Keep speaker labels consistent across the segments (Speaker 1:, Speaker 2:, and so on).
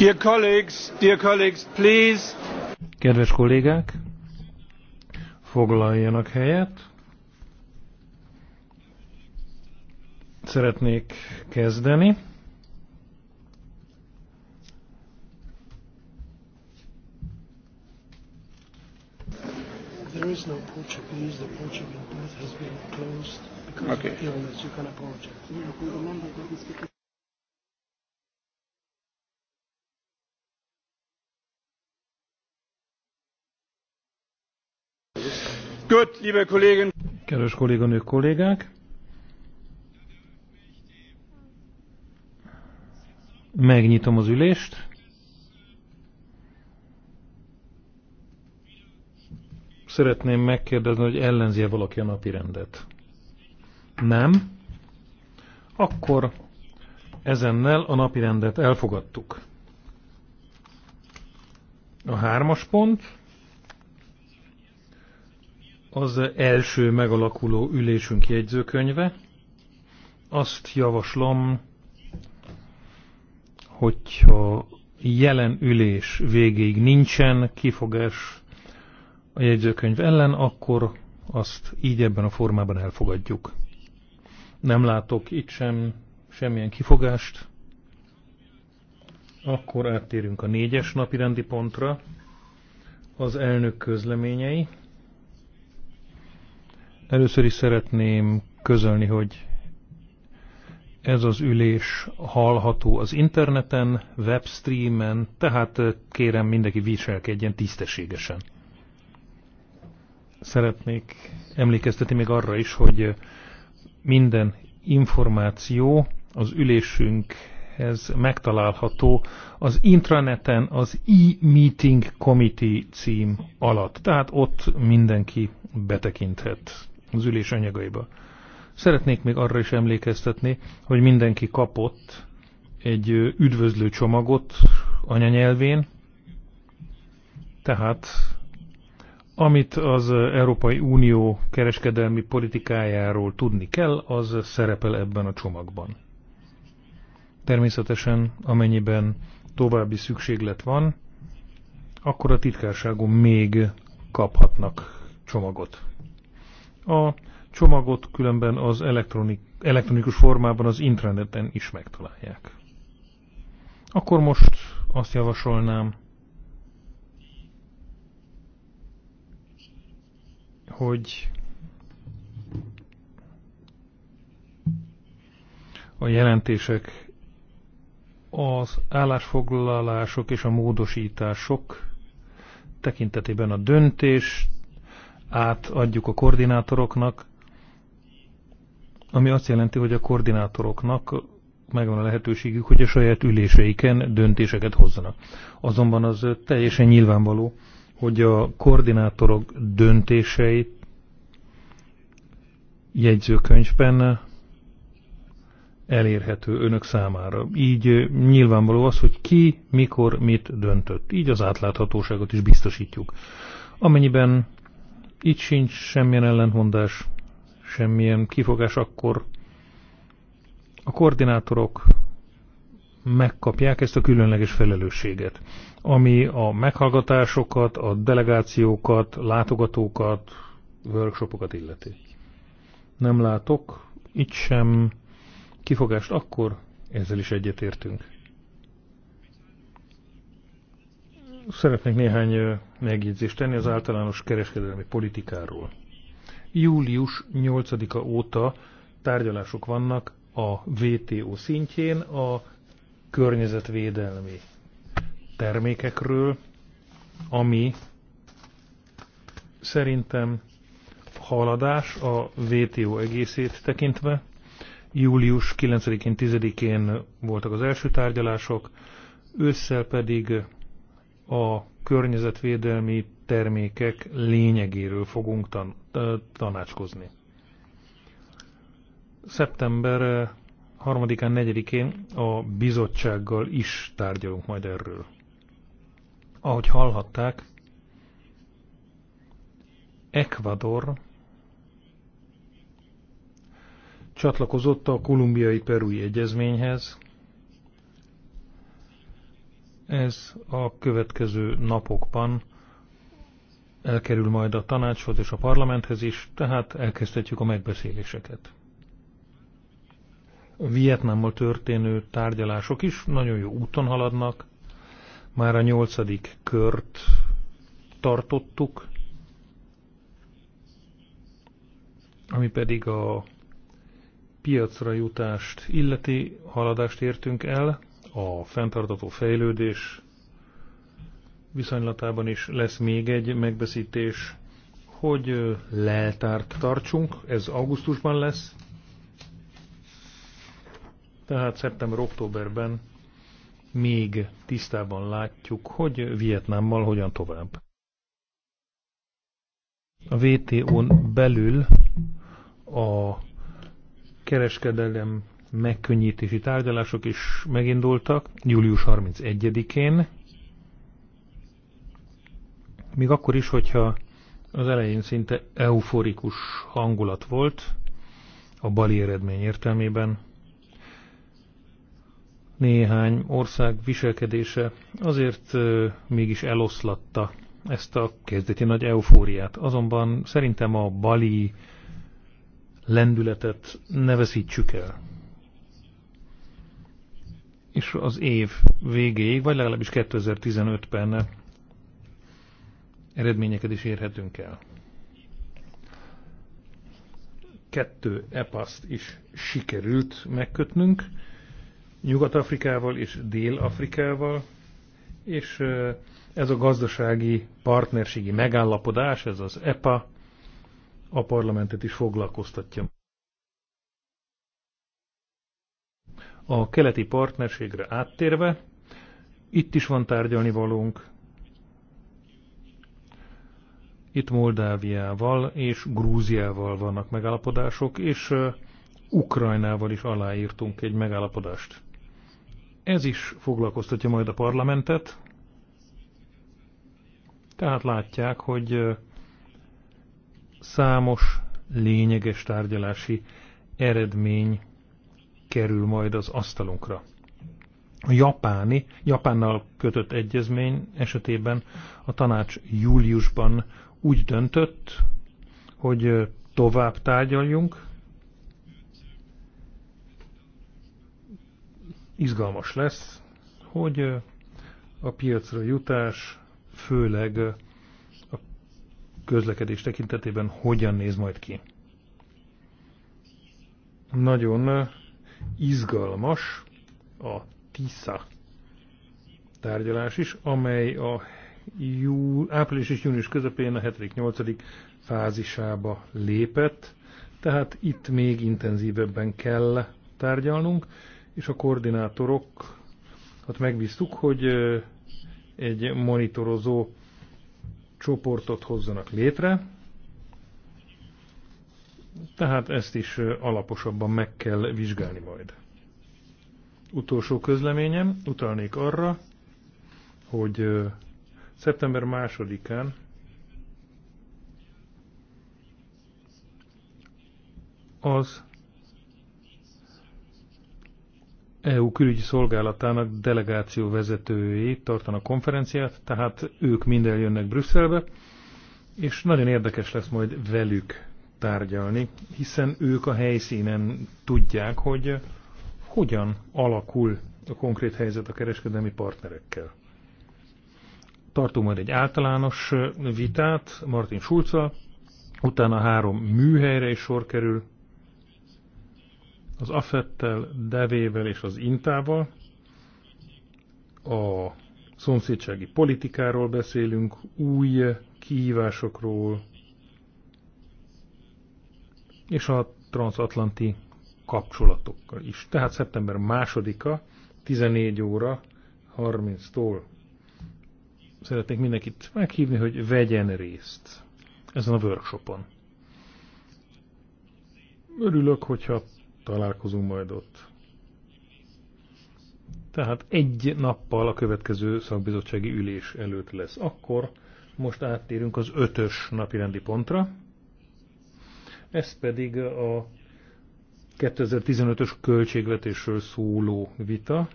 Speaker 1: Dear colleagues, dear colleagues, please. Kedves kollégák, foglaljanak helyet. Szeretnék kezdeni. There is no Portuguese. The Portuguese booth has been
Speaker 2: closed because okay. of illness. You can Gut, liebe Kollegen.
Speaker 1: Kedves kolléganők, kollégák! Megnyitom az ülést. Szeretném megkérdezni, hogy ellenzi-e valaki a napi rendet. Nem? Akkor ezennel a napi rendet elfogadtuk. A hármas pont az első megalakuló ülésünk jegyzőkönyve. Azt javaslom, hogyha jelen ülés végéig nincsen kifogás a jegyzőkönyv ellen, akkor azt így ebben a formában elfogadjuk. Nem látok itt sem semmilyen kifogást. Akkor áttérünk a négyes napi rendi pontra. Az elnök közleményei. Először is szeretném közölni, hogy ez az ülés hallható az interneten, webstreamen, tehát kérem mindenki viselkedjen tisztességesen. Szeretnék emlékeztetni még arra is, hogy minden információ az ülésünkhez megtalálható az intraneten az e-meeting committee cím alatt. Tehát ott mindenki betekinthet az ülés anyagaiba. Szeretnék még arra is emlékeztetni, hogy mindenki kapott egy üdvözlő csomagot anyanyelvén, tehát amit az Európai Unió kereskedelmi politikájáról tudni kell, az szerepel ebben a csomagban. Természetesen, amennyiben további szükséglet van, akkor a titkárságon még kaphatnak csomagot. A csomagot különben az elektronik, elektronikus formában az intraneten is megtalálják. Akkor most azt javasolnám, hogy a jelentések, az állásfoglalások és a módosítások tekintetében a döntés átadjuk a koordinátoroknak, ami azt jelenti, hogy a koordinátoroknak megvan a lehetőségük, hogy a saját üléseiken döntéseket hozzanak. Azonban az teljesen nyilvánvaló, hogy a koordinátorok döntéseit jegyzőkönyvben elérhető önök számára. Így nyilvánvaló az, hogy ki, mikor, mit döntött. Így az átláthatóságot is biztosítjuk. Amennyiben itt sincs semmilyen ellentmondás, semmilyen kifogás, akkor a koordinátorok megkapják ezt a különleges felelősséget, ami a meghallgatásokat, a delegációkat, látogatókat, workshopokat illeti. Nem látok itt sem kifogást, akkor ezzel is egyetértünk. Szeretnék néhány megjegyzést tenni az általános kereskedelmi politikáról. Július 8-a óta tárgyalások vannak a WTO szintjén a környezetvédelmi termékekről, ami szerintem haladás a WTO egészét tekintve. Július 9-én, 10-én voltak az első tárgyalások, ősszel pedig a környezetvédelmi termékek lényegéről fogunk tan tanácskozni. Szeptember 3-án, 4-én a bizottsággal is tárgyalunk majd erről. Ahogy hallhatták, Ecuador csatlakozott a kolumbiai-perui egyezményhez, ez a következő napokban elkerül majd a tanácshoz és a parlamenthez is, tehát elkezdhetjük a megbeszéléseket. A Vietnámmal történő tárgyalások is nagyon jó úton haladnak. Már a nyolcadik kört tartottuk, ami pedig a piacra jutást illeti haladást értünk el a fenntartató fejlődés viszonylatában is lesz még egy megbeszítés, hogy leltárt tartsunk, ez augusztusban lesz, tehát szeptember-októberben még tisztában látjuk, hogy Vietnámmal hogyan tovább. A WTO-n belül a kereskedelem megkönnyítési tárgyalások is megindultak július 31-én, még akkor is, hogyha az elején szinte euforikus hangulat volt a bali eredmény értelmében. Néhány ország viselkedése azért mégis eloszlatta ezt a kezdeti nagy eufóriát. Azonban szerintem a bali lendületet ne veszítsük el és az év végéig, vagy legalábbis 2015-ben eredményeket is érhetünk el. Kettő epaszt is sikerült megkötnünk, Nyugat-Afrikával és Dél-Afrikával, és ez a gazdasági partnerségi megállapodás, ez az EPA, a parlamentet is foglalkoztatja. A keleti partnerségre áttérve, itt is van tárgyalni valónk. Itt Moldáviával és Grúziával vannak megállapodások, és Ukrajnával is aláírtunk egy megállapodást. Ez is foglalkoztatja majd a parlamentet, tehát látják, hogy számos lényeges tárgyalási eredmény kerül majd az asztalunkra. A japáni, Japánnal kötött egyezmény esetében a tanács júliusban úgy döntött, hogy tovább tárgyaljunk. Izgalmas lesz, hogy a piacra jutás, főleg a közlekedés tekintetében hogyan néz majd ki. Nagyon izgalmas a TISA tárgyalás is, amely a jú, április és június közepén a 7.-8. fázisába lépett, tehát itt még intenzívebben kell tárgyalnunk, és a koordinátorok hát megbíztuk, hogy egy monitorozó csoportot hozzanak létre, tehát ezt is alaposabban meg kell vizsgálni majd. Utolsó közleményem, utalnék arra, hogy szeptember másodikán az EU külügyi szolgálatának delegáció vezetői tartanak konferenciát, tehát ők minden jönnek Brüsszelbe, és nagyon érdekes lesz majd velük tárgyalni, hiszen ők a helyszínen tudják, hogy hogyan alakul a konkrét helyzet a kereskedelmi partnerekkel. Tartunk majd egy általános vitát Martin Schulzal, utána három műhelyre is sor kerül, az Affettel, Devével és az Intával, a szomszédsági politikáról beszélünk, új kihívásokról, és a transatlanti kapcsolatokkal is. Tehát szeptember másodika, 14 óra 30-tól szeretnék mindenkit meghívni, hogy vegyen részt ezen a workshopon. Örülök, hogyha találkozunk majd ott. Tehát egy nappal a következő szakbizottsági ülés előtt lesz. Akkor most áttérünk az ötös napirendi pontra. Ez pedig a 2015-ös költségvetésről szóló vita.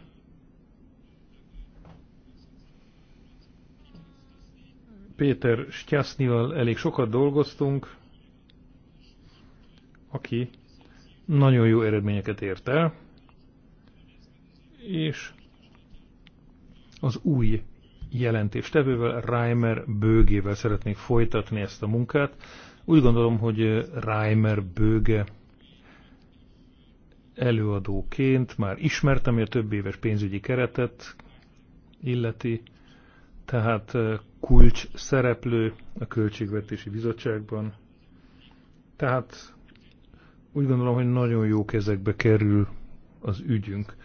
Speaker 1: Péter Styasznival elég sokat dolgoztunk, aki nagyon jó eredményeket ért el, és az új jelentéstevővel, Reimer bőgével szeretnék folytatni ezt a munkát, úgy gondolom, hogy Reimer bőge előadóként már ismertem, ami a több éves pénzügyi keretet illeti, tehát kulcs szereplő a Költségvetési Bizottságban. Tehát úgy gondolom, hogy nagyon jó kezekbe kerül az ügyünk.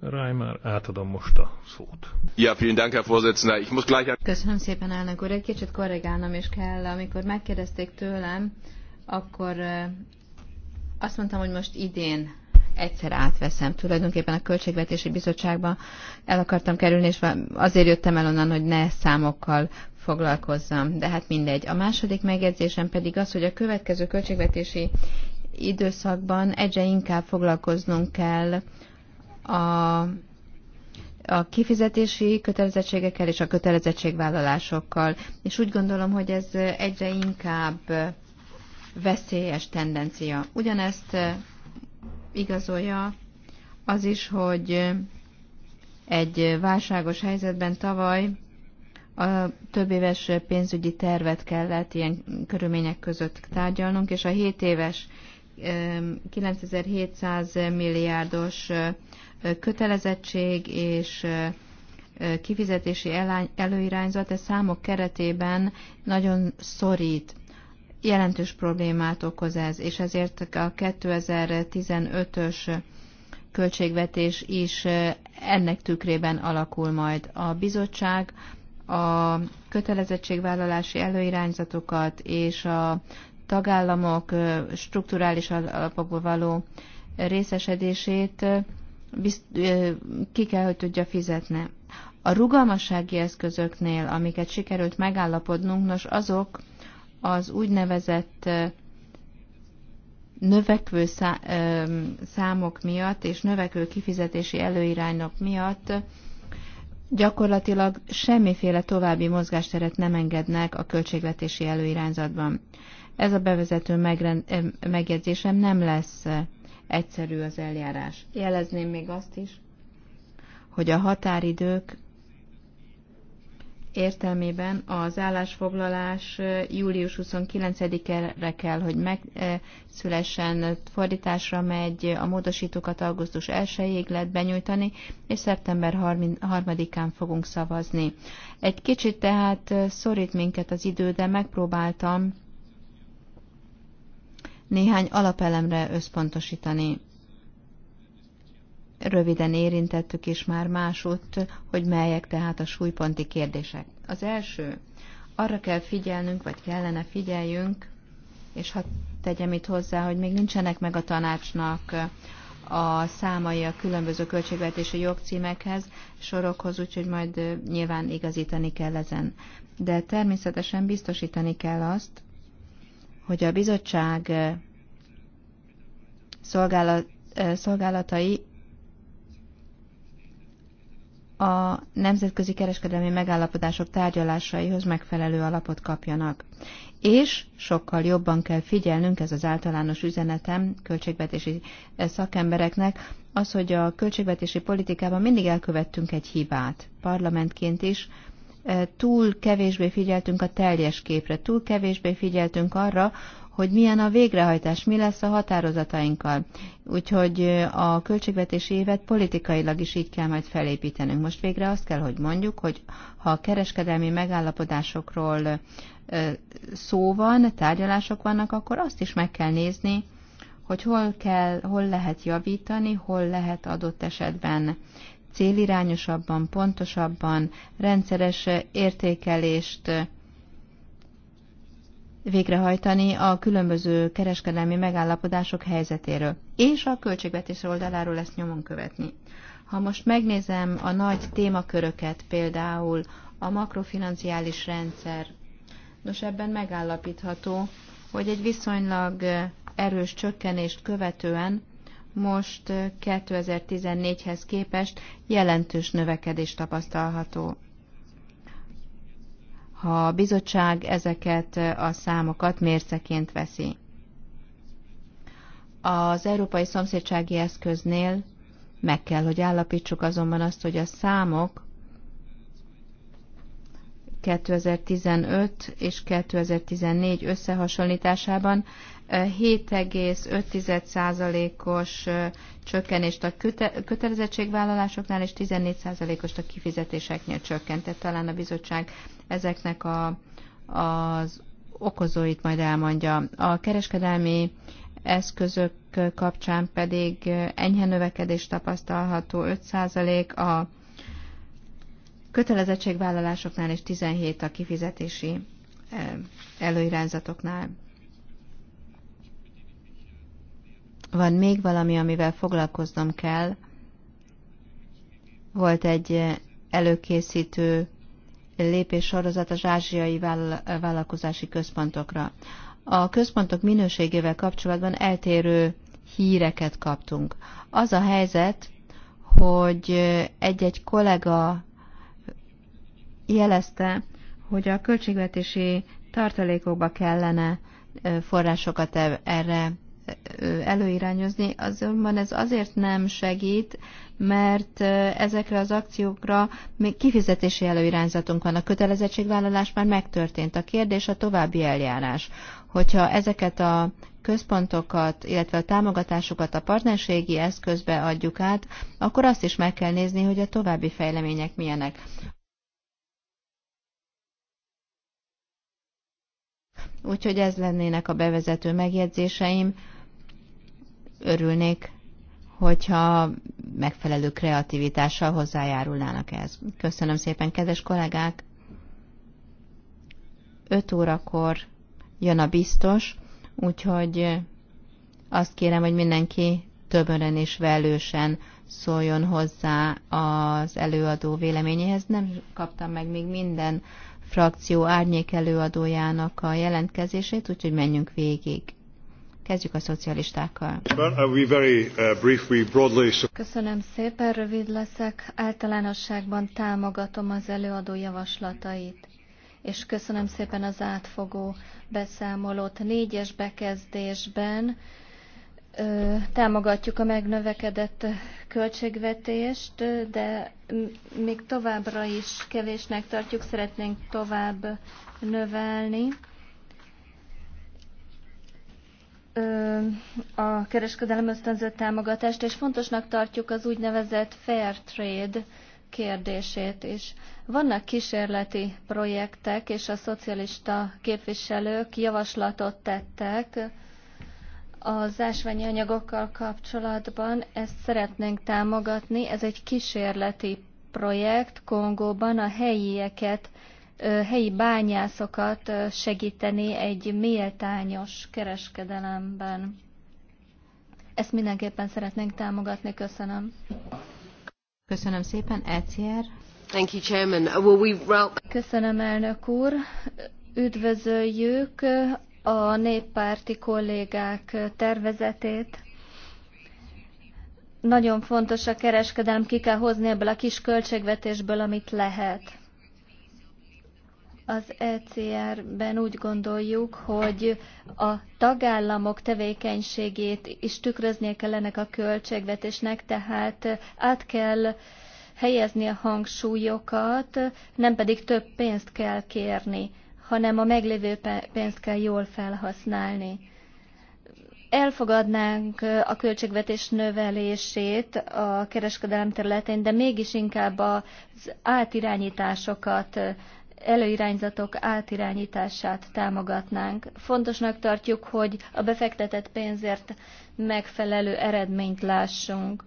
Speaker 1: Reimer, átadom most a szót.
Speaker 2: Ja, vielen Dank, Herr Vorsitzender. Ich muss gleich...
Speaker 3: Köszönöm szépen, elnök úr. Egy kicsit korrigálnom is kell. Amikor megkérdezték tőlem, akkor azt mondtam, hogy most idén egyszer átveszem tulajdonképpen a Költségvetési Bizottságba. El akartam kerülni, és azért jöttem el onnan, hogy ne számokkal foglalkozzam. De hát mindegy. A második megjegyzésem pedig az, hogy a következő költségvetési időszakban egyre inkább foglalkoznunk kell a, a kifizetési kötelezettségekkel és a kötelezettségvállalásokkal. És úgy gondolom, hogy ez egyre inkább veszélyes tendencia. Ugyanezt eh, igazolja az is, hogy egy válságos helyzetben tavaly a több éves pénzügyi tervet kellett ilyen körülmények között tárgyalnunk, és a 7 éves 9700 eh, milliárdos eh, kötelezettség és kifizetési előirányzat, ez számok keretében nagyon szorít, jelentős problémát okoz ez, és ezért a 2015-ös költségvetés is ennek tükrében alakul majd. A bizottság a kötelezettségvállalási előirányzatokat és a tagállamok strukturális alapokból való részesedését bizt, ki kell, hogy tudja fizetni. A rugalmassági eszközöknél, amiket sikerült megállapodnunk, nos azok az úgynevezett növekvő számok miatt és növekvő kifizetési előirányok miatt gyakorlatilag semmiféle további mozgásteret nem engednek a költségvetési előirányzatban. Ez a bevezető megjegyzésem nem lesz egyszerű az eljárás. Jelezném még azt is, hogy a határidők értelmében az állásfoglalás eh, július 29-re kell, hogy megszülessen, eh, fordításra megy, a módosítókat augusztus 1-ig lehet benyújtani, és szeptember 3-án fogunk szavazni. Egy kicsit tehát eh, szorít minket az idő, de megpróbáltam néhány alapelemre összpontosítani. Röviden érintettük is már másút, hogy melyek tehát a súlyponti kérdések. Az első, arra kell figyelnünk, vagy kellene figyeljünk, és ha tegyem itt hozzá, hogy még nincsenek meg a tanácsnak a számai a különböző költségvetési jogcímekhez, sorokhoz, úgyhogy majd nyilván igazítani kell ezen. De természetesen biztosítani kell azt, hogy a bizottság szolgálat, szolgálatai a nemzetközi kereskedelmi megállapodások tárgyalásaihoz megfelelő alapot kapjanak. És sokkal jobban kell figyelnünk, ez az általános üzenetem költségvetési szakembereknek, az, hogy a költségvetési politikában mindig elkövettünk egy hibát, parlamentként is, túl kevésbé figyeltünk a teljes képre, túl kevésbé figyeltünk arra, hogy milyen a végrehajtás, mi lesz a határozatainkkal. Úgyhogy a költségvetési évet politikailag is így kell majd felépítenünk. Most végre azt kell, hogy mondjuk, hogy ha a kereskedelmi megállapodásokról szó van, tárgyalások vannak, akkor azt is meg kell nézni, hogy hol, kell, hol lehet javítani, hol lehet adott esetben célirányosabban, pontosabban, rendszeres értékelést végrehajtani a különböző kereskedelmi megállapodások helyzetéről, és a költségvetés oldaláról lesz nyomon követni. Ha most megnézem a nagy témaköröket, például a makrofinanciális rendszer, nos ebben megállapítható, hogy egy viszonylag erős csökkenést követően most 2014-hez képest jelentős növekedés tapasztalható. Ha a bizottság ezeket a számokat mérceként veszi. Az Európai Szomszédsági Eszköznél meg kell, hogy állapítsuk azonban azt, hogy a számok 2015 és 2014 összehasonlításában 7,5%-os csökkenést a kötelezettségvállalásoknál, és 14%-os a kifizetéseknél csökkentett. Talán a bizottság ezeknek a, az okozóit majd elmondja. A kereskedelmi eszközök kapcsán pedig enyhe növekedés tapasztalható 5% a kötelezettségvállalásoknál és 17 a kifizetési előirányzatoknál. Van még valami, amivel foglalkoznom kell. Volt egy eh, előkészítő lépés sorozat az ázsiai vállalkozási központokra. A központok minőségével kapcsolatban eltérő híreket kaptunk. Az a helyzet, hogy eh, egy-egy kollega jelezte, hogy a költségvetési tartalékokba kellene eh, forrásokat e-, erre előirányozni, azonban ez azért nem segít, mert ezekre az akciókra még kifizetési előirányzatunk van. A kötelezettségvállalás már megtörtént. A kérdés a további eljárás. Hogyha ezeket a központokat, illetve a támogatásokat a partnerségi eszközbe adjuk át, akkor azt is meg kell nézni, hogy a további fejlemények milyenek. Úgyhogy ez lennének a bevezető megjegyzéseim örülnék, hogyha megfelelő kreativitással hozzájárulnának ez. Köszönöm szépen, kedves kollégák! 5 órakor jön a biztos, úgyhogy azt kérem, hogy mindenki többen és velősen szóljon hozzá az előadó véleményéhez. Nem kaptam meg még minden frakció árnyék előadójának a jelentkezését, úgyhogy menjünk végig. Kezdjük a szocialistákkal.
Speaker 1: Uh, uh,
Speaker 2: köszönöm szépen, rövid leszek. Általánosságban támogatom az előadó javaslatait és köszönöm szépen az átfogó beszámolót. Négyes bekezdésben ö, támogatjuk a megnövekedett költségvetést, de még továbbra is kevésnek tartjuk, szeretnénk tovább növelni a kereskedelem ösztönző támogatást, és fontosnak tartjuk az úgynevezett fair trade kérdését is. Vannak kísérleti projektek, és a szocialista képviselők javaslatot tettek az ásványi anyagokkal kapcsolatban. Ezt szeretnénk támogatni. Ez egy kísérleti projekt Kongóban a helyieket helyi bányászokat segíteni egy méltányos kereskedelemben. Ezt mindenképpen szeretnénk támogatni. Köszönöm.
Speaker 3: Köszönöm szépen, ECR. Thank you, Chairman. Uh, Will we...
Speaker 2: Köszönöm, elnök úr. Üdvözöljük a néppárti kollégák tervezetét. Nagyon fontos a kereskedelem, ki kell hozni ebből a kis költségvetésből, amit lehet. Az ECR-ben úgy gondoljuk, hogy a tagállamok tevékenységét is tükröznie kellene a költségvetésnek, tehát át kell helyezni a hangsúlyokat, nem pedig több pénzt kell kérni, hanem a meglévő pénzt kell jól felhasználni elfogadnánk a költségvetés növelését a kereskedelem területén, de mégis inkább az átirányításokat előirányzatok átirányítását támogatnánk. Fontosnak tartjuk, hogy a befektetett pénzért megfelelő eredményt lássunk.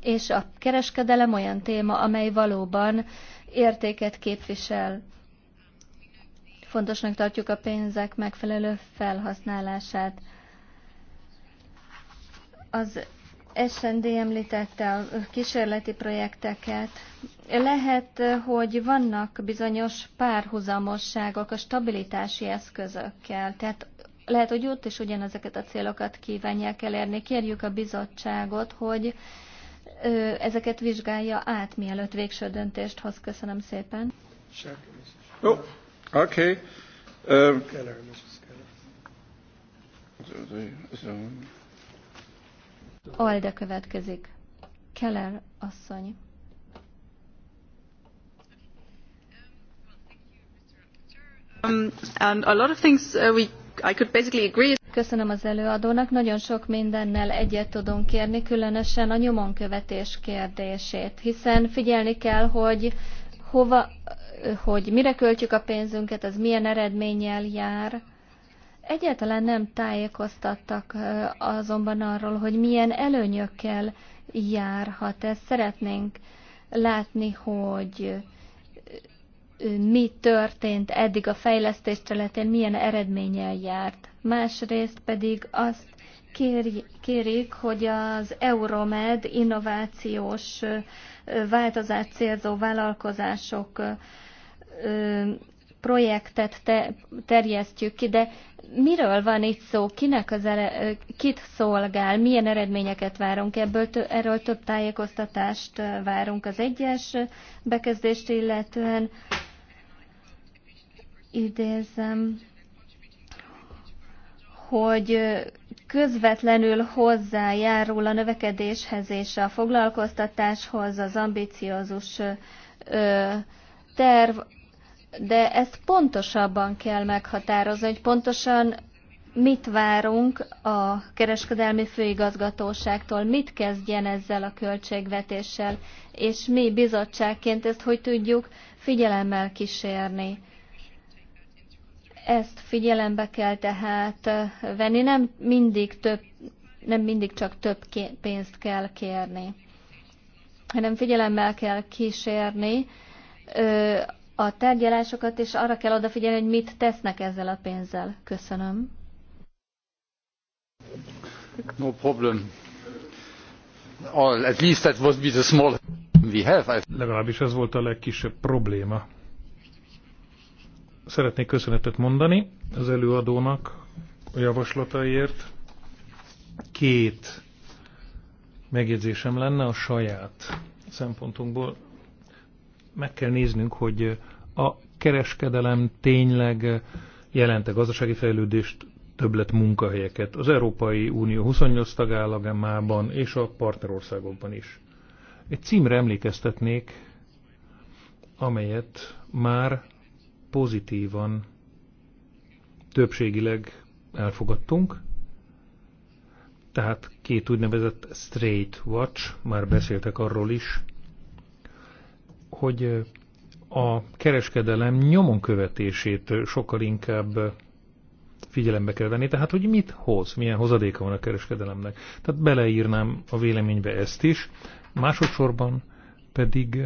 Speaker 2: És a kereskedelem olyan téma, amely valóban értéket képvisel. Fontosnak tartjuk a pénzek megfelelő felhasználását. Az SND említette a kísérleti projekteket. Lehet, hogy vannak bizonyos párhuzamosságok a stabilitási eszközökkel, tehát lehet, hogy ott is ugyanezeket a célokat kívánják elérni. Kérjük a bizottságot, hogy ezeket vizsgálja át, mielőtt végső döntést hoz. Köszönöm szépen. Oh, okay. Uh, Alde következik. Keller asszony. Um, and a lot of things uh, we, I could basically agree. Köszönöm az előadónak. Nagyon sok mindennel egyet tudunk kérni, különösen a nyomonkövetés kérdését, hiszen figyelni kell, hogy hova, hogy mire költjük a pénzünket, az milyen eredménnyel jár Egyáltalán nem tájékoztattak azonban arról, hogy milyen előnyökkel járhat ez. Szeretnénk látni, hogy mi történt eddig a fejlesztés területén, milyen eredménnyel járt. Másrészt pedig azt kérik, hogy az Euromed innovációs változást célzó vállalkozások projektet te, terjesztjük ki, de miről van itt szó, kinek az ere, kit szolgál, milyen eredményeket várunk ebből, erről több tájékoztatást várunk az egyes bekezdést illetően. Idézem, hogy közvetlenül hozzájárul a növekedéshez és a foglalkoztatáshoz az ambiciózus terv, de ezt pontosabban kell meghatározni, hogy pontosan mit várunk a kereskedelmi főigazgatóságtól, mit kezdjen ezzel a költségvetéssel, és mi bizottságként ezt hogy tudjuk figyelemmel kísérni. Ezt figyelembe kell tehát venni, nem mindig, több, nem mindig csak több pénzt kell kérni, hanem figyelemmel kell kísérni a tárgyalásokat, és arra kell odafigyelni, hogy mit tesznek ezzel a pénzzel. Köszönöm. No problem.
Speaker 1: All, at least that was be the small we have. Legalábbis ez volt a legkisebb probléma. Szeretnék köszönetet mondani az előadónak a javaslataiért. Két megjegyzésem lenne a saját szempontunkból meg kell néznünk, hogy a kereskedelem tényleg jelente gazdasági fejlődést, többlet munkahelyeket az Európai Unió 28 tagállamában és a partnerországokban is. Egy címre emlékeztetnék, amelyet már pozitívan többségileg elfogadtunk, tehát két úgynevezett straight watch, már beszéltek arról is, hogy a kereskedelem nyomon követését sokkal inkább figyelembe kell venni, tehát hogy mit hoz, milyen hozadéka van a kereskedelemnek. Tehát beleírnám a véleménybe ezt is, másodszorban pedig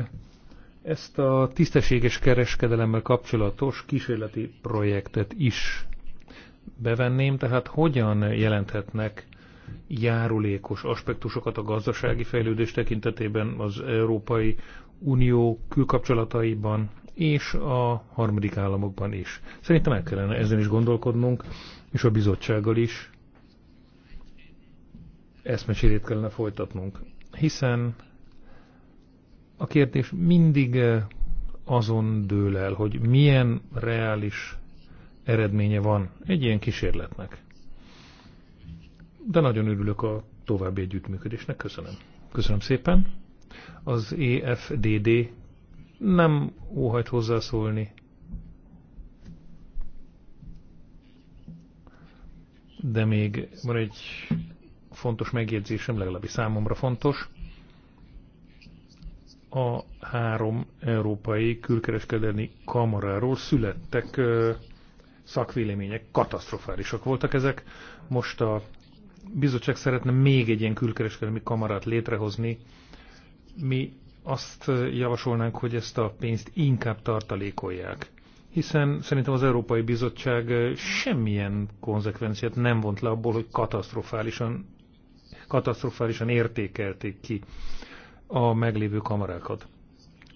Speaker 1: ezt a tisztességes kereskedelemmel kapcsolatos kísérleti projektet is bevenném, tehát hogyan jelenthetnek járulékos aspektusokat a gazdasági fejlődés tekintetében az Európai Unió külkapcsolataiban és a harmadik államokban is. Szerintem el kellene ezen is gondolkodnunk, és a bizottsággal is eszmecsérét kellene folytatnunk. Hiszen a kérdés mindig eh, azon dől el, hogy milyen reális eredménye van egy ilyen kísérletnek. De nagyon örülök a további együttműködésnek. Köszönöm. Köszönöm szépen. Az EFDD nem óhajt hozzászólni. De még van egy fontos megjegyzésem, legalábbis számomra fontos. A három európai külkereskedelmi kamaráról születtek szakvélemények, katasztrofálisak voltak ezek. Most a bizottság szeretne még egy ilyen külkereskedelmi kamarát létrehozni, mi azt javasolnánk, hogy ezt a pénzt inkább tartalékolják. Hiszen szerintem az Európai Bizottság semmilyen konzekvenciát nem vont le abból, hogy katasztrofálisan, katasztrofálisan értékelték ki a meglévő kamarákat.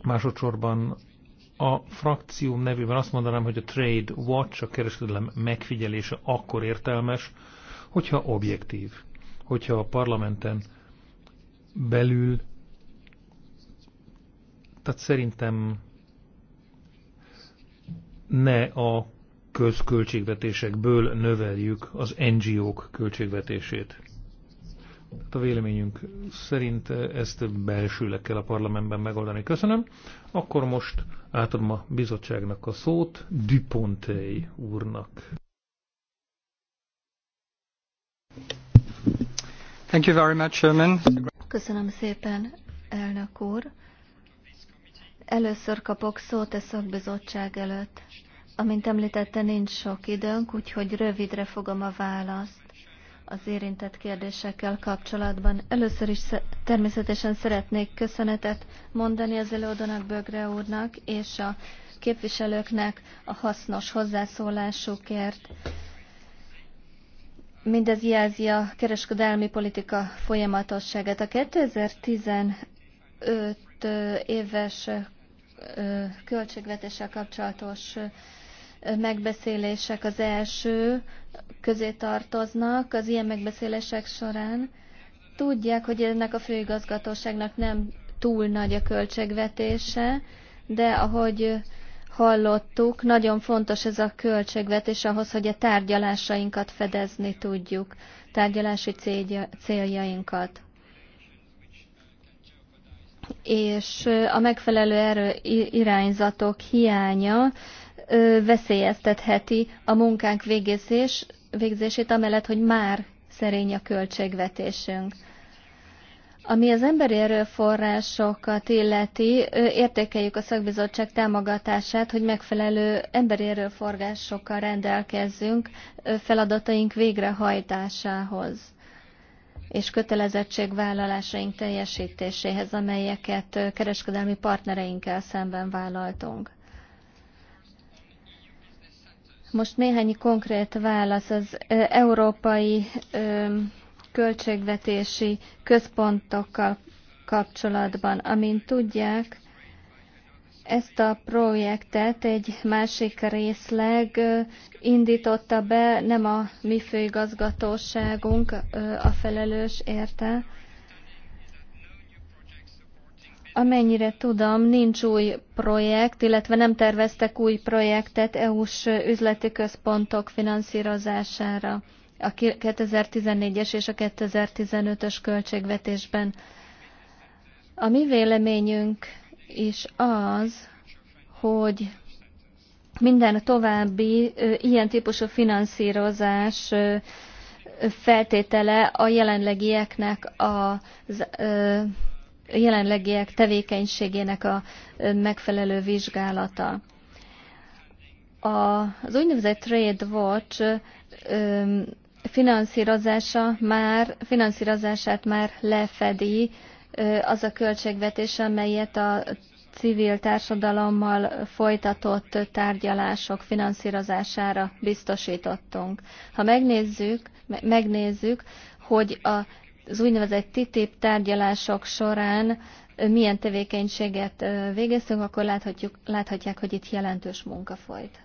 Speaker 1: Másodszorban a frakcióm nevében azt mondanám, hogy a Trade Watch, a kereskedelem megfigyelése akkor értelmes, hogyha objektív, hogyha a parlamenten belül tehát szerintem ne a közköltségvetésekből növeljük az NGO-k költségvetését. Tehát a véleményünk szerint ezt belsőleg kell a parlamentben megoldani. Köszönöm. Akkor most átadom a bizottságnak a szót Dupontei úrnak. Thank you very much,
Speaker 2: Köszönöm szépen, elnök úr. Először kapok szót a szakbizottság előtt. Amint említette, nincs sok időnk, úgyhogy rövidre fogom a választ az érintett kérdésekkel kapcsolatban. Először is természetesen szeretnék köszönetet mondani az előadónak, Bögre úrnak és a képviselőknek a hasznos hozzászólásukért. Mindez jelzi a kereskedelmi politika folyamatosságát. A 2015 éves költségvetéssel kapcsolatos megbeszélések az első közé tartoznak az ilyen megbeszélések során. Tudják, hogy ennek a főigazgatóságnak nem túl nagy a költségvetése, de ahogy hallottuk, nagyon fontos ez a költségvetés ahhoz, hogy a tárgyalásainkat fedezni tudjuk, tárgyalási céljainkat és a megfelelő erő irányzatok hiánya veszélyeztetheti a munkánk végzés, végzését, amellett, hogy már szerény a költségvetésünk. Ami az emberi erőforrásokat illeti, értékeljük a szakbizottság támogatását, hogy megfelelő emberi erőforrásokkal rendelkezzünk feladataink végrehajtásához és kötelezettségvállalásaink teljesítéséhez, amelyeket kereskedelmi partnereinkkel szemben vállaltunk. Most néhány konkrét válasz az európai költségvetési központokkal kapcsolatban. Amint tudják, ezt a projektet egy másik részleg indította be, nem a mi főigazgatóságunk a felelős érte. Amennyire tudom, nincs új projekt, illetve nem terveztek új projektet EU-s üzleti központok finanszírozására a 2014-es és a 2015-ös költségvetésben. A mi véleményünk és az, hogy minden további ilyen típusú finanszírozás feltétele a jelenlegieknek a jelenlegiek tevékenységének a megfelelő vizsgálata. Az úgynevezett Trade Watch finanszírozása már, finanszírozását már lefedi az a költségvetés, amelyet a civil társadalommal folytatott tárgyalások finanszírozására biztosítottunk. Ha megnézzük, megnézzük hogy az úgynevezett TTIP tárgyalások során milyen tevékenységet végeztünk, akkor láthatjuk, láthatják, hogy itt jelentős munka folyt.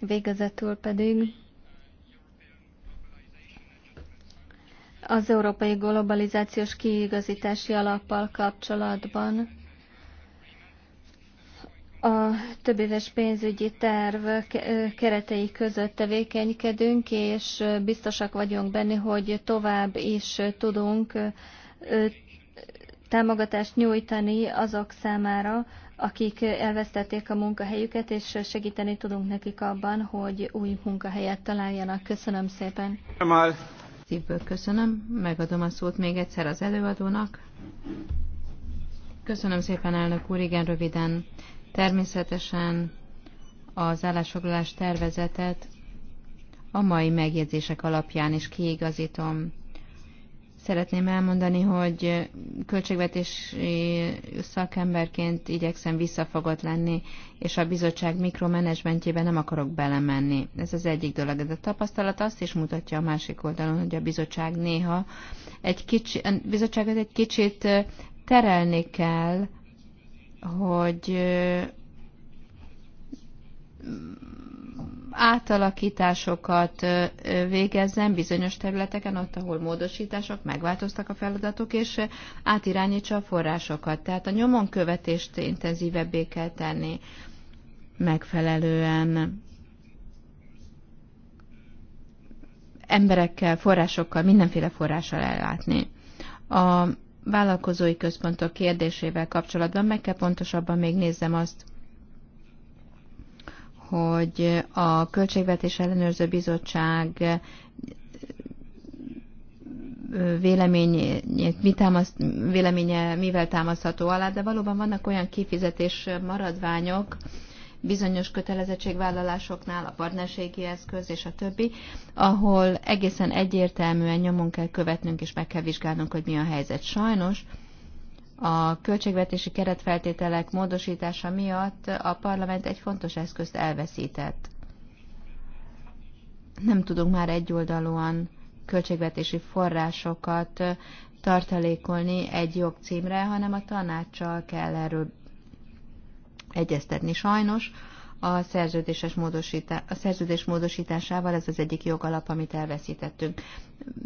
Speaker 2: Végezetül pedig az európai globalizációs kiigazítási alappal kapcsolatban a többéves pénzügyi terv keretei között tevékenykedünk, és biztosak vagyunk benne, hogy tovább is tudunk támogatást nyújtani azok számára, akik elvesztették a munkahelyüket, és segíteni tudunk nekik abban, hogy új munkahelyet találjanak. Köszönöm szépen!
Speaker 3: Köszönöm szívből köszönöm. Megadom a szót még egyszer az előadónak. Köszönöm szépen, elnök úr, igen röviden. Természetesen az állásfoglalás tervezetet a mai megjegyzések alapján is kiigazítom szeretném elmondani, hogy költségvetési szakemberként igyekszem visszafogott lenni, és a bizottság mikromanagementjében nem akarok belemenni. Ez az egyik dolog. De a tapasztalat azt is mutatja a másik oldalon, hogy a bizottság néha egy kicsi, a bizottságot egy kicsit terelni kell, hogy átalakításokat végezzen bizonyos területeken, ott, ahol módosítások, megváltoztak a feladatok, és átirányítsa a forrásokat. Tehát a nyomon követést intenzívebbé kell tenni megfelelően emberekkel, forrásokkal, mindenféle forrással ellátni. A vállalkozói központok kérdésével kapcsolatban meg kell pontosabban még nézzem azt, hogy a Költségvetés Ellenőrző Bizottság véleményét, mi támaszt, véleménye mivel támaszható alá, de valóban vannak olyan kifizetés maradványok, bizonyos kötelezettségvállalásoknál, a partnerségi eszköz és a többi, ahol egészen egyértelműen nyomon kell követnünk és meg kell vizsgálnunk, hogy mi a helyzet. Sajnos a költségvetési keretfeltételek módosítása miatt a parlament egy fontos eszközt elveszített. Nem tudunk már egyoldalúan költségvetési forrásokat tartalékolni egy jogcímre, hanem a tanácssal kell erről egyeztetni. Sajnos a, szerződéses módosítá, a szerződés módosításával ez az egyik jogalap, amit elveszítettünk.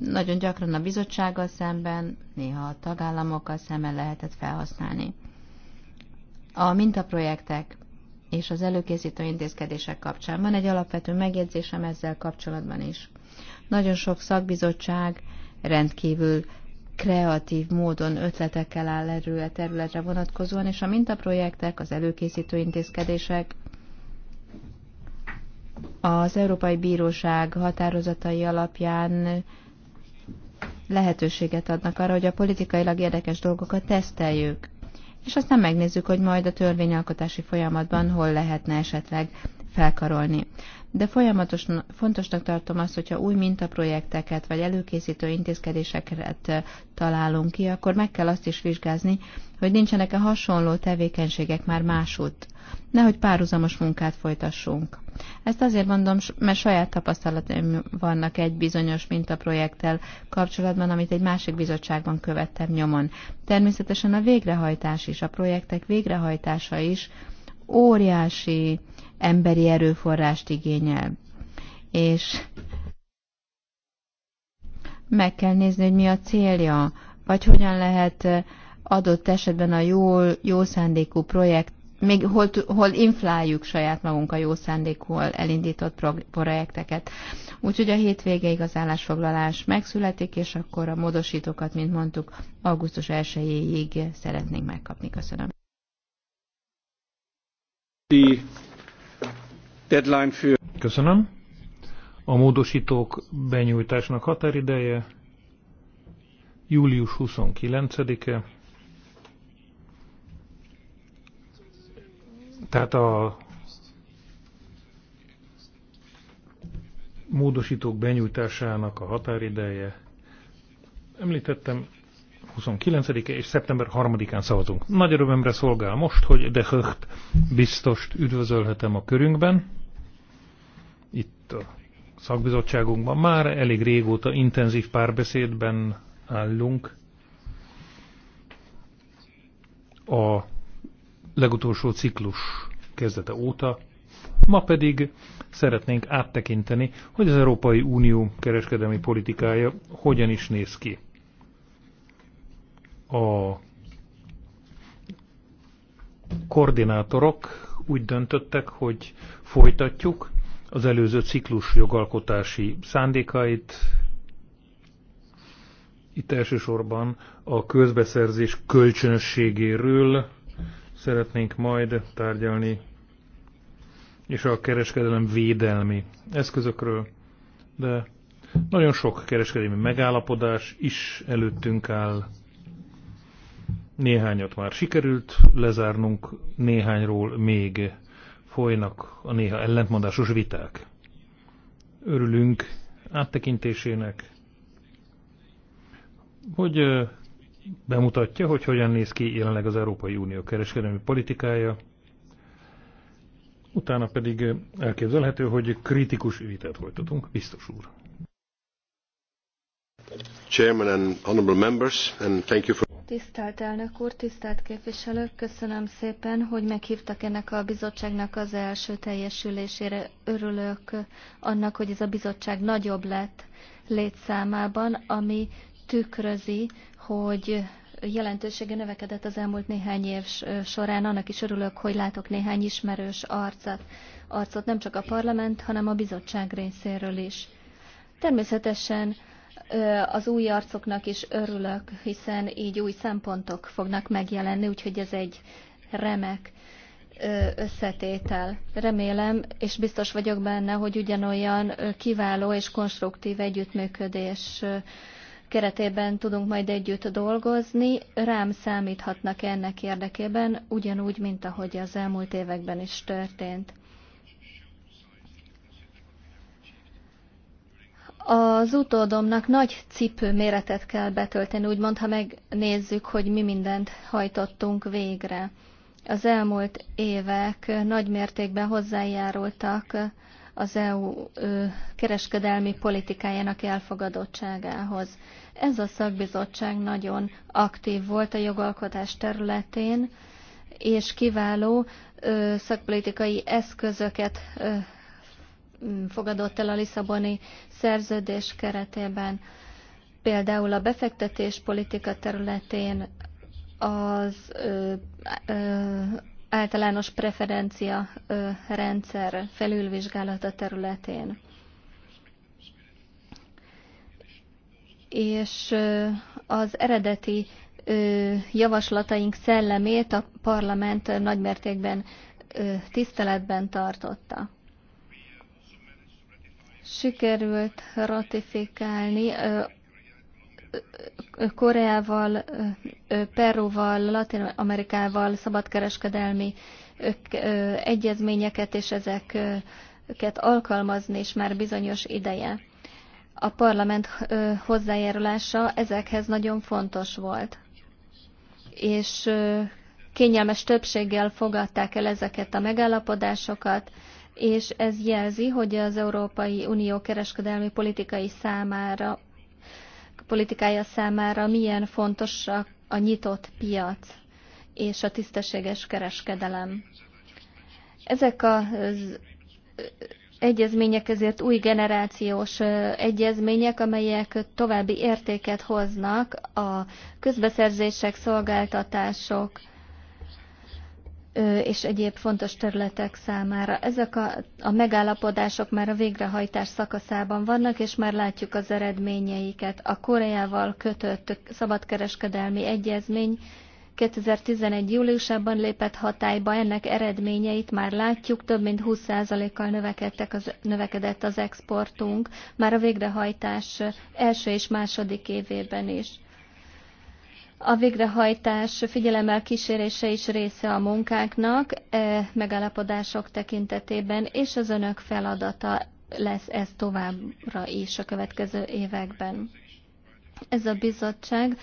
Speaker 3: Nagyon gyakran a bizottsággal szemben, néha a tagállamokkal szemben lehetett felhasználni. A mintaprojektek és az előkészítő intézkedések kapcsán van egy alapvető megjegyzésem ezzel kapcsolatban is. Nagyon sok szakbizottság rendkívül kreatív módon ötletekkel áll erő a területre vonatkozóan, és a mintaprojektek, az előkészítő intézkedések az Európai Bíróság határozatai alapján lehetőséget adnak arra, hogy a politikailag érdekes dolgokat teszteljük. És aztán megnézzük, hogy majd a törvényalkotási folyamatban hol lehetne esetleg felkarolni. De folyamatosan fontosnak tartom azt, hogyha új mintaprojekteket vagy előkészítő intézkedéseket találunk ki, akkor meg kell azt is vizsgázni, hogy nincsenek-e hasonló tevékenységek már másút. Nehogy párhuzamos munkát folytassunk. Ezt azért mondom, mert saját tapasztalataim vannak egy bizonyos mintaprojekttel kapcsolatban, amit egy másik bizottságban követtem nyomon. Természetesen a végrehajtás is, a projektek végrehajtása is óriási emberi erőforrást igényel. És meg kell nézni, hogy mi a célja, vagy hogyan lehet adott esetben a jó, jó szándékú projekt még hol, hol infláljuk saját magunk a jó szándékúval elindított projekteket. Úgyhogy a hétvégéig az állásfoglalás megszületik, és akkor a módosítókat, mint mondtuk, augusztus 1-ig szeretnénk megkapni. Köszönöm. Köszönöm.
Speaker 1: A módosítók benyújtásnak határideje július 29-e. Tehát a módosítók benyújtásának a határideje, említettem, 29-e és szeptember 3-án szavazunk. Nagy örömömre szolgál most, hogy de Höcht biztost üdvözölhetem a körünkben. Itt a szakbizottságunkban már elég régóta intenzív párbeszédben állunk a legutolsó ciklus kezdete óta, ma pedig szeretnénk áttekinteni, hogy az Európai Unió kereskedelmi politikája hogyan is néz ki. A koordinátorok úgy döntöttek, hogy folytatjuk az előző ciklus jogalkotási szándékait. Itt elsősorban a közbeszerzés kölcsönösségéről szeretnénk majd tárgyalni, és a kereskedelem védelmi eszközökről, de nagyon sok kereskedelmi megállapodás is előttünk áll. Néhányat már sikerült lezárnunk, néhányról még folynak a néha ellentmondásos viták. Örülünk áttekintésének, hogy bemutatja, hogy hogyan néz ki jelenleg az Európai Unió kereskedelmi politikája. Utána pedig elképzelhető, hogy kritikus vitát folytatunk, biztos úr. Chairman and honorable members, and thank you for...
Speaker 2: Tisztelt elnök úr, tisztelt képviselők, köszönöm szépen, hogy meghívtak ennek a bizottságnak az első teljesülésére. Örülök annak, hogy ez a bizottság nagyobb lett létszámában, ami tükrözi hogy jelentősége növekedett az elmúlt néhány év során. Annak is örülök, hogy látok néhány ismerős arcot, arcot nem csak a parlament, hanem a bizottság részéről is. Természetesen az új arcoknak is örülök, hiszen így új szempontok fognak megjelenni, úgyhogy ez egy remek összetétel. Remélem, és biztos vagyok benne, hogy ugyanolyan kiváló és konstruktív együttműködés keretében tudunk majd együtt dolgozni. Rám számíthatnak ennek érdekében, ugyanúgy, mint ahogy az elmúlt években is történt. Az utódomnak nagy cipő méretet kell betölteni, úgymond, ha megnézzük, hogy mi mindent hajtottunk végre. Az elmúlt évek nagy mértékben hozzájárultak az EU kereskedelmi politikájának elfogadottságához. Ez a szakbizottság nagyon aktív volt a jogalkotás területén, és kiváló szakpolitikai eszközöket fogadott el a Lisszaboni szerződés keretében. Például a befektetéspolitika területén az ö, ö, általános preferencia ö, rendszer felülvizsgálata területén. és az eredeti javaslataink szellemét a parlament nagymértékben tiszteletben tartotta. Sikerült ratifikálni Koreával, Peruval, Latin Amerikával szabadkereskedelmi egyezményeket, és ezeket alkalmazni is már bizonyos ideje a parlament hozzájárulása ezekhez nagyon fontos volt. És kényelmes többséggel fogadták el ezeket a megállapodásokat, és ez jelzi, hogy az Európai Unió kereskedelmi politikai számára, politikája számára milyen fontos a, a nyitott piac és a tisztességes kereskedelem. Ezek az egyezmények ezért új generációs egyezmények, amelyek további értéket hoznak a közbeszerzések, szolgáltatások és egyéb fontos területek számára. Ezek a, a megállapodások már a végrehajtás szakaszában vannak, és már látjuk az eredményeiket. A Koreával kötött szabadkereskedelmi egyezmény 2011. júliusában lépett hatályba, ennek eredményeit már látjuk, több mint 20%-kal növekedtek az, növekedett az exportunk, már a végrehajtás első és második évében is. A végrehajtás figyelemmel kísérése is része a munkánknak, e, megállapodások tekintetében, és az önök feladata lesz ez továbbra is a következő években. Ez a bizottság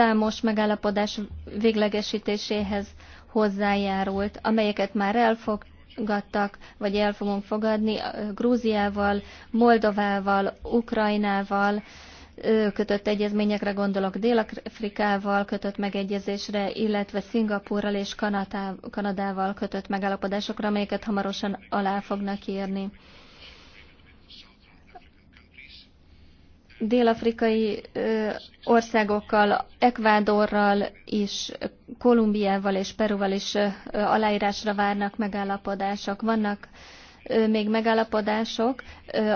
Speaker 2: számos megállapodás véglegesítéséhez hozzájárult, amelyeket már elfogadtak, vagy el fogunk fogadni Grúziával, Moldovával, Ukrajnával, kötött egyezményekre gondolok, Dél-Afrikával kötött megegyezésre, illetve Szingapúrral és Kanadával kötött megállapodásokra, amelyeket hamarosan alá fognak írni. dél-afrikai országokkal, Ekvádorral és Kolumbiával és Peruval is aláírásra várnak megállapodások. Vannak még megállapodások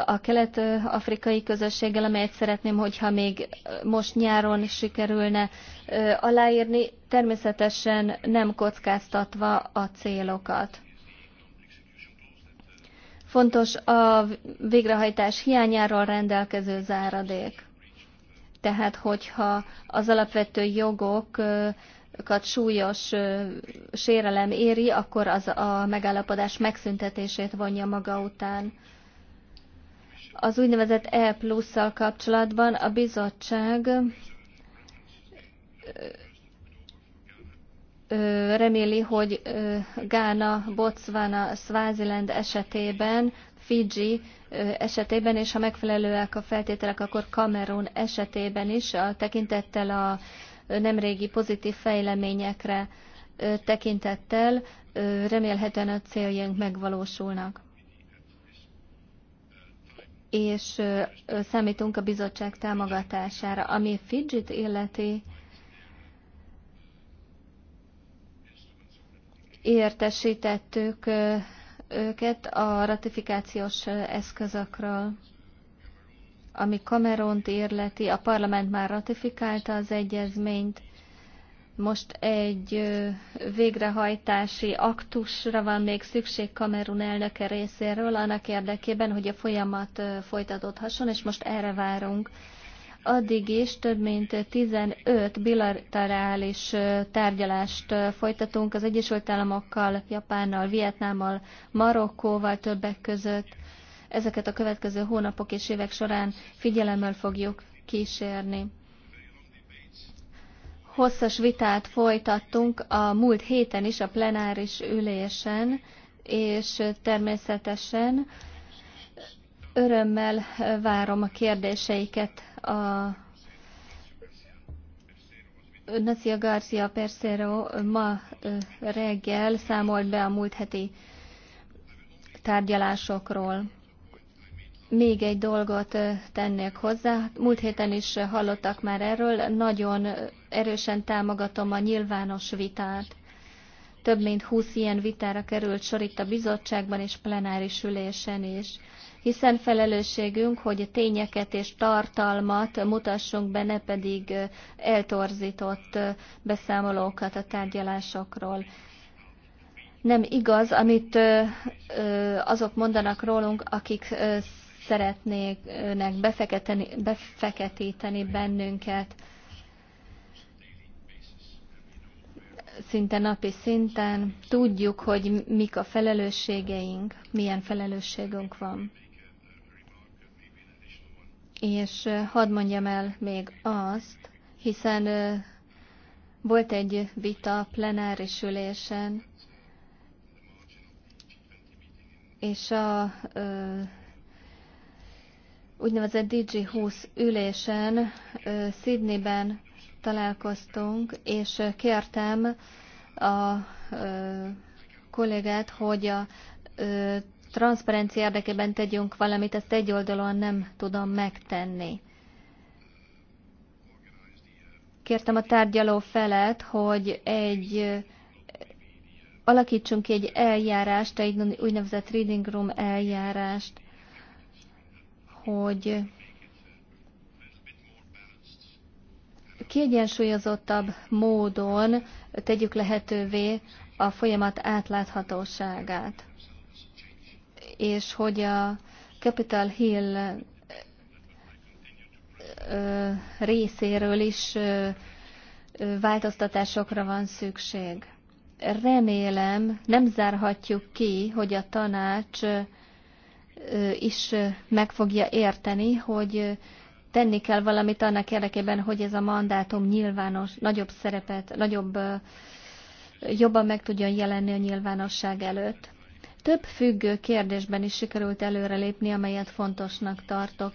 Speaker 2: a kelet-afrikai közösséggel, amelyet szeretném, hogyha még most nyáron sikerülne aláírni, természetesen nem kockáztatva a célokat. Fontos a végrehajtás hiányáról rendelkező záradék. Tehát, hogyha az alapvető jogokat súlyos sérelem éri, akkor az a megállapodás megszüntetését vonja maga után. Az úgynevezett E plusszal kapcsolatban a bizottság reméli, hogy Gána, Botswana, Swaziland esetében, Fiji esetében, és ha megfelelőek a feltételek, akkor Kamerun esetében is, a tekintettel a nemrégi pozitív fejleményekre tekintettel remélhetően a céljaink megvalósulnak. És számítunk a bizottság támogatására, ami Fidzsit illeti, értesítettük őket a ratifikációs eszközökről. Ami Kameront érleti, a parlament már ratifikálta az egyezményt, most egy végrehajtási aktusra van még szükség Kamerun elnöke részéről, annak érdekében, hogy a folyamat folytatódhasson, és most erre várunk addig is több mint 15 bilaterális tárgyalást folytatunk az Egyesült Államokkal, Japánnal, Vietnámmal, Marokkóval többek között. Ezeket a következő hónapok és évek során figyelemmel fogjuk kísérni. Hosszas vitát folytattunk a múlt héten is a plenáris ülésen, és természetesen Örömmel várom a kérdéseiket a Nacia Garcia Persero ma reggel számolt be a múlt heti tárgyalásokról. Még egy dolgot tennék hozzá. Múlt héten is hallottak már erről. Nagyon erősen támogatom a nyilvános vitát. Több mint 20 ilyen vitára került sor itt a bizottságban és plenáris ülésen is hiszen felelősségünk, hogy tényeket és tartalmat mutassunk be, ne pedig eltorzított beszámolókat a tárgyalásokról nem igaz, amit azok mondanak rólunk, akik szeretnének befeketíteni bennünket szinte napi szinten. Tudjuk, hogy mik a felelősségeink, milyen felelősségünk van. És hadd mondjam el még azt, hiszen volt egy vita plenáris ülésen, és a úgynevezett DG20 ülésen Sydneyben találkoztunk, és kértem a kollégát, hogy a transzparencia érdekében tegyünk valamit, ezt oldalon nem tudom megtenni. Kértem a tárgyaló felet, hogy egy alakítsunk ki egy eljárást, egy úgynevezett reading room eljárást, hogy kiegyensúlyozottabb módon tegyük lehetővé a folyamat átláthatóságát és hogy a Capital Hill részéről is változtatásokra van szükség. Remélem, nem zárhatjuk ki, hogy a tanács is meg fogja érteni, hogy tenni kell valamit annak érdekében, hogy ez a mandátum nyilvános, nagyobb szerepet, nagyobb, jobban meg tudjon jelenni a nyilvánosság előtt. Több függő kérdésben is sikerült előrelépni, amelyet fontosnak tartok.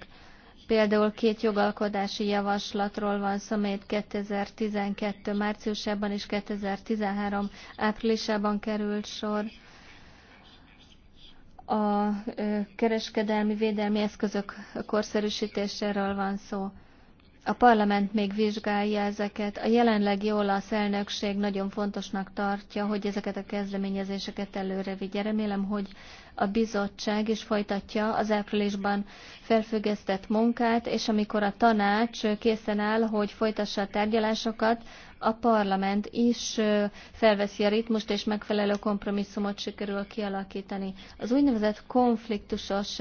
Speaker 2: Például két jogalkodási javaslatról van szó, amelyet 2012. márciusában és 2013. áprilisában került sor. A kereskedelmi védelmi eszközök korszerűsítéséről van szó a parlament még vizsgálja ezeket. A jelenlegi olasz elnökség nagyon fontosnak tartja, hogy ezeket a kezdeményezéseket előre vigye. Remélem, hogy a bizottság is folytatja az áprilisban felfüggesztett munkát, és amikor a tanács készen áll, hogy folytassa a tárgyalásokat, a parlament is felveszi a ritmust, és megfelelő kompromisszumot sikerül kialakítani. Az úgynevezett konfliktusos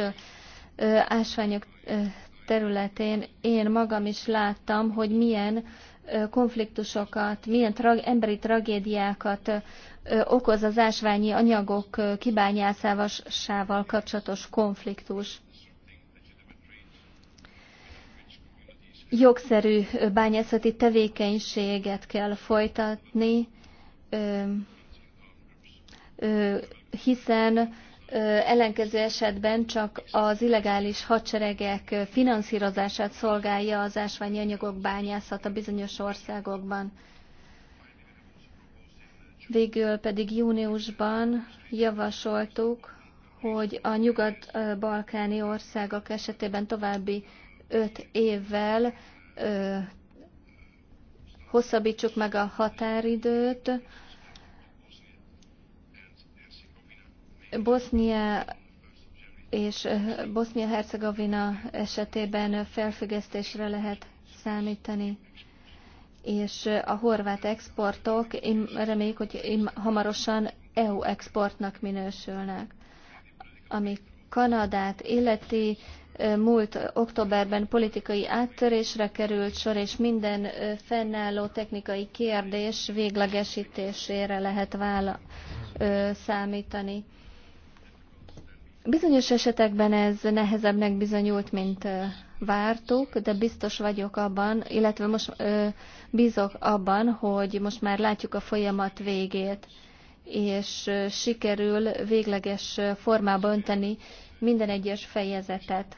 Speaker 2: ásványok területén én magam is láttam, hogy milyen konfliktusokat, milyen tra- emberi tragédiákat okoz az ásványi anyagok kibányászásával kapcsolatos konfliktus. Jogszerű bányászati tevékenységet kell folytatni, hiszen ellenkező esetben csak az illegális hadseregek finanszírozását szolgálja az ásványi anyagok bányászata bizonyos országokban. Végül pedig júniusban javasoltuk, hogy a nyugat-balkáni országok esetében további öt évvel ö, hosszabbítsuk meg a határidőt, Bosznia és eh, Bosznia-Hercegovina esetében felfüggesztésre lehet számítani, és eh, a horvát exportok reméljük, hogy hamarosan EU exportnak minősülnek. Ami Kanadát illeti, eh, múlt októberben politikai áttörésre került sor, és minden fennálló technikai kérdés véglegesítésére lehet vála, számítani. Bizonyos esetekben ez nehezebbnek bizonyult, mint vártuk, de biztos vagyok abban, illetve most ö, bízok abban, hogy most már látjuk a folyamat végét, és sikerül végleges formába önteni minden egyes fejezetet.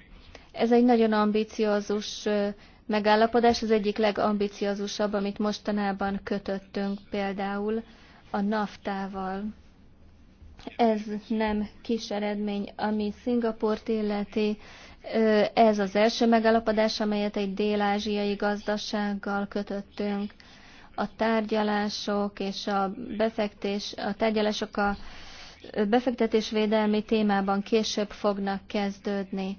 Speaker 2: Ez egy nagyon ambiciózus megállapodás, az egyik legambiciózusabb, amit mostanában kötöttünk például a NAFTA-val. Ez nem kis eredmény, ami Szingaport illeti. Ez az első megalapodás, amelyet egy dél-ázsiai gazdasággal kötöttünk. A tárgyalások és a befektés, a tárgyalások a befektetésvédelmi témában később fognak kezdődni.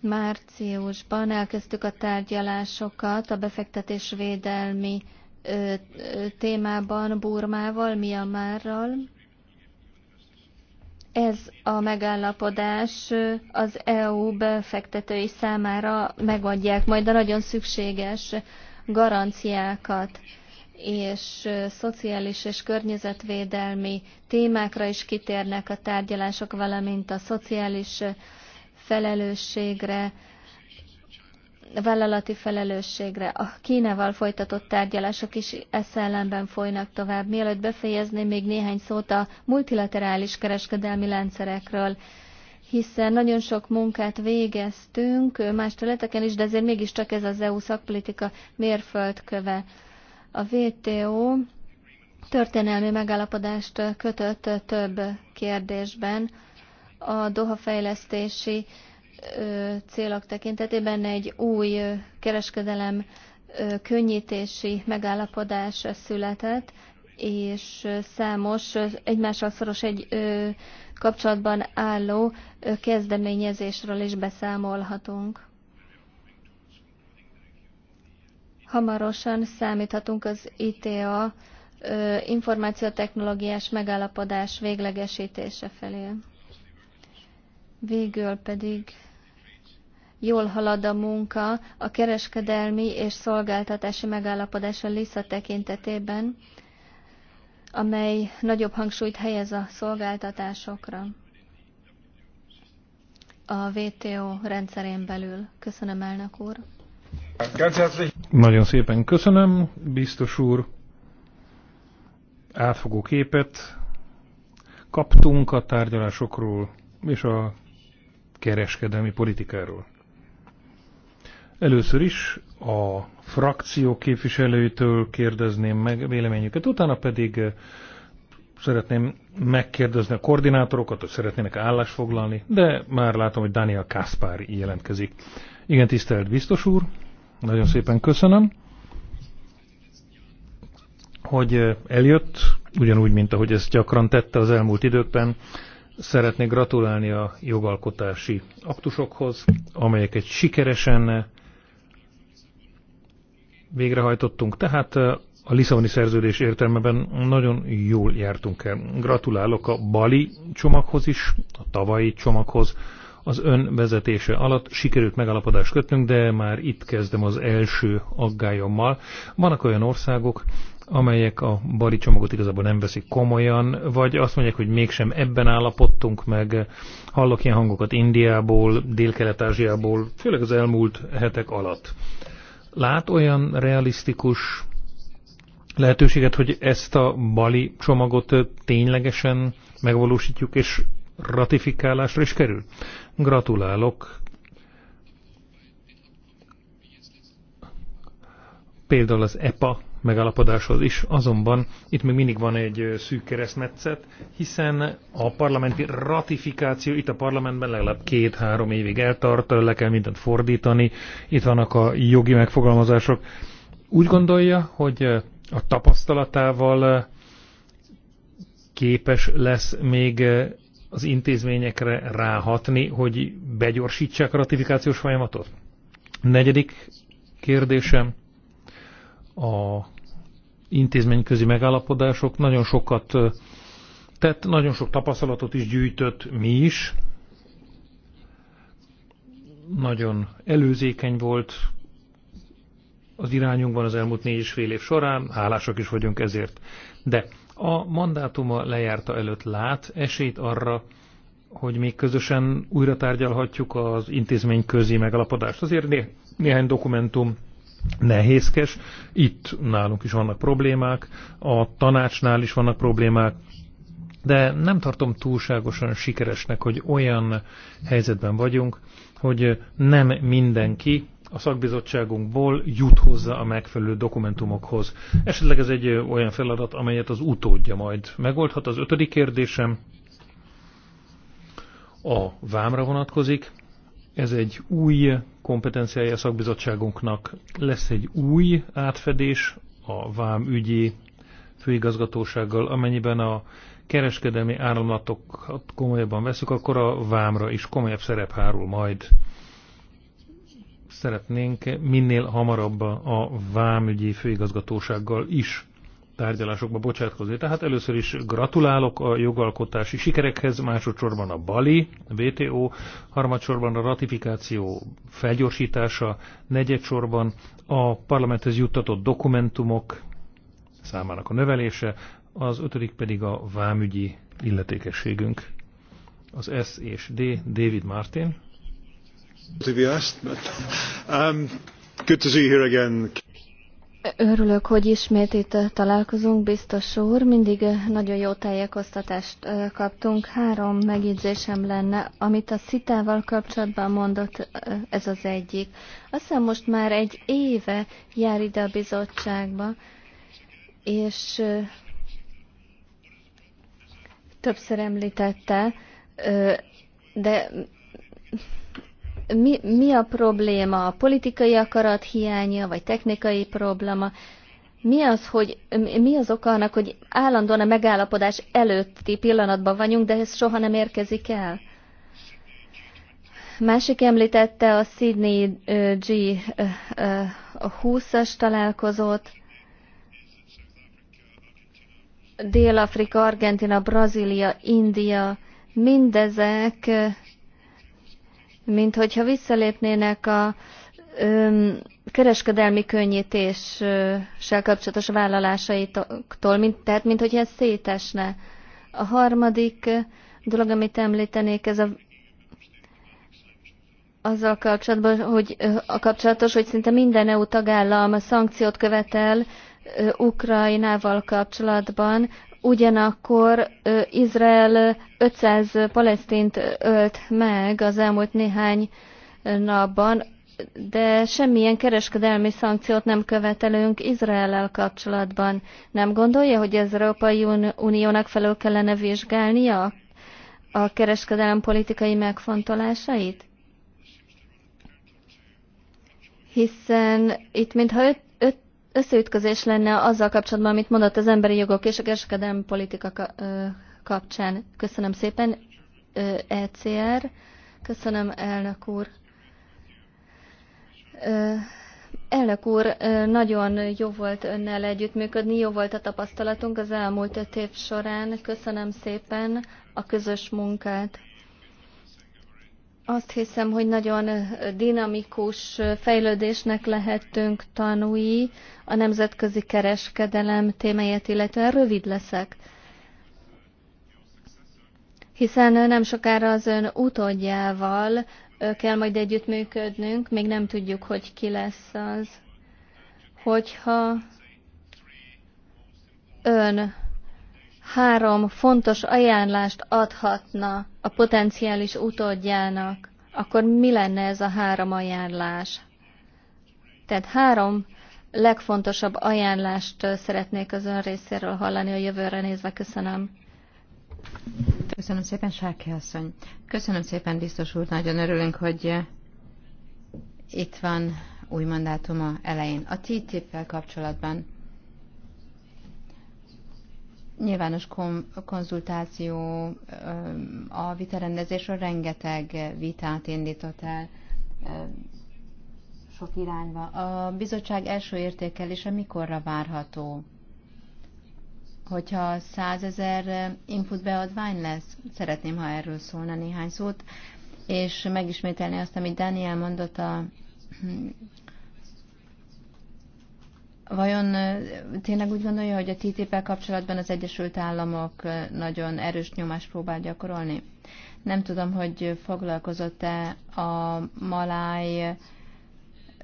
Speaker 2: Márciusban elkezdtük a tárgyalásokat a befektetésvédelmi témában Burmával, Myanmarral. Ez a megállapodás az EU befektetői számára megadják majd a nagyon szükséges garanciákat, és szociális és környezetvédelmi témákra is kitérnek a tárgyalások, valamint a szociális felelősségre, vállalati felelősségre. A Kínával folytatott tárgyalások is ezt ellenben folynak tovább. Mielőtt befejezném még néhány szót a multilaterális kereskedelmi rendszerekről, hiszen nagyon sok munkát végeztünk más területeken is, de azért mégiscsak ez az EU szakpolitika mérföldköve. A WTO történelmi megállapodást kötött több kérdésben, a Doha fejlesztési célok tekintetében egy új kereskedelem könnyítési megállapodás született, és számos egymással szoros egy kapcsolatban álló kezdeményezésről is beszámolhatunk. Hamarosan számíthatunk az ITA információtechnológiás megállapodás véglegesítése felé. Végül pedig jól halad a munka a kereskedelmi és szolgáltatási megállapodás a LISZA tekintetében, amely nagyobb hangsúlyt helyez a szolgáltatásokra a WTO rendszerén belül. Köszönöm, elnök úr.
Speaker 1: Nagyon szépen köszönöm, biztos úr. Átfogó képet kaptunk a tárgyalásokról és a kereskedelmi politikáról. Először is a frakció képviselőitől kérdezném meg véleményüket, utána pedig eh, szeretném megkérdezni a koordinátorokat, hogy szeretnének állást foglalni, de már látom, hogy Daniel Kaspár jelentkezik. Igen, tisztelt biztos úr, nagyon szépen köszönöm, hogy eh, eljött, ugyanúgy, mint ahogy ezt gyakran tette az elmúlt időkben. Szeretnék gratulálni a jogalkotási
Speaker 2: aktusokhoz,
Speaker 1: amelyeket sikeresen végrehajtottunk, tehát a Lisszaboni szerződés értelmeben nagyon jól jártunk el. Gratulálok a Bali csomaghoz is, a tavalyi csomaghoz. Az ön vezetése alatt sikerült megalapodást kötnünk, de már itt kezdem az első aggályommal. Vannak olyan országok, amelyek a bari csomagot igazából nem veszik komolyan, vagy azt mondják, hogy mégsem ebben állapodtunk meg. Hallok ilyen hangokat Indiából, Dél-Kelet-Ázsiából, főleg az elmúlt hetek alatt lát olyan realisztikus lehetőséget, hogy ezt a bali csomagot ténylegesen megvalósítjuk, és ratifikálásra is kerül. Gratulálok! Például az EPA megállapodáshoz is, azonban itt még mindig van egy szűk keresztmetszet, hiszen a parlamenti ratifikáció itt a parlamentben legalább két-három évig eltart, le kell mindent fordítani, itt vannak a jogi megfogalmazások. Úgy gondolja, hogy a tapasztalatával képes lesz még az intézményekre ráhatni, hogy begyorsítsák a ratifikációs folyamatot? Negyedik kérdésem a intézményközi megállapodások nagyon sokat tett, nagyon sok tapasztalatot is gyűjtött mi is. Nagyon előzékeny volt az irányunkban az elmúlt négy és fél év során, hálásak is vagyunk ezért. De a mandátuma lejárta előtt lát esélyt arra, hogy még közösen újra tárgyalhatjuk az intézmény közi megalapodást. Azért né néhány dokumentum nehézkes. Itt nálunk is vannak problémák, a tanácsnál is vannak problémák, de nem tartom túlságosan sikeresnek, hogy olyan helyzetben vagyunk, hogy nem mindenki a szakbizottságunkból jut hozzá a megfelelő dokumentumokhoz. Esetleg ez egy olyan feladat, amelyet az utódja majd megoldhat. Az ötödik kérdésem a vámra vonatkozik. Ez egy új kompetenciája a szakbizottságunknak. Lesz egy új átfedés a vám ügyi főigazgatósággal, amennyiben a kereskedelmi áramlatokat komolyabban veszük, akkor a vámra is komolyabb szerep hárul majd. Szeretnénk minél hamarabb a vámügyi főigazgatósággal is tárgyalásokba bocsátkozni. Tehát először is gratulálok a jogalkotási sikerekhez, másodszorban a Bali, a WTO, harmadsorban a ratifikáció felgyorsítása, negyedsorban a parlamenthez juttatott dokumentumok számának a növelése, az ötödik pedig a vámügyi illetékességünk. Az S és D, David Martin. Um, good to see you here again.
Speaker 2: Örülök, hogy ismét itt találkozunk, biztos úr. Mindig nagyon jó tájékoztatást kaptunk. Három megjegyzésem lenne, amit a szitával kapcsolatban mondott, ez az egyik. Azt hiszem most már egy éve jár ide a bizottságba, és többször említette, de mi, mi a probléma? A politikai akarat hiánya, vagy technikai probléma? Mi az, hogy, mi az oka annak, hogy állandóan a megállapodás előtti pillanatban vagyunk, de ez soha nem érkezik el? Másik említette a Sydney G20-as találkozót. Dél-Afrika, Argentina, Brazília, India, mindezek mint hogyha visszalépnének a kereskedelmi könnyítéssel kapcsolatos vállalásaitoktól, mint, tehát mint hogyha ez szétesne. A harmadik dolog, amit említenék, ez a azzal kapcsolatban, hogy a kapcsolatos, hogy szinte minden EU tagállam szankciót követel Ukrajnával kapcsolatban, Ugyanakkor Izrael 500 palesztint ölt meg az elmúlt néhány napban, de semmilyen kereskedelmi szankciót nem követelünk Izrael-el kapcsolatban. Nem gondolja, hogy az Európai Uniónak felül kellene vizsgálnia a kereskedelem politikai megfontolásait? Hiszen itt mintha összeütközés lenne azzal kapcsolatban, amit mondott az emberi jogok és a kereskedelmi politika kapcsán. Köszönöm szépen, ECR. Köszönöm, elnök úr. Elnök úr, nagyon jó volt önnel együttműködni, jó volt a tapasztalatunk az elmúlt öt év során. Köszönöm szépen a közös munkát. Azt hiszem, hogy nagyon dinamikus fejlődésnek lehetünk tanúi a nemzetközi kereskedelem témáját, illetően rövid leszek. Hiszen nem sokára az ön utódjával kell majd együttműködnünk, még nem tudjuk, hogy ki lesz az. Hogyha ön három fontos ajánlást adhatna a potenciális utódjának, akkor mi lenne ez a három ajánlás? Tehát három legfontosabb ajánlást szeretnék az ön részéről hallani a jövőre nézve. Köszönöm. Köszönöm
Speaker 3: szépen, Sárki asszony. Köszönöm szépen, biztos úr, nagyon örülünk, hogy itt van új mandátuma elején. A TTIP-vel kapcsolatban nyilvános konzultáció a vitarendezésről rengeteg vitát indított el sok irányba. A bizottság első értékelése mikorra várható? Hogyha százezer input beadvány lesz, szeretném, ha erről szólna néhány szót, és megismételni azt, amit Daniel mondott a Vajon tényleg úgy gondolja, hogy a TTIP-el kapcsolatban az Egyesült Államok nagyon erős nyomást próbál gyakorolni? Nem tudom, hogy foglalkozott-e a maláj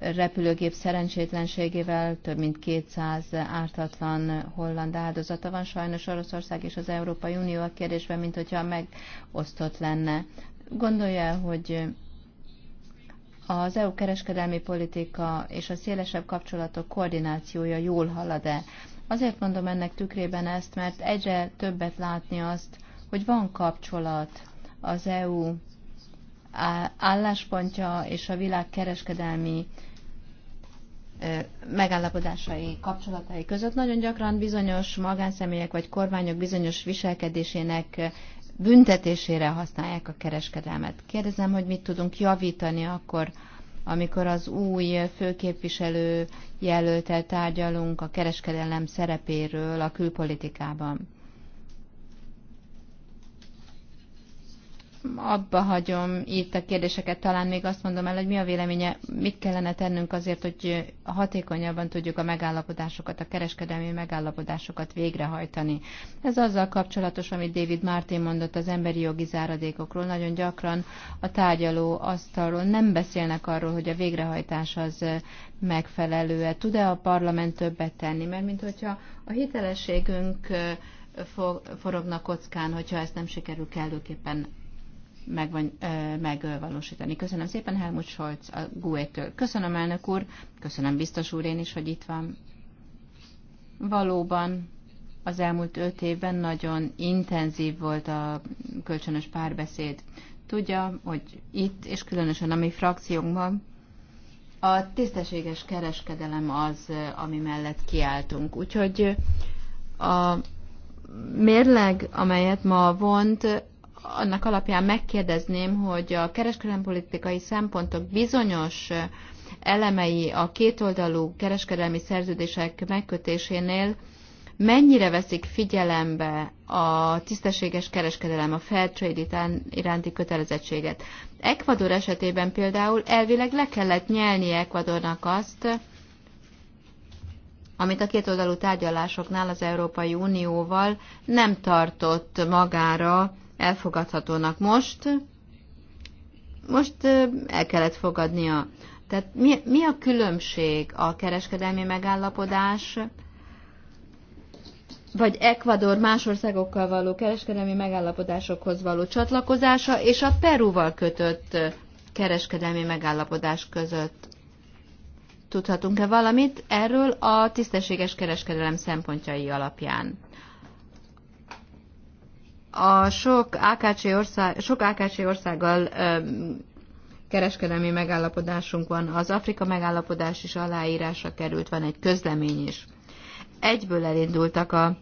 Speaker 3: repülőgép szerencsétlenségével több mint 200 ártatlan holland áldozata van. Sajnos Oroszország és az Európai Unió a kérdésben, mint hogyha megosztott lenne. Gondolja, hogy az EU kereskedelmi politika és a szélesebb kapcsolatok koordinációja jól halad-e. Azért mondom ennek tükrében ezt, mert egyre többet látni azt, hogy van kapcsolat az EU álláspontja és a világ kereskedelmi megállapodásai, kapcsolatai között nagyon gyakran bizonyos magánszemélyek vagy kormányok bizonyos viselkedésének büntetésére használják a kereskedelmet. Kérdezem, hogy mit tudunk javítani akkor, amikor az új főképviselő jelöltel tárgyalunk a kereskedelem szerepéről a külpolitikában. abba hagyom itt a kérdéseket, talán még azt mondom el, hogy mi a véleménye, mit kellene tennünk azért, hogy hatékonyabban tudjuk a megállapodásokat, a kereskedelmi megállapodásokat végrehajtani. Ez azzal kapcsolatos, amit David Martin mondott az emberi jogi záradékokról. Nagyon gyakran a tárgyaló asztalról nem beszélnek arról, hogy a végrehajtás az megfelelő-e. Tud-e a parlament többet tenni? Mert mint hogyha a hitelességünk eh, forogna kockán, hogyha ezt nem sikerül kellőképpen megvan, megvalósítani. Köszönöm szépen Helmut Scholz a GUE-től. Köszönöm elnök úr, köszönöm biztos úr én is, hogy itt van. Valóban az elmúlt öt évben nagyon intenzív volt a kölcsönös párbeszéd. Tudja, hogy itt, és különösen a mi frakciónkban, a tisztességes kereskedelem az, ami mellett kiáltunk. Úgyhogy a mérleg, amelyet ma vont, annak alapján megkérdezném, hogy a kereskedelempolitikai szempontok bizonyos elemei a kétoldalú kereskedelmi szerződések megkötésénél mennyire veszik figyelembe a tisztességes kereskedelem, a fair trade iránti kötelezettséget. Ecuador esetében például elvileg le kellett nyelni Ecuadornak azt, amit a kétoldalú tárgyalásoknál az Európai Unióval nem tartott magára elfogadhatónak most. Most el kellett fogadnia. Tehát mi, mi a különbség a kereskedelmi megállapodás, vagy Ekvador más országokkal való kereskedelmi megállapodásokhoz való csatlakozása és a Peruval kötött kereskedelmi megállapodás között? Tudhatunk-e valamit erről a tisztességes kereskedelem szempontjai alapján? a sok AKC, ország, sok AKC országgal kereskedelmi megállapodásunk van. Az Afrika megállapodás is aláírásra került, van egy közlemény is. Egyből elindultak a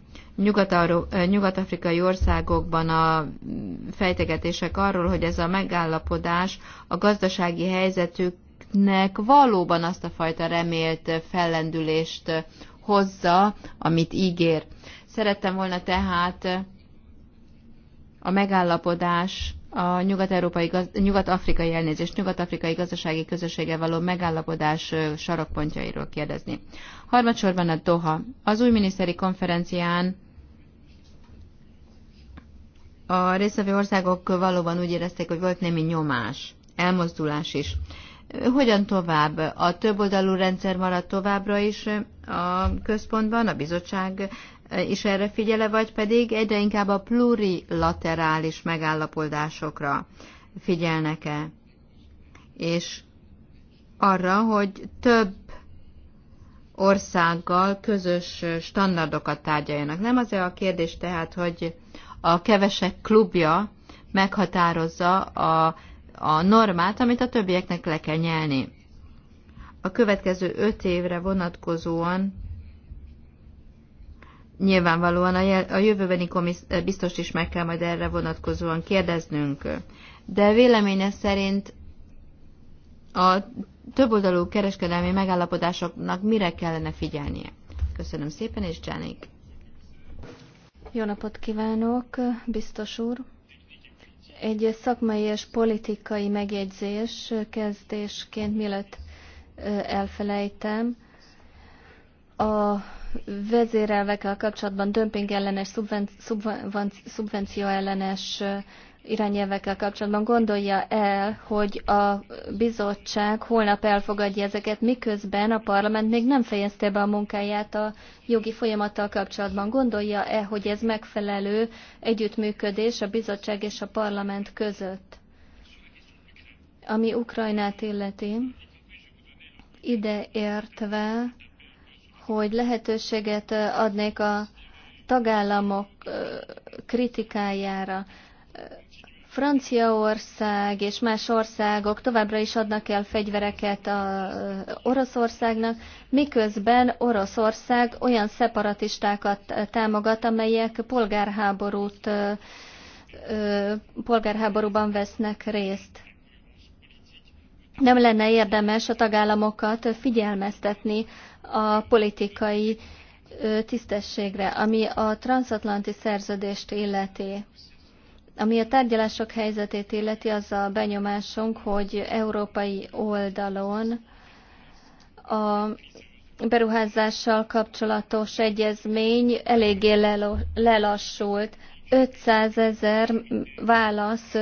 Speaker 3: nyugat-afrikai országokban a fejtegetések arról, hogy ez a megállapodás a gazdasági helyzetüknek valóban azt a fajta remélt fellendülést hozza, amit ígér. Szerettem volna tehát a megállapodás a nyugat-európai, nyugat-afrikai elnézést, nyugat-afrikai gazdasági közössége való megállapodás sarokpontjairól kérdezni. Harmadsorban a Doha. Az új miniszteri konferencián a részvevő országok valóban úgy érezték, hogy volt némi nyomás, elmozdulás is. Hogyan tovább? A oldalú rendszer marad továbbra is a központban, a bizottság is erre figyele, vagy pedig egyre inkább a plurilaterális megállapodásokra figyelnek-e, és arra, hogy több országgal közös standardokat tárgyaljanak. Nem az a kérdés tehát, hogy a kevesek klubja meghatározza a, a normát, amit a többieknek le kell nyelni. A következő öt évre vonatkozóan Nyilvánvalóan a, jel, a jövőbeni komisz, eh, biztos is meg kell majd erre vonatkozóan kérdeznünk. De véleménye szerint a többoldalú kereskedelmi megállapodásoknak mire kellene figyelnie? Köszönöm szépen, és Janik.
Speaker 2: Jó napot kívánok, biztos úr! Egy szakmai és politikai megjegyzés kezdésként, mielőtt eh, elfelejtem, a vezérelvekkel kapcsolatban dömping ellenes, szubvenció ellenes irányelvekkel kapcsolatban gondolja el, hogy a bizottság holnap elfogadja ezeket, miközben a parlament még nem fejezte be a munkáját a jogi folyamattal kapcsolatban. Gondolja el, hogy ez megfelelő együttműködés a bizottság és a parlament között? Ami Ukrajnát illeti, ide értve hogy lehetőséget adnék a tagállamok kritikájára. Franciaország és más országok továbbra is adnak el fegyvereket a Oroszországnak, miközben Oroszország olyan szeparatistákat támogat, amelyek polgárháborút, polgárháborúban vesznek részt. Nem lenne érdemes a tagállamokat figyelmeztetni a politikai tisztességre, ami a transatlanti szerződést illeti. Ami a tárgyalások helyzetét illeti, az a benyomásunk, hogy európai oldalon a beruházással kapcsolatos egyezmény eléggé lelassult. 500 ezer válasz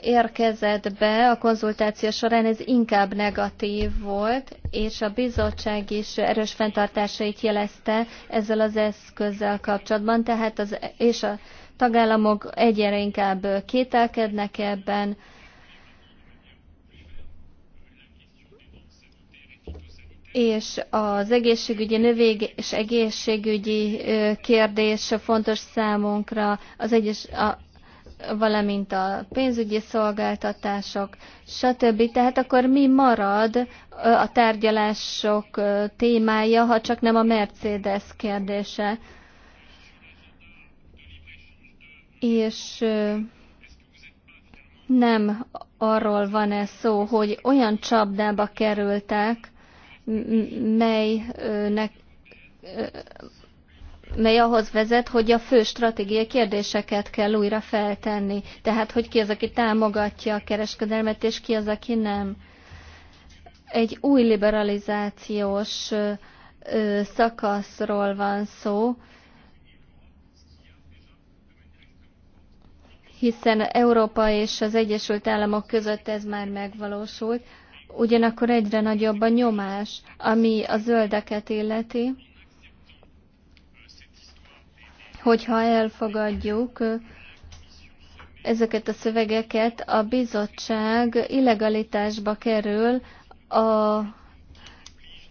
Speaker 2: érkezett be a konzultáció során, ez inkább negatív volt, és a bizottság is erős fenntartásait jelezte ezzel az eszközzel kapcsolatban, tehát az, és a tagállamok egyre inkább kételkednek ebben. És az egészségügyi növég és egészségügyi kérdés fontos számunkra, az egyes, a, valamint a pénzügyi szolgáltatások, stb. Tehát akkor mi marad a tárgyalások témája, ha csak nem a Mercedes kérdése? És nem arról van ez szó, hogy olyan csapdába kerültek, melynek mely ahhoz vezet, hogy a fő stratégiai kérdéseket kell újra feltenni. Tehát, hogy ki az, aki támogatja a kereskedelmet, és ki az, aki nem. Egy új liberalizációs szakaszról van szó, hiszen Európa és az Egyesült Államok között ez már megvalósult, ugyanakkor egyre nagyobb a nyomás, ami a zöldeket illeti hogyha elfogadjuk ezeket a szövegeket, a bizottság illegalitásba kerül a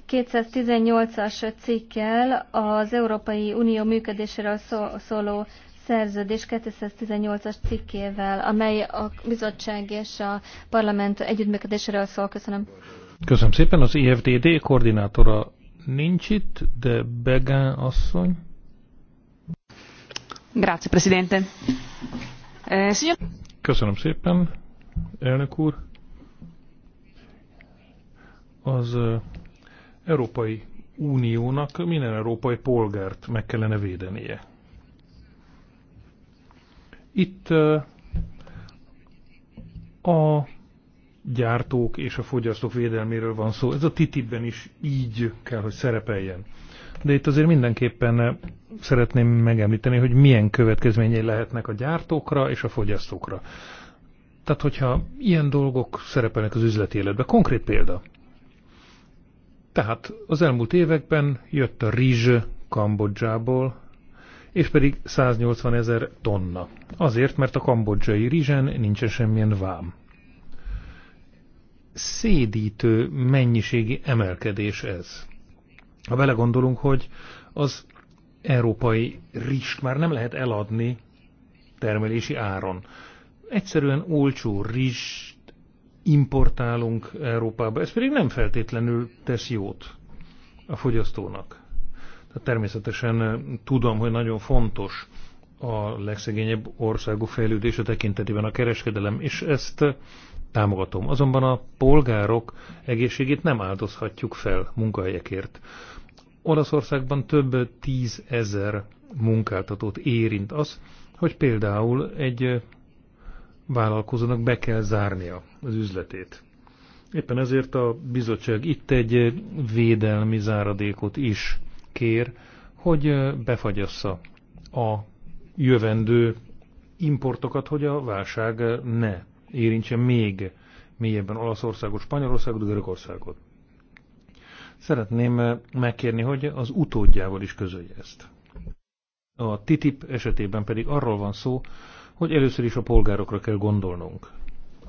Speaker 2: 218-as cikkel az Európai Unió működéséről szóló szerződés 218-as cikkével, amely a bizottság és a parlament együttműködéséről szól. Köszönöm.
Speaker 1: Köszönöm szépen. Az IFDD koordinátora nincs itt, de Begán asszony. Eh, Köszönöm szépen, elnök úr. Az Európai Uniónak minden európai polgárt meg kellene védenie. Itt a gyártók és a fogyasztók védelméről van szó. Ez a TTIP-ben is így kell, hogy szerepeljen de itt azért mindenképpen eh, szeretném megemlíteni, hogy milyen következményei lehetnek a gyártókra és a fogyasztókra. Tehát, hogyha ilyen dolgok szerepelnek az üzleti életben, konkrét példa. Tehát az elmúlt években jött a rizs Kambodzsából, és pedig 180 ezer tonna. Azért, mert a kambodzsai rizsen nincsen semmilyen vám. Szédítő mennyiségi emelkedés ez. Ha belegondolunk, hogy az európai rist már nem lehet eladni termelési áron. Egyszerűen olcsó rist importálunk Európába, ez pedig nem feltétlenül tesz jót a fogyasztónak. Tehát természetesen eh, tudom, hogy nagyon fontos a legszegényebb országok fejlődése tekintetében a kereskedelem, és ezt eh, támogatom. Azonban a polgárok egészségét nem áldozhatjuk fel munkahelyekért. Olaszországban több tízezer munkáltatót érint az, hogy például egy vállalkozónak be kell zárnia az üzletét. Éppen ezért a bizottság itt egy védelmi záradékot is kér, hogy befagyassa a jövendő importokat, hogy a válság ne érintse még mélyebben Olaszországot, Spanyolországot, Görögországot. Szeretném eh, megkérni, hogy az utódjával is közölje ezt. A TTIP esetében pedig arról van szó, hogy először is a polgárokra kell gondolnunk,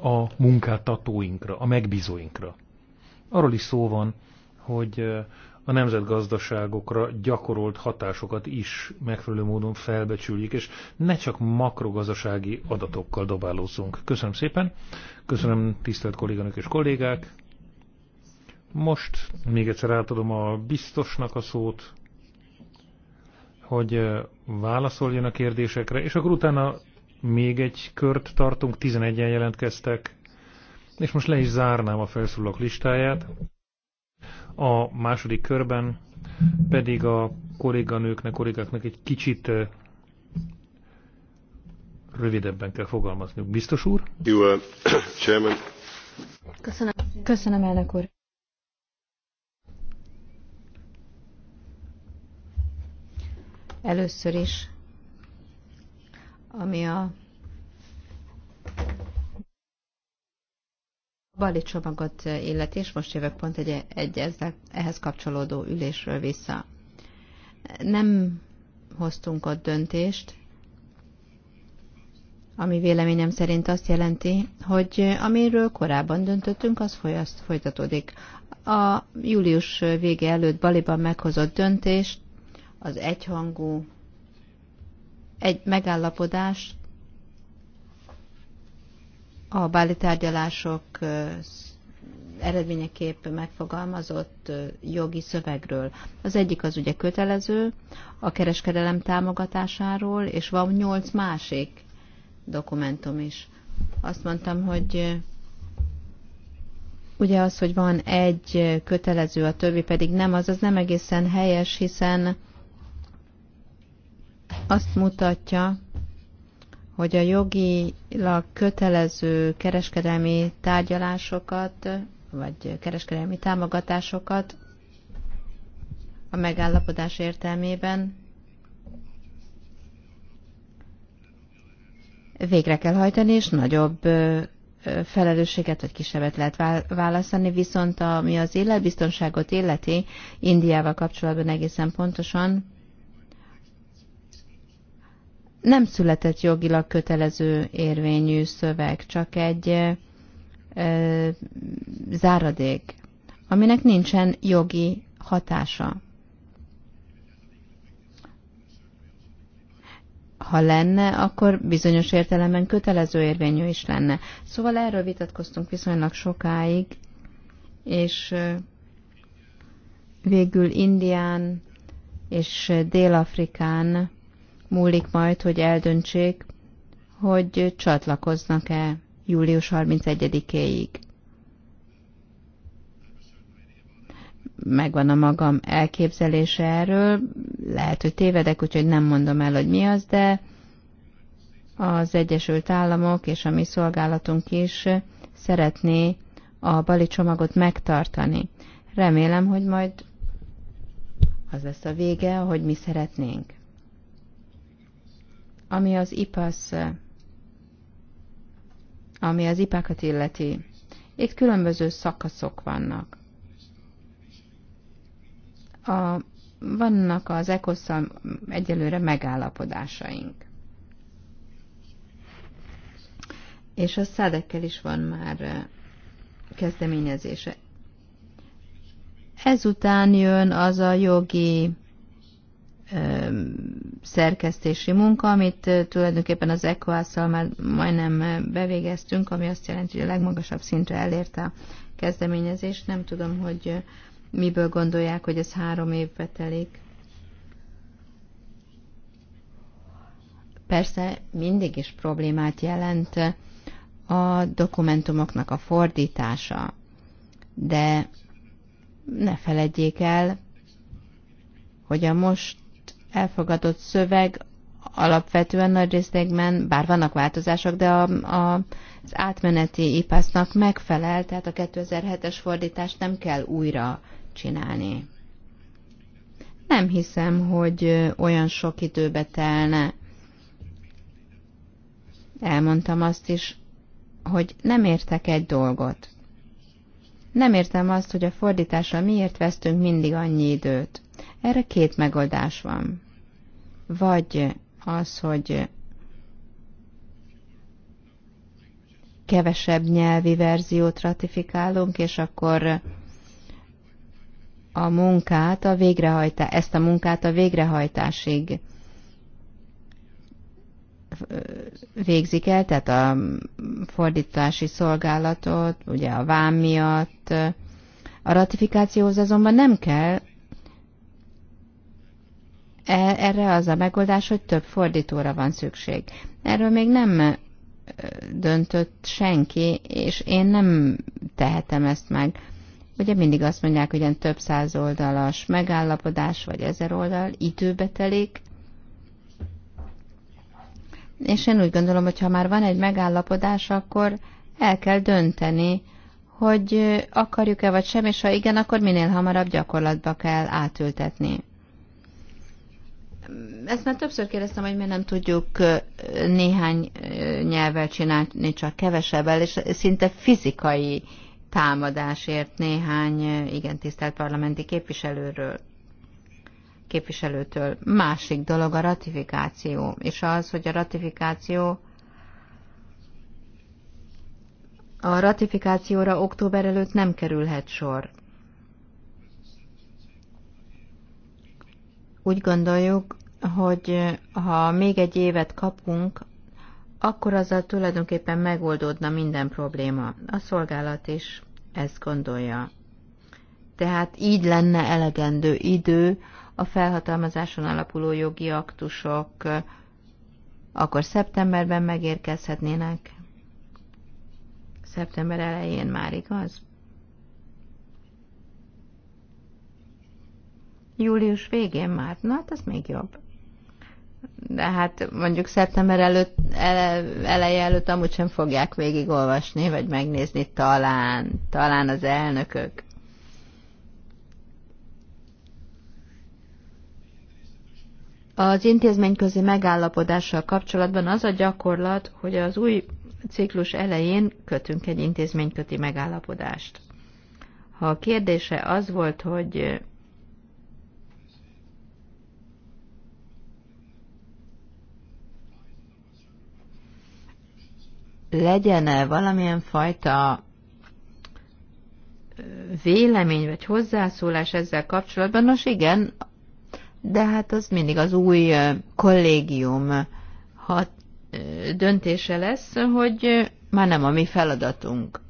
Speaker 1: a munkáltatóinkra, a megbízóinkra. Arról is szó van, hogy eh, a nemzetgazdaságokra gyakorolt hatásokat is megfelelő módon felbecsüljük és ne csak makrogazdasági adatokkal dobálózzunk. Köszönöm szépen, köszönöm tisztelt kolléganok és kollégák. Most még egyszer átadom a biztosnak a szót, hogy válaszoljon a kérdésekre, és akkor utána még egy kört tartunk, 11-en jelentkeztek, és most le is zárnám a felszólalók listáját. A második körben pedig a kolléganőknek, kollégáknak egy kicsit rövidebben kell fogalmazniuk. Biztos úr? Jó, chairman.
Speaker 3: Köszönöm. Köszönöm, elnök úr. Először is, ami a bali csomagot illeti, és most jövök pont egy, egy ezzel, ehhez kapcsolódó ülésről vissza. Nem hoztunk ott döntést, ami véleményem szerint azt jelenti, hogy amiről korábban döntöttünk, az folytatódik. A július vége előtt Baliban meghozott döntést, az egyhangú egy megállapodást a báli tárgyalások eredményeképp megfogalmazott jogi szövegről. Az egyik az ugye kötelező, a kereskedelem támogatásáról, és van nyolc másik dokumentum is. Azt mondtam, hogy ugye az, hogy van egy kötelező, a többi pedig nem, az az nem egészen helyes, hiszen azt mutatja, hogy a jogilag kötelező kereskedelmi tárgyalásokat, vagy kereskedelmi támogatásokat a megállapodás értelmében végre kell hajtani, és nagyobb felelősséget vagy kisebbet lehet választani, viszont ami az életbiztonságot illeti, Indiával kapcsolatban egészen pontosan nem született jogilag kötelező érvényű szöveg, csak egy e, záradék, aminek nincsen jogi hatása. Ha lenne, akkor bizonyos értelemben kötelező érvényű is lenne. Szóval erről vitatkoztunk viszonylag sokáig, és végül Indián és Dél-Afrikán múlik majd, hogy eldöntsék, hogy csatlakoznak-e július 31-éig. Megvan a magam elképzelése erről, lehet, hogy tévedek, úgyhogy nem mondom el, hogy mi az, de az Egyesült Államok és a mi szolgálatunk is szeretné a bali csomagot megtartani. Remélem, hogy majd az lesz a vége, ahogy mi szeretnénk. Ami az IPASZ, ami az ipákat illeti, itt különböző szakaszok vannak. A, vannak az ecosz egyelőre megállapodásaink. És a szádekkel is van már kezdeményezése. Ezután jön az a jogi szerkesztési munka, amit tulajdonképpen az ECOAS-szal már majdnem bevégeztünk, ami azt jelenti, hogy a legmagasabb szintre elérte a kezdeményezés. Nem tudom, hogy miből gondolják, hogy ez három évbe telik. Persze mindig is problémát jelent a dokumentumoknak a fordítása, de ne feledjék el, hogy a most elfogadott szöveg alapvetően nagy részlegben, bár vannak változások, de a, a, az átmeneti ipásznak megfelel, tehát a 2007-es fordítást nem kell újra csinálni. Nem hiszem, hogy olyan sok időbe telne. Elmondtam azt is, hogy nem értek egy dolgot. Nem értem azt, hogy a fordítással miért vesztünk mindig annyi időt. Erre két megoldás van. Vagy az, hogy kevesebb nyelvi verziót ratifikálunk, és akkor a munkát a végrehajtá, ezt a munkát a végrehajtásig végzik el, tehát a fordítási szolgálatot, ugye a vám miatt. A ratifikációhoz azonban nem kell E, erre az a megoldás, hogy több fordítóra van szükség. Erről még nem döntött senki, és én nem tehetem ezt meg. Ugye mindig azt mondják, hogy ilyen több száz oldalas megállapodás, vagy ezer oldal időbe telik, és én úgy gondolom, hogy ha már van egy megállapodás, akkor el kell dönteni, hogy akarjuk-e vagy sem, és ha igen, akkor minél hamarabb gyakorlatba kell átültetni ezt már többször kérdeztem, hogy mi nem tudjuk néhány nyelvvel csinálni, csak kevesebbel, és szinte fizikai támadásért néhány igen tisztelt parlamenti képviselőről képviselőtől. Másik dolog a ratifikáció, és az, hogy a ratifikáció a ratifikációra október előtt nem kerülhet sor. Úgy gondoljuk, hogy eh, ha még egy évet kapunk, akkor azzal tulajdonképpen megoldódna minden probléma. A szolgálat is ezt gondolja. Tehát így lenne elegendő idő a felhatalmazáson alapuló jogi aktusok, eh, akkor szeptemberben megérkezhetnének. Szeptember elején már igaz? Július végén már, na hát az még jobb. De hát mondjuk szeptember előtt, ele, eleje előtt amúgy sem fogják végigolvasni, vagy megnézni talán, talán az elnökök. Az közé megállapodással kapcsolatban az a gyakorlat, hogy az új ciklus elején kötünk egy intézményköti megállapodást. Ha a kérdése az volt, hogy legyen-e valamilyen fajta vélemény vagy hozzászólás ezzel kapcsolatban? Nos igen, de hát az mindig az új kollégium hat, döntése lesz, hogy már nem a mi feladatunk.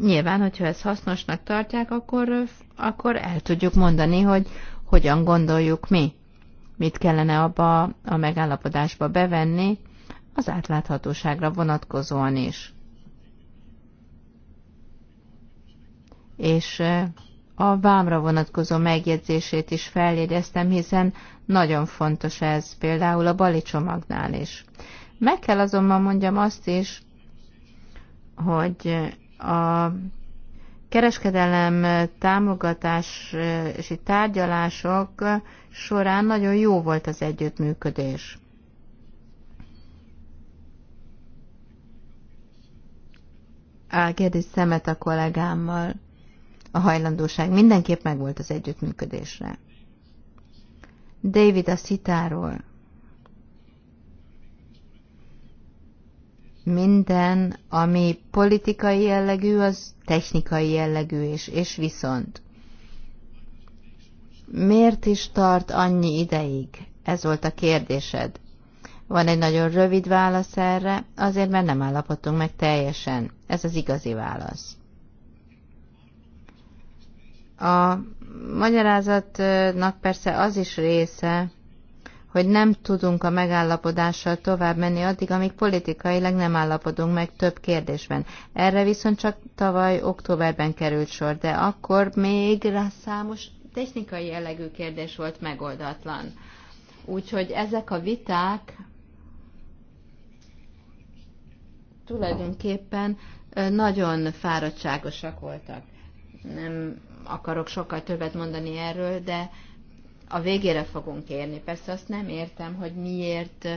Speaker 3: Nyilván, hogyha ezt hasznosnak tartják, akkor, akkor el tudjuk mondani, hogy hogyan gondoljuk mi, mit kellene abba a megállapodásba bevenni, az átláthatóságra vonatkozóan is. És eh, a vámra vonatkozó megjegyzését is feljegyeztem, hiszen nagyon fontos ez például a bali csomagnál is. Meg kell azonban mondjam azt is, hogy eh, a kereskedelem támogatási eh, tárgyalások során nagyon jó volt az együttműködés. Álgérdis szemet a kollégámmal. A hajlandóság mindenképp megvolt az együttműködésre. David a szitáról. Minden, ami politikai jellegű, az technikai jellegű is, és viszont. Miért is tart annyi ideig? Ez volt a kérdésed. Van egy nagyon rövid válasz erre, azért mert nem állapodtunk meg teljesen. Ez az igazi válasz. A magyarázatnak persze az is része, hogy nem tudunk a megállapodással tovább menni addig, amíg politikailag nem állapodunk meg több kérdésben. Erre viszont csak tavaly októberben került sor, de akkor még rá számos technikai jellegű kérdés volt megoldatlan. Úgyhogy ezek a viták tulajdonképpen nagyon fáradtságosak voltak. Nem akarok sokkal többet mondani erről, de a végére fogunk érni. Persze azt nem értem, hogy miért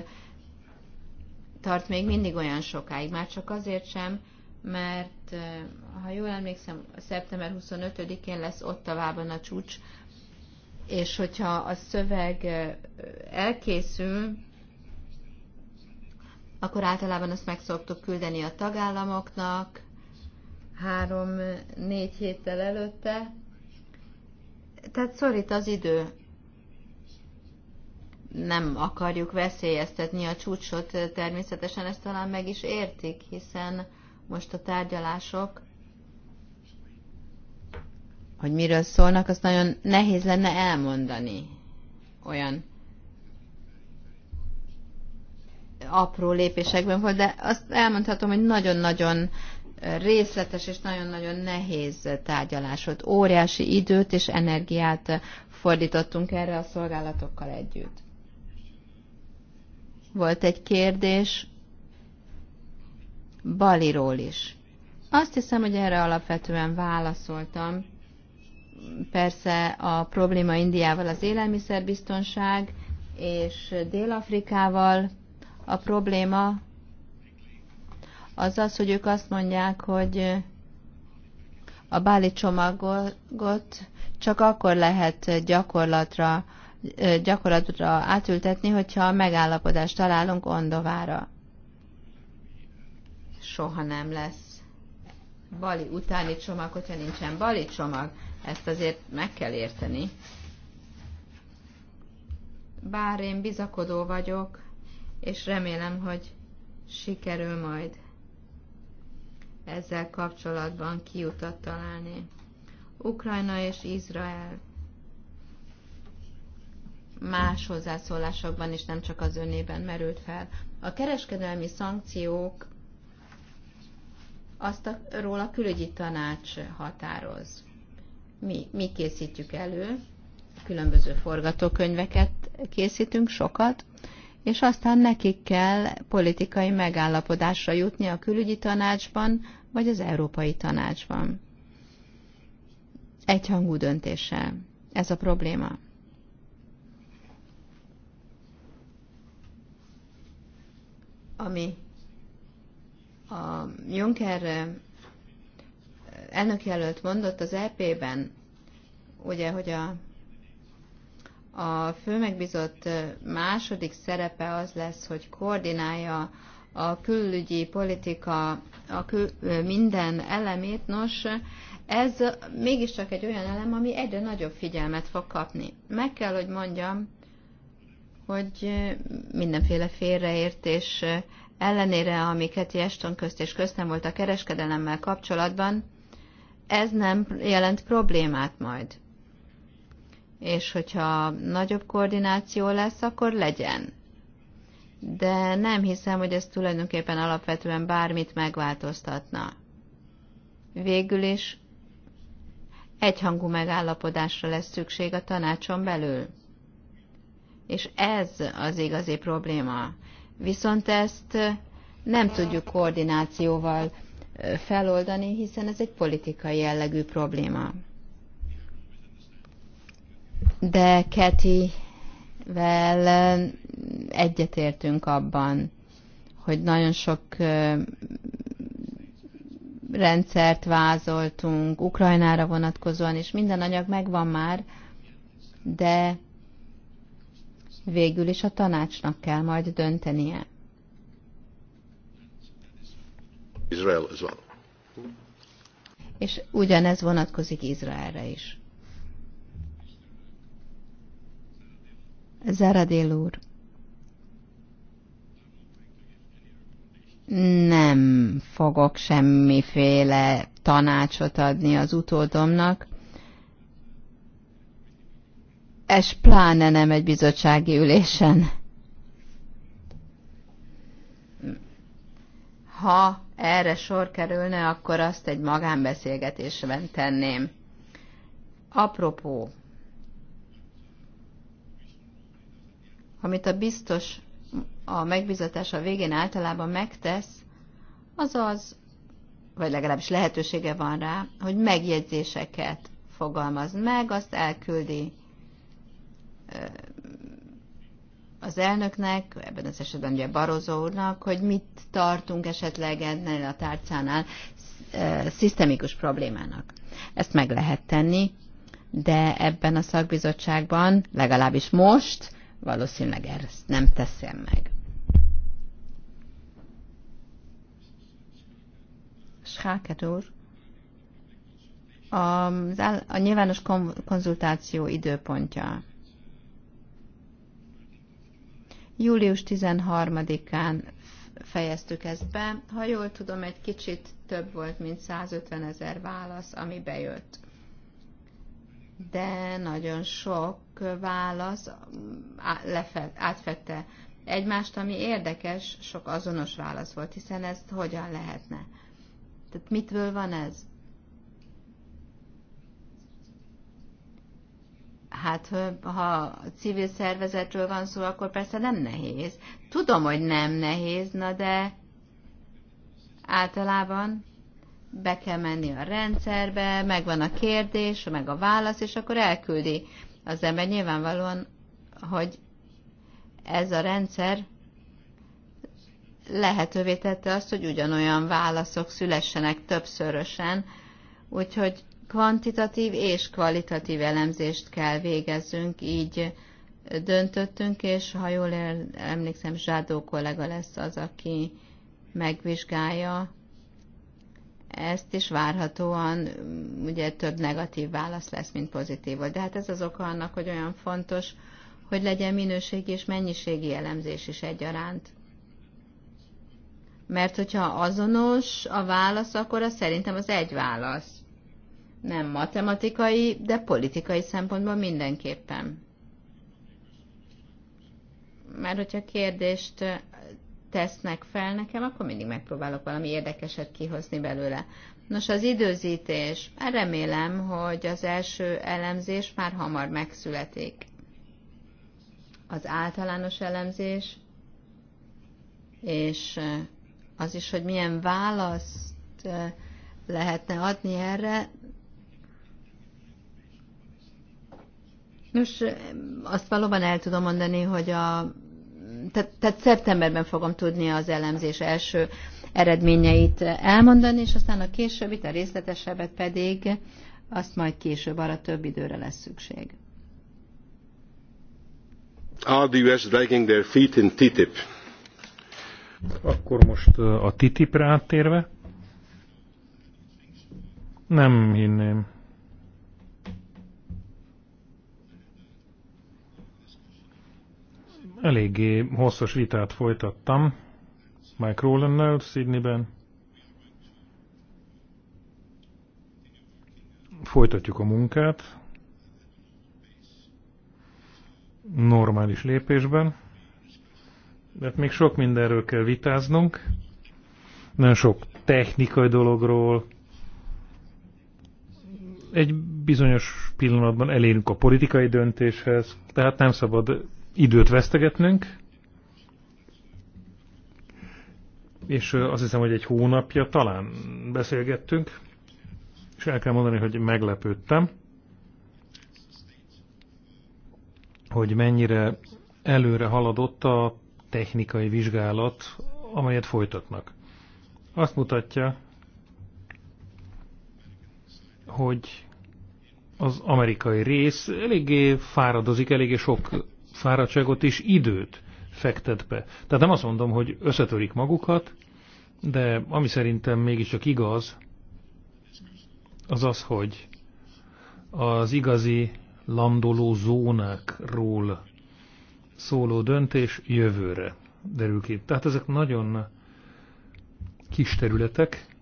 Speaker 3: tart még mindig olyan sokáig. Már csak azért sem, mert ha jól emlékszem, szeptember 25-én lesz tavában a csúcs, és hogyha a szöveg elkészül, akkor általában azt meg szoktuk küldeni a tagállamoknak három-négy héttel előtte. Tehát szorít az idő. Nem akarjuk veszélyeztetni a csúcsot, természetesen ezt talán meg is értik, hiszen most a tárgyalások, hogy miről szólnak, azt nagyon nehéz lenne elmondani. Olyan apró lépésekben volt, de azt elmondhatom, hogy nagyon-nagyon részletes és nagyon-nagyon nehéz tárgyalás volt. Óriási időt és energiát fordítottunk erre a szolgálatokkal együtt. Volt egy kérdés Baliról is. Azt hiszem, hogy erre alapvetően válaszoltam. Persze a probléma Indiával az élelmiszerbiztonság, és Dél-Afrikával a probléma az az, hogy ők azt mondják, hogy a báli csomagot csak akkor lehet gyakorlatra, gyakorlatra átültetni, hogyha a megállapodást találunk Ondovára. Soha nem lesz bali utáni csomag, hogyha nincsen bali csomag. Ezt azért meg kell érteni. Bár én bizakodó vagyok, és remélem, hogy sikerül majd ezzel kapcsolatban kiutat találni. Ukrajna és Izrael más hozzászólásokban is nem csak az önében merült fel. A kereskedelmi szankciók azt a, róla a külügyi tanács határoz. Mi, mi készítjük elő, különböző forgatókönyveket készítünk sokat, és aztán nekik kell politikai megállapodásra jutni a külügyi tanácsban, vagy az Európai Tanácsban. Egyhangú döntéssel. Ez a probléma. Ami a Juncker eh, elnökjelölt mondott az EP-ben, ugye, hogy a a főmegbizott második szerepe az lesz, hogy koordinálja a külügyi politika a kül, minden elemét. Nos, ez mégiscsak egy olyan elem, ami egyre nagyobb figyelmet fog kapni. Meg kell, hogy mondjam, hogy mindenféle félreértés ellenére, amiket Jeston közt és köztem volt a kereskedelemmel kapcsolatban, ez nem jelent problémát majd és hogyha nagyobb koordináció lesz, akkor legyen. De nem hiszem, hogy ez tulajdonképpen alapvetően bármit megváltoztatna. Végül is egyhangú megállapodásra lesz szükség a tanácson belül. És ez az igazi probléma. Viszont ezt nem tudjuk koordinációval feloldani, hiszen ez egy politikai jellegű probléma de Ketivel egyetértünk abban, hogy nagyon sok rendszert vázoltunk Ukrajnára vonatkozóan, és minden anyag megvan már, de végül is a tanácsnak kell majd döntenie.
Speaker 2: Izrael as well.
Speaker 3: És ugyanez vonatkozik Izraelre is. Zaradél úr. Nem fogok semmiféle tanácsot adni az utódomnak. Ez pláne nem egy bizottsági ülésen. Ha erre sor kerülne, akkor azt egy magánbeszélgetésben tenném. Apropó, amit a biztos a megbizatása végén általában megtesz, az az, vagy legalábbis lehetősége van rá, hogy megjegyzéseket fogalmaz meg, azt elküldi az elnöknek, ebben az esetben ugye Barozó úrnak, hogy mit tartunk esetleg ennél a tárcánál szisztemikus problémának. Ezt meg lehet tenni, de ebben a szakbizottságban, legalábbis most, valószínűleg ezt nem teszem meg. Scháket a, a nyilvános konzultáció időpontja július 13-án fejeztük ezt be. Ha jól tudom, egy kicsit több volt, mint 150 ezer válasz, ami bejött de nagyon sok válasz átfette egymást, ami érdekes, sok azonos válasz volt, hiszen ezt hogyan lehetne? Tehát mitől van ez? Hát, ha civil szervezetről van szó, akkor persze nem nehéz. Tudom, hogy nem nehéz, na de általában be kell menni a rendszerbe, megvan a kérdés, meg a válasz, és akkor elküldi az ember. Nyilvánvalóan, hogy ez a rendszer lehetővé tette azt, hogy ugyanolyan válaszok szülessenek többszörösen, úgyhogy kvantitatív és kvalitatív elemzést kell végezzünk, így döntöttünk, és ha jól emlékszem, Zsádó kollega lesz az, aki megvizsgálja ezt is várhatóan mm, ugye több negatív válasz lesz, mint pozitív. De hát ez az oka annak, hogy olyan fontos, hogy legyen minőségi és mennyiségi elemzés is egyaránt. Mert hogyha azonos a válasz, akkor az szerintem az egy válasz. Nem matematikai, de politikai szempontból mindenképpen. Mert hogyha kérdést tesznek fel nekem, akkor mindig megpróbálok valami érdekeset kihozni belőle. Nos, az időzítés. Hát remélem, hogy az első elemzés már hamar megszületik. Az általános elemzés, és eh, az is, hogy milyen választ eh, lehetne adni erre. Nos, eh, azt valóban el tudom mondani, hogy a tehát, tehát szeptemberben fogom tudni az elemzés első eredményeit elmondani, és aztán a későbbit, a részletesebbet pedig azt majd később, arra több időre lesz szükség.
Speaker 2: Are the
Speaker 1: US dragging their feet in TTIP? Akkor most uh, a TTIP-re áttérve? Nem hinném. Eléggé hosszas vitát folytattam Mike Rowland-nel Sydney-ben. Folytatjuk a munkát normális lépésben, mert hát még sok mindenről kell vitáznunk, nagyon sok technikai dologról, egy bizonyos pillanatban elérünk a politikai döntéshez, tehát nem szabad időt vesztegetnünk, és azt hiszem, hogy egy hónapja talán beszélgettünk, és el kell mondani, hogy meglepődtem, hogy mennyire előre haladott a technikai vizsgálat, amelyet folytatnak. Azt mutatja, hogy az amerikai rész eléggé fáradozik, eléggé sok fáradtságot és időt fektet be. Tehát nem azt mondom, hogy összetörik magukat, de ami szerintem mégiscsak igaz, az az, hogy az igazi landoló zónákról szóló döntés jövőre derül ki. Tehát ezek nagyon kis területek,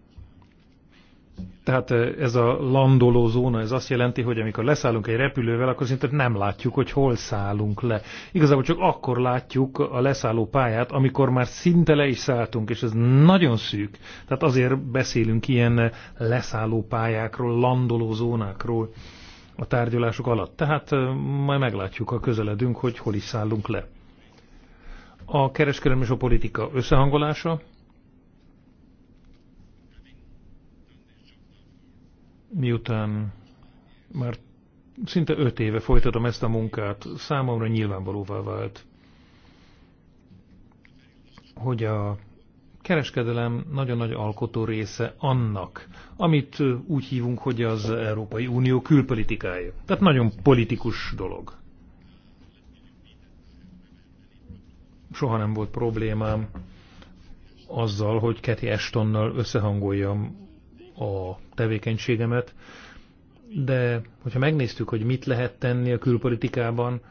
Speaker 1: tehát ez a landoló zóna, ez azt jelenti, hogy amikor leszállunk egy repülővel, akkor szinte nem látjuk, hogy hol szállunk le. Igazából csak akkor látjuk a leszálló pályát, amikor már szinte le is szálltunk, és ez nagyon szűk. Tehát azért beszélünk ilyen leszálló pályákról, landoló zónákról a tárgyalások alatt. Tehát majd meglátjuk, ha közeledünk, hogy hol is szállunk le. A kereskedelmi és a politika összehangolása, miután már szinte öt éve folytatom ezt a munkát, számomra nyilvánvalóvá vált, hogy a kereskedelem nagyon nagy alkotó része annak, amit úgy hívunk, hogy az Európai Unió külpolitikája. Tehát nagyon politikus dolog. Soha nem volt problémám azzal, hogy Keti Estonnal összehangoljam a tevékenységemet, de hogyha megnéztük, hogy mit lehet tenni a külpolitikában,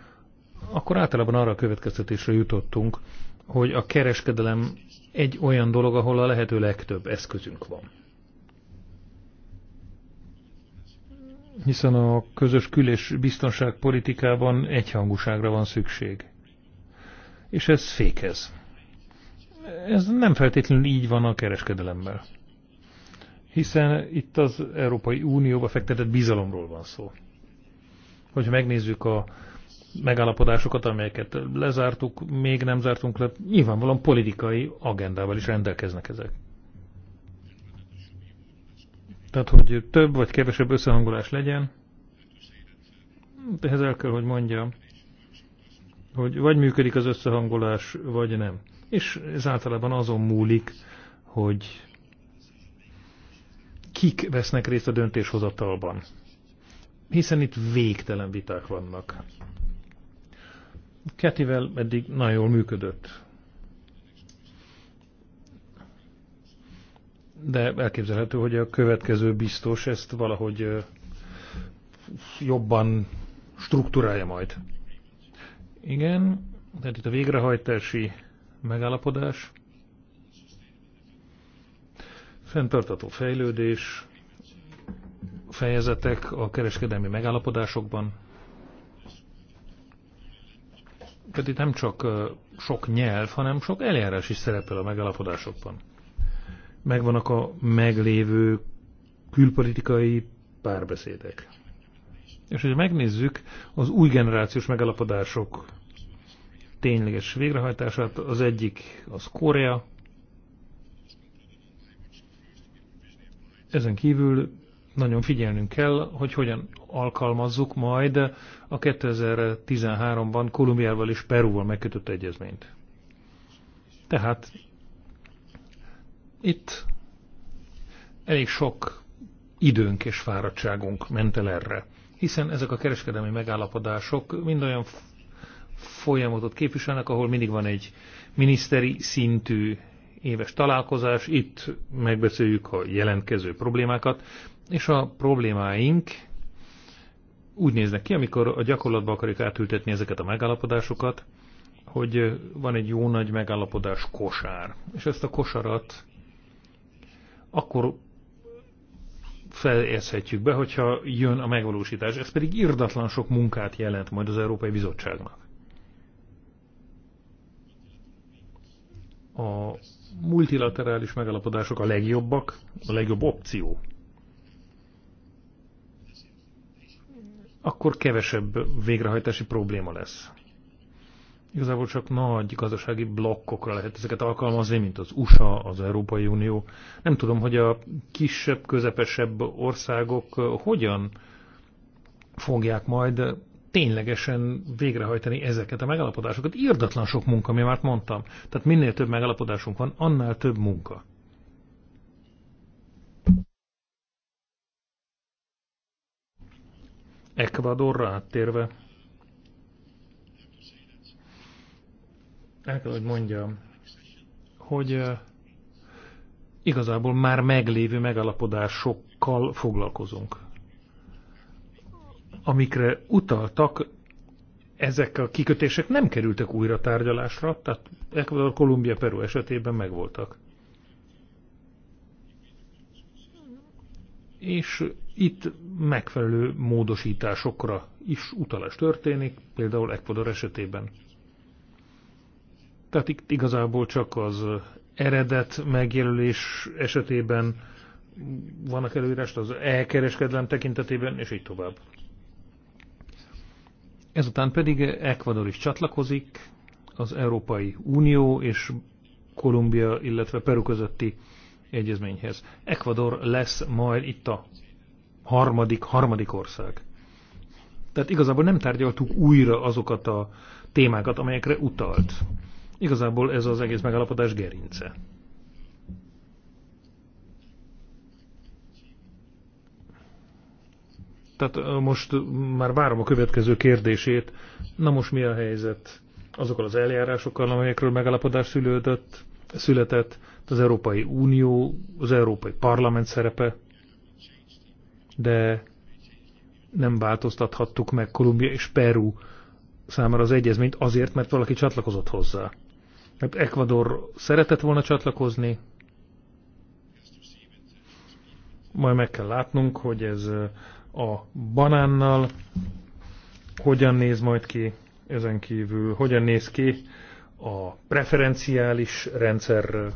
Speaker 1: akkor általában arra a következtetésre jutottunk, hogy a kereskedelem egy olyan dolog, ahol a lehető legtöbb eszközünk van. Hiszen a közös kül- és biztonságpolitikában egyhangúságra van szükség. És ez fékez. Ez nem feltétlenül így van a kereskedelemmel hiszen itt az Európai Unióba fektetett bizalomról van szó. Hogyha megnézzük a megállapodásokat, amelyeket lezártuk, még nem zártunk le, nyilvánvalóan politikai agendával is rendelkeznek ezek. Tehát, hogy több vagy kevesebb összehangolás legyen, ehhez el kell, hogy mondjam, hogy vagy működik az összehangolás, vagy nem. És ez általában azon múlik, hogy kik vesznek részt a döntéshozatalban. Hiszen itt végtelen viták vannak. Ketivel eddig nagyon jól működött. De elképzelhető, hogy a következő biztos ezt valahogy jobban struktúrálja majd. Igen, tehát itt a végrehajtási megállapodás. Fenntartató fejlődés, fejezetek a kereskedelmi megállapodásokban, pedig nem csak sok nyelv, hanem sok eljárás is szerepel a megállapodásokban. Megvannak a meglévő külpolitikai párbeszédek. És hogyha megnézzük az új generációs megállapodások tényleges végrehajtását, az egyik az Korea, Ezen kívül nagyon figyelnünk kell, hogy hogyan alkalmazzuk majd a 2013-ban Kolumbiával és Perúval megkötött egyezményt. Tehát itt elég sok időnk és fáradtságunk ment el erre, hiszen ezek a kereskedelmi megállapodások mind olyan folyamatot képviselnek, ahol mindig van egy miniszteri szintű éves találkozás, itt megbeszéljük a jelentkező problémákat, és a problémáink úgy néznek ki, amikor a gyakorlatba akarjuk átültetni ezeket a megállapodásokat, hogy van egy jó nagy megállapodás kosár, és ezt a kosarat akkor feljegyezhetjük be, hogyha jön a megvalósítás. Ez pedig irdatlan sok munkát jelent majd az Európai Bizottságnak. A multilaterális megalapodások a legjobbak, a legjobb opció. Akkor kevesebb végrehajtási probléma lesz. Igazából csak nagy gazdasági blokkokra lehet ezeket alkalmazni, mint az USA, az Európai Unió. Nem tudom, hogy a kisebb, közepesebb országok hogyan fogják majd ténylegesen végrehajtani ezeket a megalapodásokat. Írdatlan sok munka, mi már mondtam. Tehát minél több megalapodásunk van, annál több munka. Ecuadorra áttérve. El kell, hogy mondjam, hogy eh, igazából már meglévő megalapodásokkal foglalkozunk amikre utaltak, ezek a kikötések nem kerültek újra tárgyalásra, tehát Ecuador, Kolumbia, Peru esetében megvoltak. És itt megfelelő módosításokra is utalás történik, például Ecuador esetében. Tehát itt igazából csak az eredet megjelölés esetében vannak előírást az elkereskedelem tekintetében, és így tovább. Ezután pedig Ecuador is csatlakozik az Európai Unió és Kolumbia, illetve Peru közötti egyezményhez. Ecuador lesz majd itt a harmadik, harmadik ország. Tehát igazából nem tárgyaltuk újra azokat a témákat, amelyekre utalt. Igazából ez az egész megállapodás gerince. Tehát most már várom a következő kérdését. Na most mi a helyzet azokkal az eljárásokkal, amelyekről megállapodás szülődött, született, az Európai Unió, az Európai Parlament szerepe, de nem változtathattuk meg Kolumbia és Peru számára az egyezményt azért, mert valaki csatlakozott hozzá. Mert hát Ecuador szeretett volna csatlakozni, majd meg kell látnunk, hogy ez a banánnal, hogyan néz majd ki ezen kívül, hogyan néz ki a preferenciális rendszer?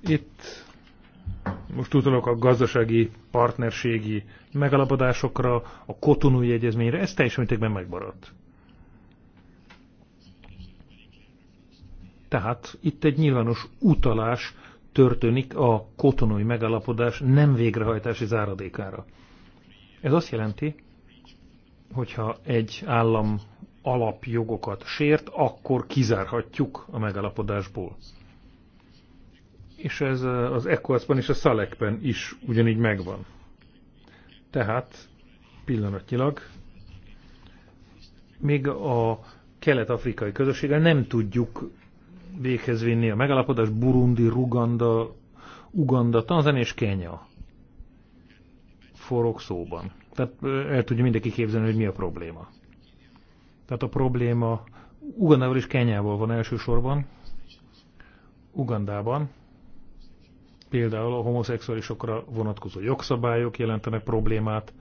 Speaker 1: Itt most utalok a gazdasági partnerségi megalapodásokra, a kotonúi egyezményre, ez teljes mértékben megmaradt. Tehát itt egy nyilvános utalás történik a kotonói megalapodás nem végrehajtási záradékára. Ez azt jelenti, hogyha egy állam alapjogokat sért, akkor kizárhatjuk a megalapodásból. És ez az ECOWAS-ban és a SZALEK-ben is ugyanígy megvan. Tehát pillanatnyilag még a kelet-afrikai közösséggel nem tudjuk véghez vinni a megalapodás Burundi, Ruganda, Uganda, Tanzania és Kenya forog szóban. Tehát el tudja mindenki képzelni, hogy mi a probléma. Tehát a probléma Ugandával és Kenyával van elsősorban. Ugandában például a homoszexuálisokra vonatkozó jogszabályok jelentenek problémát,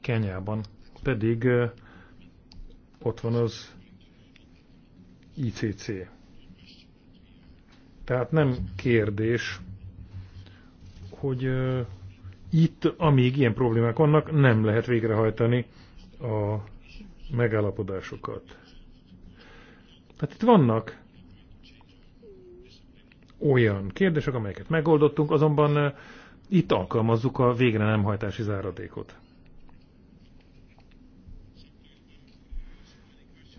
Speaker 1: Kenyában pedig ott van az ICC. Tehát nem kérdés, hogy itt, amíg ilyen problémák vannak, nem lehet végrehajtani a megállapodásokat. Tehát itt vannak olyan kérdések, amelyeket megoldottunk, azonban itt alkalmazzuk a végre nem hajtási záradékot.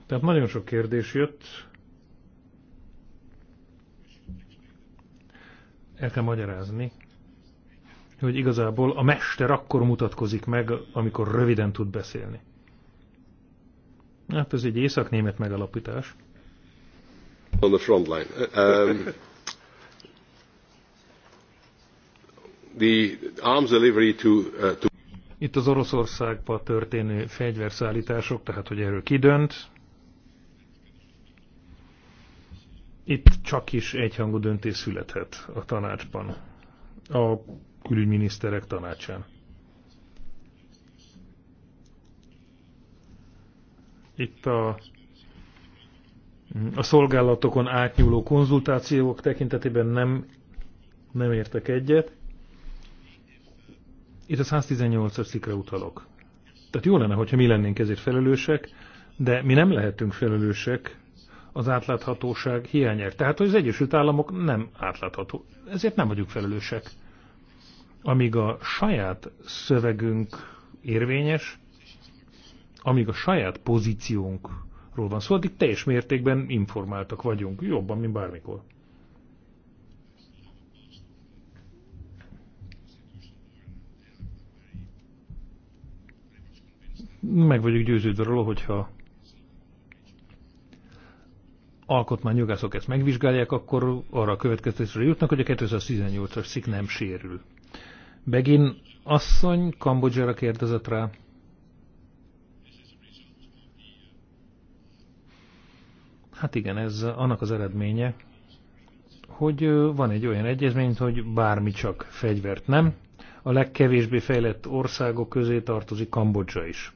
Speaker 1: Tehát nagyon sok kérdés jött. El kell magyarázni, hogy igazából a mester akkor mutatkozik meg, amikor röviden tud beszélni. Hát ez egy észak-német megalapítás. On the front line. Um, the arms delivery to, uh, to... Itt az Oroszországba történő fegyverszállítások, tehát hogy erről kidönt, itt csak is egyhangú döntés születhet a tanácsban, a külügyminiszterek tanácsán. Itt a, a szolgálatokon átnyúló konzultációk tekintetében nem, nem értek egyet. Itt a 118-as szikre utalok. Tehát jó lenne, hogyha mi lennénk ezért felelősek, de mi nem lehetünk felelősek az átláthatóság hiányért. Tehát, hogy az Egyesült Államok nem átlátható. Ezért nem vagyunk felelősek. Amíg a saját szövegünk érvényes, amíg a saját pozíciónkról van szó, szóval addig teljes mértékben informáltak vagyunk, jobban, mint bármikor. Meg vagyok győződve róla, hogyha alkotmányjogászok ezt megvizsgálják, akkor arra a következtetésre jutnak, hogy a 2018 as szik nem sérül. Begin asszony Kambodzsára kérdezett rá. Hát igen, ez annak az eredménye, hogy van egy olyan egyezmény, hogy bármi csak fegyvert nem. A legkevésbé fejlett országok közé tartozik Kambodzsa is.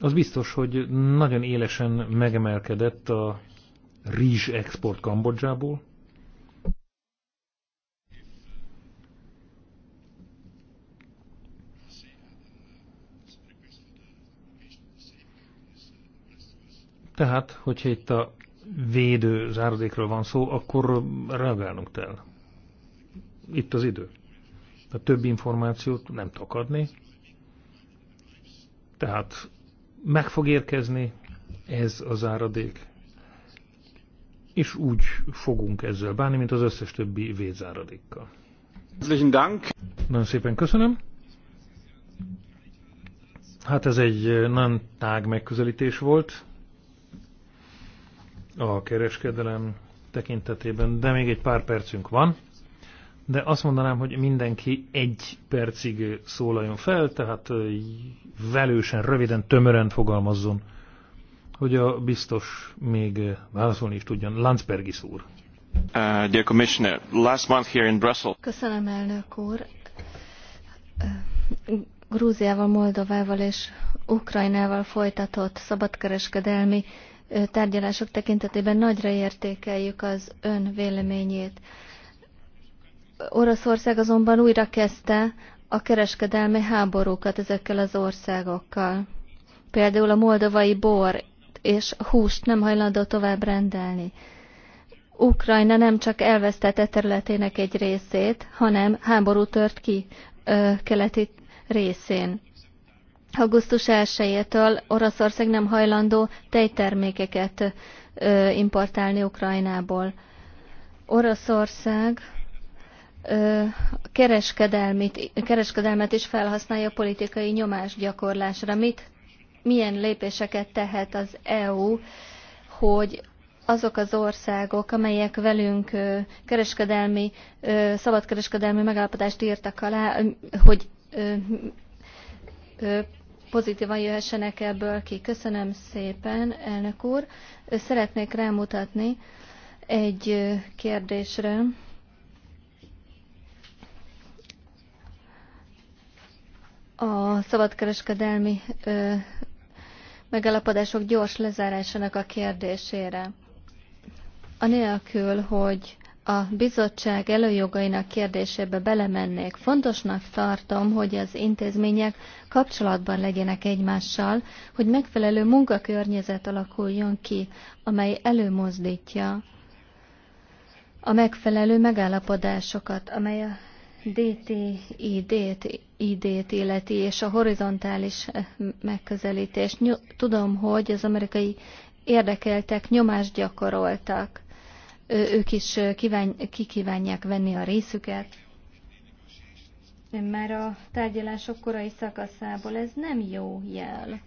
Speaker 1: Az biztos, hogy nagyon élesen megemelkedett a rizs export Kambodzsából. Tehát, hogyha itt a védő záradékről van szó, akkor reagálnunk kell. Itt az idő. A több információt nem tudok adni. Tehát meg fog érkezni ez az áradék, és úgy fogunk ezzel bánni, mint az összes többi vézáradékkal. Nagyon szépen köszönöm. Hát ez egy nagyon tág megközelítés volt a kereskedelem tekintetében, de még egy pár percünk van de azt mondanám, hogy mindenki egy percig szólaljon fel, tehát velősen, röviden, tömören fogalmazzon, hogy a biztos még válaszolni is tudjon. Landsbergis úr. Uh, dear Commissioner, last month here in Brussels.
Speaker 2: Köszönöm, elnök úr. Grúziával, Moldovával és Ukrajnával folytatott szabadkereskedelmi tárgyalások tekintetében nagyra értékeljük az ön véleményét. Oroszország azonban újra kezdte a kereskedelmi háborúkat ezekkel az országokkal. Például a moldovai bor és húst nem hajlandó tovább rendelni. Ukrajna nem csak elvesztette területének egy részét, hanem háború tört ki ö, keleti részén. Augusztus 1-től Oroszország nem hajlandó tejtermékeket ö, importálni Ukrajnából. Oroszország kereskedelmet is felhasználja politikai nyomásgyakorlásra. Mit, milyen lépéseket tehet az EU, hogy azok az országok, amelyek velünk kereskedelmi, szabadkereskedelmi megállapodást írtak alá, hogy pozitívan jöhessenek ebből ki. Köszönöm szépen, elnök úr. Szeretnék rámutatni egy kérdésre, a szabadkereskedelmi ö, megállapodások gyors lezárásának a kérdésére. Anélkül, hogy a bizottság előjogainak kérdésébe belemennék, fontosnak tartom, hogy az intézmények kapcsolatban legyenek egymással, hogy megfelelő munkakörnyezet alakuljon ki, amely előmozdítja a megfelelő megállapodásokat, amely a DTID-t idét illeti, és a horizontális eh, megközelítést. Tudom, hogy az amerikai érdekeltek nyomást gyakoroltak. Ők is kívánj, kikívánják venni a részüket. Már a tárgyalások korai szakaszából ez nem jó jel.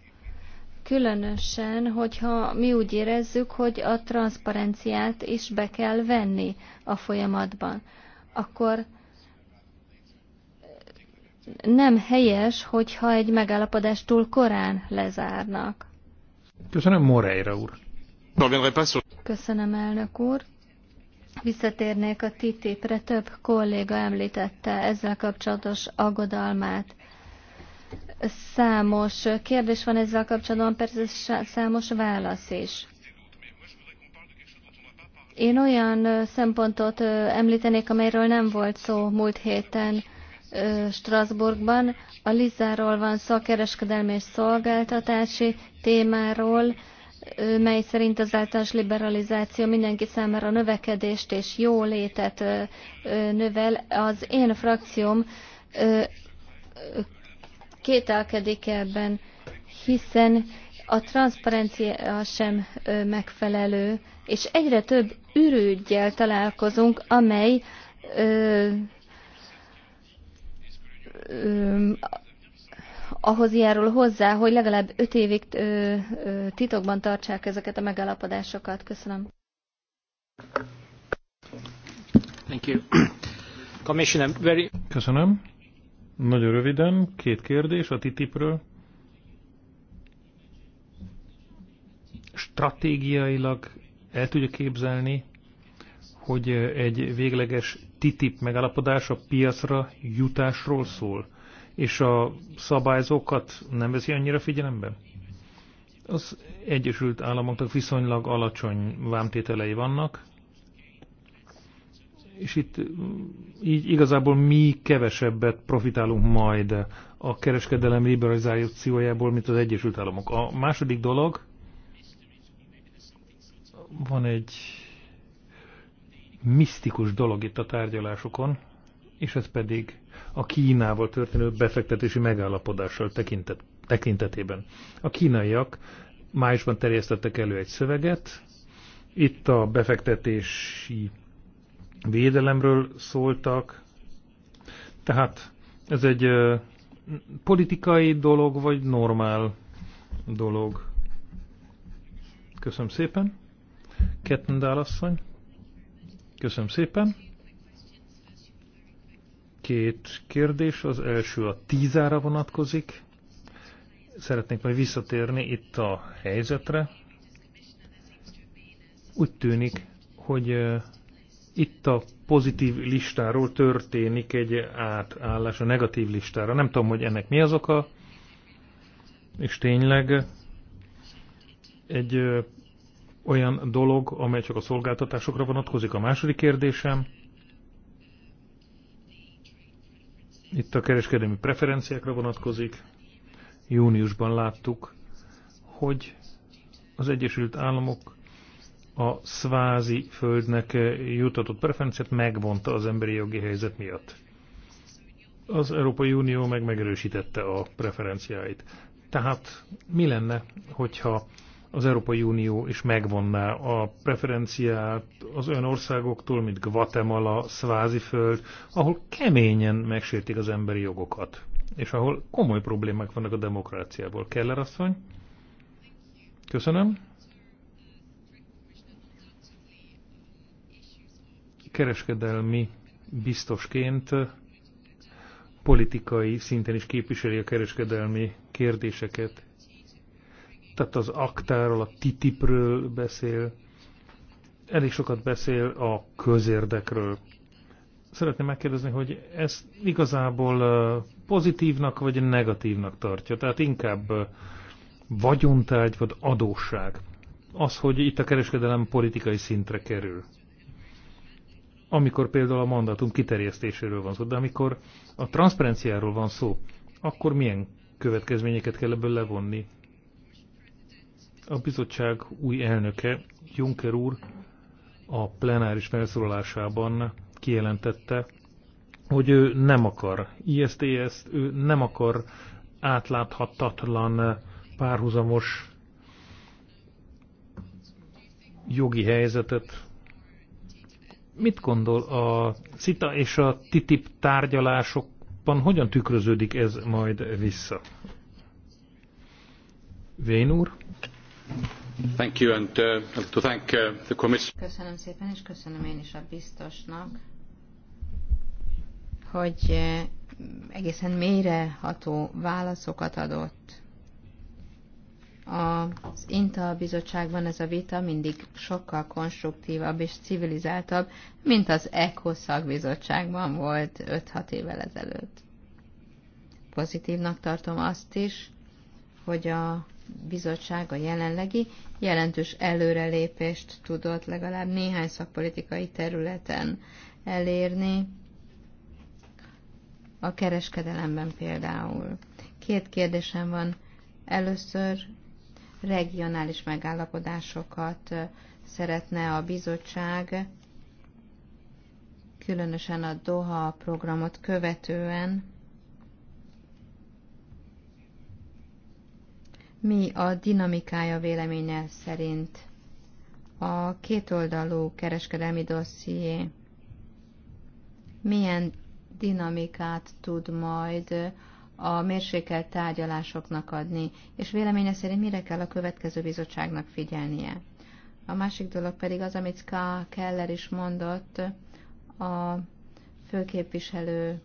Speaker 2: Különösen, hogyha mi úgy érezzük, hogy a transzparenciát is be kell venni a folyamatban, akkor nem helyes, hogyha egy megállapodást túl korán lezárnak.
Speaker 1: Köszönöm, Moreira úr.
Speaker 2: Köszönöm, elnök úr. Visszatérnék a TTIP-re, több kolléga említette ezzel kapcsolatos aggodalmát. Számos kérdés van ezzel kapcsolatban, persze számos válasz is. Én olyan szempontot említenék, amelyről nem volt szó múlt héten Strasbourgban. A Lizáról van kereskedelmi és szolgáltatási témáról, mely szerint az általános liberalizáció mindenki számára növekedést és jó növel. Az én frakcióm kételkedik ebben, hiszen a transzparencia sem megfelelő, és egyre több ürügygel találkozunk, amely ahhoz járul hozzá, hogy legalább öt évig ö, ö, titokban tartsák ezeket a megállapodásokat. Köszönöm. Thank you.
Speaker 1: Commissioner, very... Köszönöm. Nagyon röviden, két kérdés a TTIP-ről. Stratégiailag el tudja képzelni, hogy egy végleges TTIP megállapodás a piacra jutásról szól, és a szabályzókat nem veszi annyira figyelembe? Az Egyesült Államoknak viszonylag alacsony vámtételei vannak, és itt mm, így igazából mi kevesebbet profitálunk majd a kereskedelem liberalizációjából, mint az Egyesült Államok. A második dolog, van egy misztikus dolog itt a tárgyalásokon, és ez pedig a Kínával történő befektetési megállapodással tekintet, tekintetében. A kínaiak májusban terjesztettek elő egy szöveget, itt a befektetési védelemről szóltak, tehát ez egy politikai dolog, vagy normál dolog. Köszönöm szépen. Kettendál asszony. Köszönöm szépen. Két kérdés. Az első a tízára vonatkozik. Szeretnék majd visszatérni itt a helyzetre. Úgy tűnik, hogy itt a pozitív listáról történik egy átállás a negatív listára. Nem tudom, hogy ennek mi az oka, és tényleg egy olyan dolog, amely csak a szolgáltatásokra vonatkozik. A második kérdésem, itt a kereskedelmi preferenciákra vonatkozik. Júniusban láttuk, hogy az Egyesült Államok a szvázi földnek jutatott preferenciát megvonta az emberi jogi helyzet miatt. Az Európai Unió meg megerősítette a preferenciáit. Tehát mi lenne, hogyha az Európai Unió is megvonná a preferenciát az olyan országoktól, mint Guatemala, Sváziföld, ahol keményen megsértik az emberi jogokat, és ahol komoly problémák vannak a demokráciából. Keller asszony? Köszönöm. Kereskedelmi biztosként politikai szinten is képviseli a kereskedelmi kérdéseket, tehát az aktáról, a titipről beszél, elég sokat beszél a közérdekről. Szeretném megkérdezni, hogy ezt igazából pozitívnak vagy negatívnak tartja, tehát inkább vagyontárgy vagy adósság. Az, hogy itt a kereskedelem politikai szintre kerül. Amikor például a mandátum kiterjesztéséről van szó, de amikor a transzparenciáról van szó, akkor milyen következményeket kell ebből levonni? A bizottság új elnöke, Juncker úr, a plenáris felszólalásában kijelentette, hogy ő nem akar ISTS-t, ő nem akar átláthatatlan, párhuzamos jogi helyzetet. Mit gondol a CITA és a TTIP tárgyalásokban, hogyan tükröződik ez majd vissza? Vén úr?
Speaker 3: Thank you and uh,
Speaker 1: to thank uh, the commission.
Speaker 3: Köszönöm szépen, és köszönöm én is a biztosnak, hogy uh, egészen mélyre ható válaszokat adott. Az INTA bizottságban ez a vita mindig sokkal konstruktívabb és civilizáltabb, mint az ECHO szakbizottságban volt 5-6 évvel ezelőtt. Pozitívnak tartom azt is, hogy a bizottság, a jelenlegi, jelentős előrelépést tudott legalább néhány szakpolitikai területen elérni, a kereskedelemben például. Két kérdésem van. Először regionális megállapodásokat szeretne a bizottság, különösen a Doha programot követően mi a dinamikája véleménye szerint a kétoldalú kereskedelmi dosszié milyen dinamikát tud majd a mérsékelt tárgyalásoknak adni, és véleménye szerint mire kell a következő bizottságnak figyelnie. A másik dolog pedig az, amit K. Keller is mondott, a főképviselő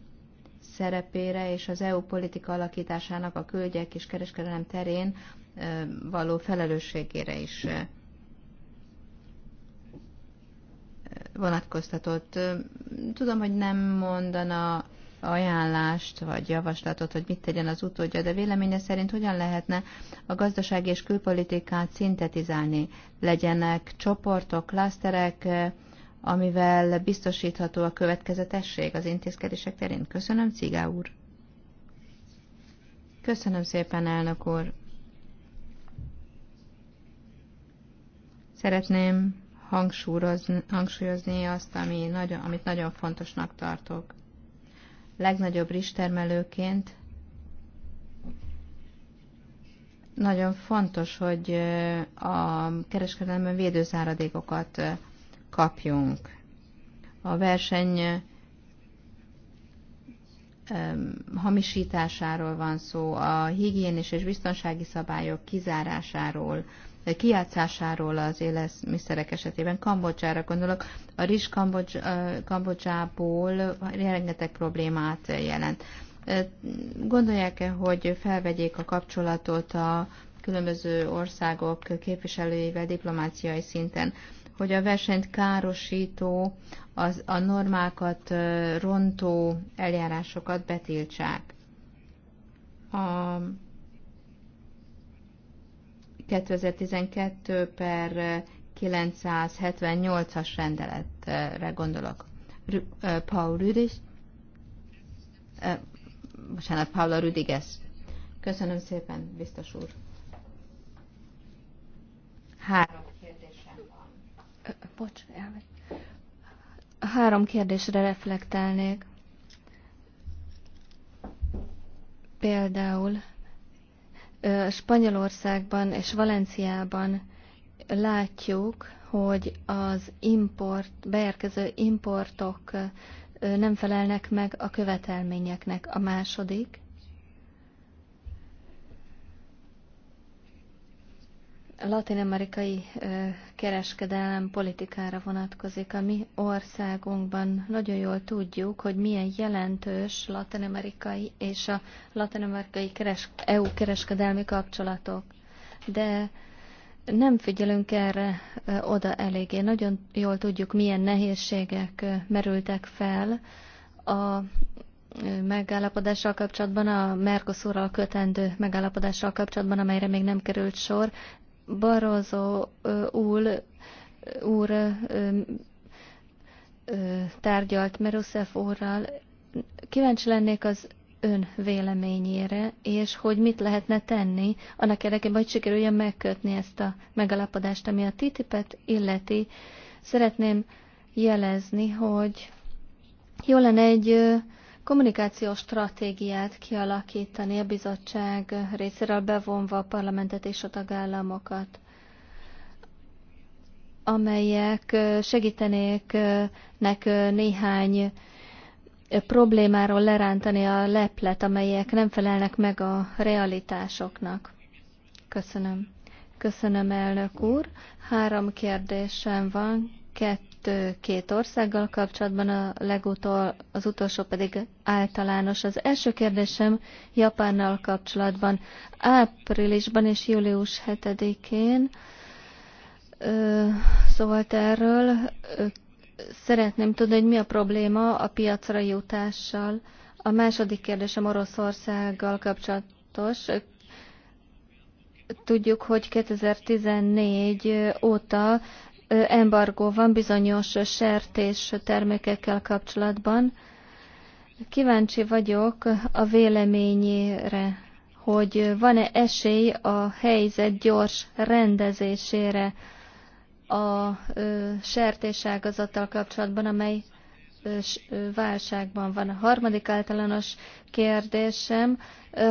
Speaker 3: szerepére és az EU politika alakításának a külgyek és kereskedelem terén való felelősségére is vonatkoztatott. Tudom, hogy nem mondana ajánlást vagy javaslatot, hogy mit tegyen az utódja, de véleménye szerint hogyan lehetne a gazdasági és külpolitikát szintetizálni? Legyenek csoportok, klaszterek, amivel biztosítható a következetesség az intézkedések terén. Köszönöm, Cigá úr. Köszönöm szépen, elnök úr. Szeretném hangsúlyozni azt, ami nagyon, amit nagyon fontosnak tartok. Legnagyobb rizstermelőként nagyon fontos, hogy a kereskedelemben védőzáradékokat kapjunk. A verseny hamisításáról van szó, a higiénis és biztonsági szabályok kizárásáról, kiátszásáról az élelmiszerek esetében. Kambodzsára gondolok, a rizs Kambodzsából rengeteg problémát jelent. Gondolják-e, hogy felvegyék a kapcsolatot a különböző országok képviselőivel diplomáciai szinten? hogy a versenyt károsító, az, a normákat rontó eljárásokat betiltsák. A 2012 per 978-as rendeletre gondolok. Paul Rüdig. bocsánat, Paula Rüdiges. Köszönöm szépen, biztos úr. Három.
Speaker 2: Bocs, elmegy. Három kérdésre reflektálnék. Például Spanyolországban és Valenciában látjuk, hogy az import, beérkező importok nem felelnek meg a követelményeknek. A második, latin-amerikai kereskedelem politikára vonatkozik. A mi országunkban nagyon jól tudjuk, hogy milyen jelentős latin-amerikai és a latin-amerikai keres EU kereskedelmi kapcsolatok. De nem figyelünk erre oda eléggé. Nagyon jól tudjuk, milyen nehézségek merültek fel a megállapodással kapcsolatban, a Mercosurral kötendő megállapodással kapcsolatban, amelyre még nem került sor, Barozó úr, úr tárgyalt Meruszef úrral. Kíváncsi lennék az ön véleményére, és hogy mit lehetne tenni annak érdekében, hogy sikerüljön megkötni ezt a megalapodást, ami a TTIP-et illeti. Szeretném jelezni, hogy jó lenne egy kommunikációs stratégiát kialakítani a bizottság részéről bevonva a parlamentet és a tagállamokat, amelyek nek néhány problémáról lerántani a leplet, amelyek nem felelnek meg a realitásoknak. Köszönöm. Köszönöm, elnök úr. Három kérdésem van kettő, két országgal kapcsolatban, a legutol, az utolsó pedig általános. Az első kérdésem Japánnal kapcsolatban. Áprilisban és július 7-én szólt erről. Szeretném tudni, hogy mi a probléma a piacra jutással. A második kérdésem Oroszországgal kapcsolatos. Tudjuk, hogy 2014 óta embargó van bizonyos sertés termékekkel kapcsolatban. Kíváncsi vagyok a véleményére, hogy van-e esély a helyzet gyors rendezésére a sertéságazattal kapcsolatban, amely válságban van. A harmadik általános kérdésem,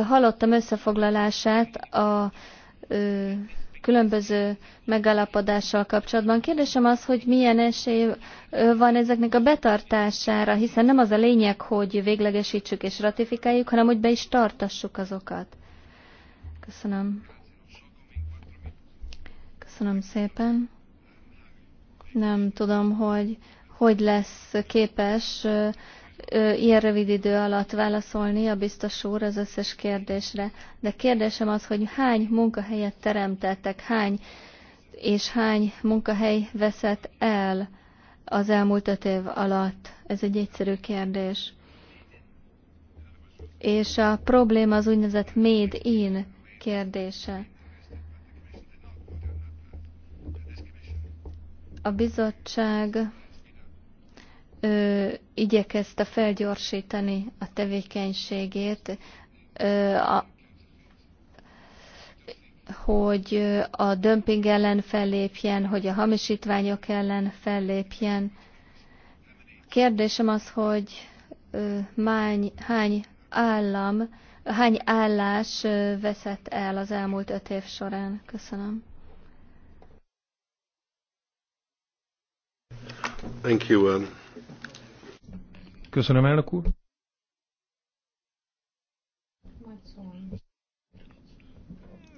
Speaker 2: hallottam összefoglalását a különböző megalapodással kapcsolatban. Kérdésem az, hogy milyen esély van ezeknek a betartására, hiszen nem az a lényeg, hogy véglegesítsük és ratifikáljuk, hanem hogy be is tartassuk azokat. Köszönöm. Köszönöm szépen. Nem tudom, hogy hogy lesz képes ilyen rövid idő alatt válaszolni a biztos úr az összes kérdésre, de kérdésem az, hogy hány munkahelyet teremtettek, hány és hány munkahely veszett el az elmúlt öt év alatt? Ez egy egyszerű kérdés. És a probléma az úgynevezett made in kérdése. A bizottság ö, igyekezte felgyorsítani a tevékenységét, ö, a, hogy a dömping ellen fellépjen, hogy a hamisítványok ellen fellépjen. Kérdésem az, hogy ö, mány, hány állam, hány állás veszett el az elmúlt öt év során? Köszönöm. Thank you. Um...
Speaker 1: Köszönöm, elnök úr.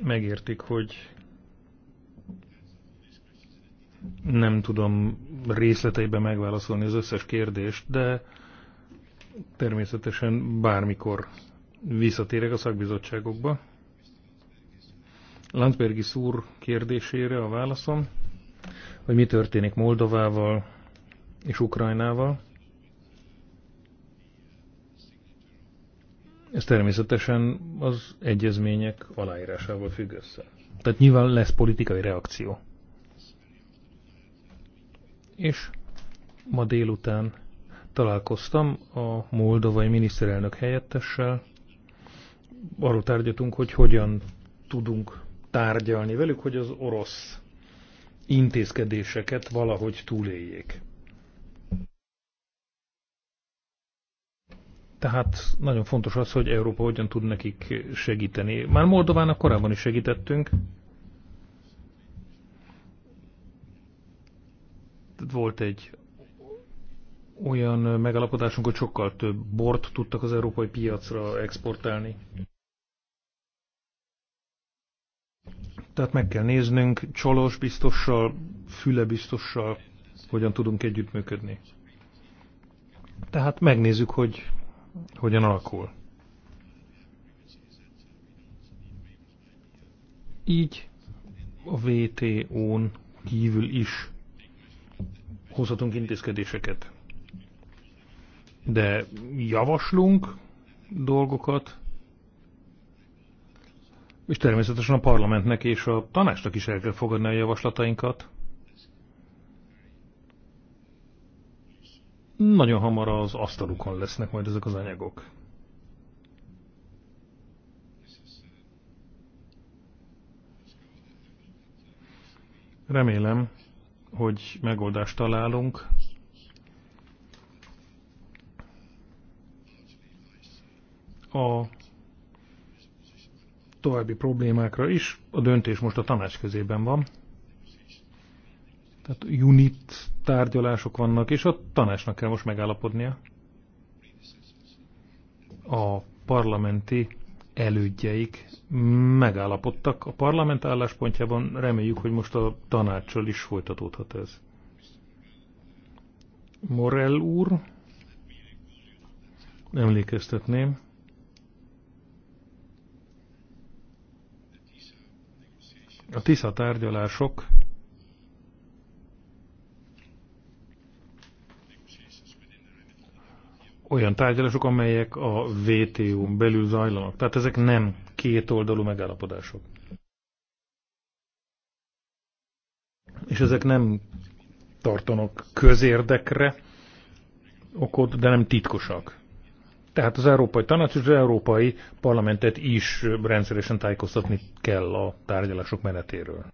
Speaker 1: Megértik, hogy nem tudom részleteiben megválaszolni az összes kérdést, de természetesen bármikor visszatérek a szakbizottságokba. Landsbergi szúr kérdésére a válaszom, hogy mi történik Moldovával és Ukrajnával. Ez természetesen az egyezmények aláírásával függ össze. Tehát nyilván lesz politikai reakció. És ma délután találkoztam a moldovai miniszterelnök helyettessel. Arról tárgyatunk, hogy hogyan tudunk tárgyalni velük, hogy az orosz intézkedéseket valahogy túléljék. Tehát nagyon fontos az, hogy Európa hogyan tud nekik segíteni. Már Moldovának korábban is segítettünk. Volt egy olyan megalapodásunk, hogy sokkal több bort tudtak az európai piacra exportálni. Tehát meg kell néznünk Csolos biztossal, Füle biztossal, hogyan tudunk együttműködni. Tehát megnézzük, hogy hogyan alakul. Így a VTO-n kívül is hozhatunk intézkedéseket. De javaslunk dolgokat, és természetesen a parlamentnek és a tanácsnak is el kell fogadni a javaslatainkat. nagyon hamar az asztalukon lesznek majd ezek az anyagok. Remélem, hogy megoldást találunk. A további problémákra is. A döntés most a tanács közében van. Tehát unit tárgyalások vannak, és a tanácsnak kell most megállapodnia. A parlamenti elődjeik megállapodtak a parlament álláspontjában, reméljük, hogy most a tanácssal is folytatódhat ez. Morell úr, emlékeztetném, a TISZA tárgyalások olyan tárgyalások, amelyek a WTO-n belül zajlanak. Tehát ezek nem kétoldalú megállapodások. És ezek nem tartanak közérdekre okot, de nem titkosak. Tehát az Európai Tanács és az Európai Parlamentet is rendszeresen tájékoztatni kell a tárgyalások menetéről.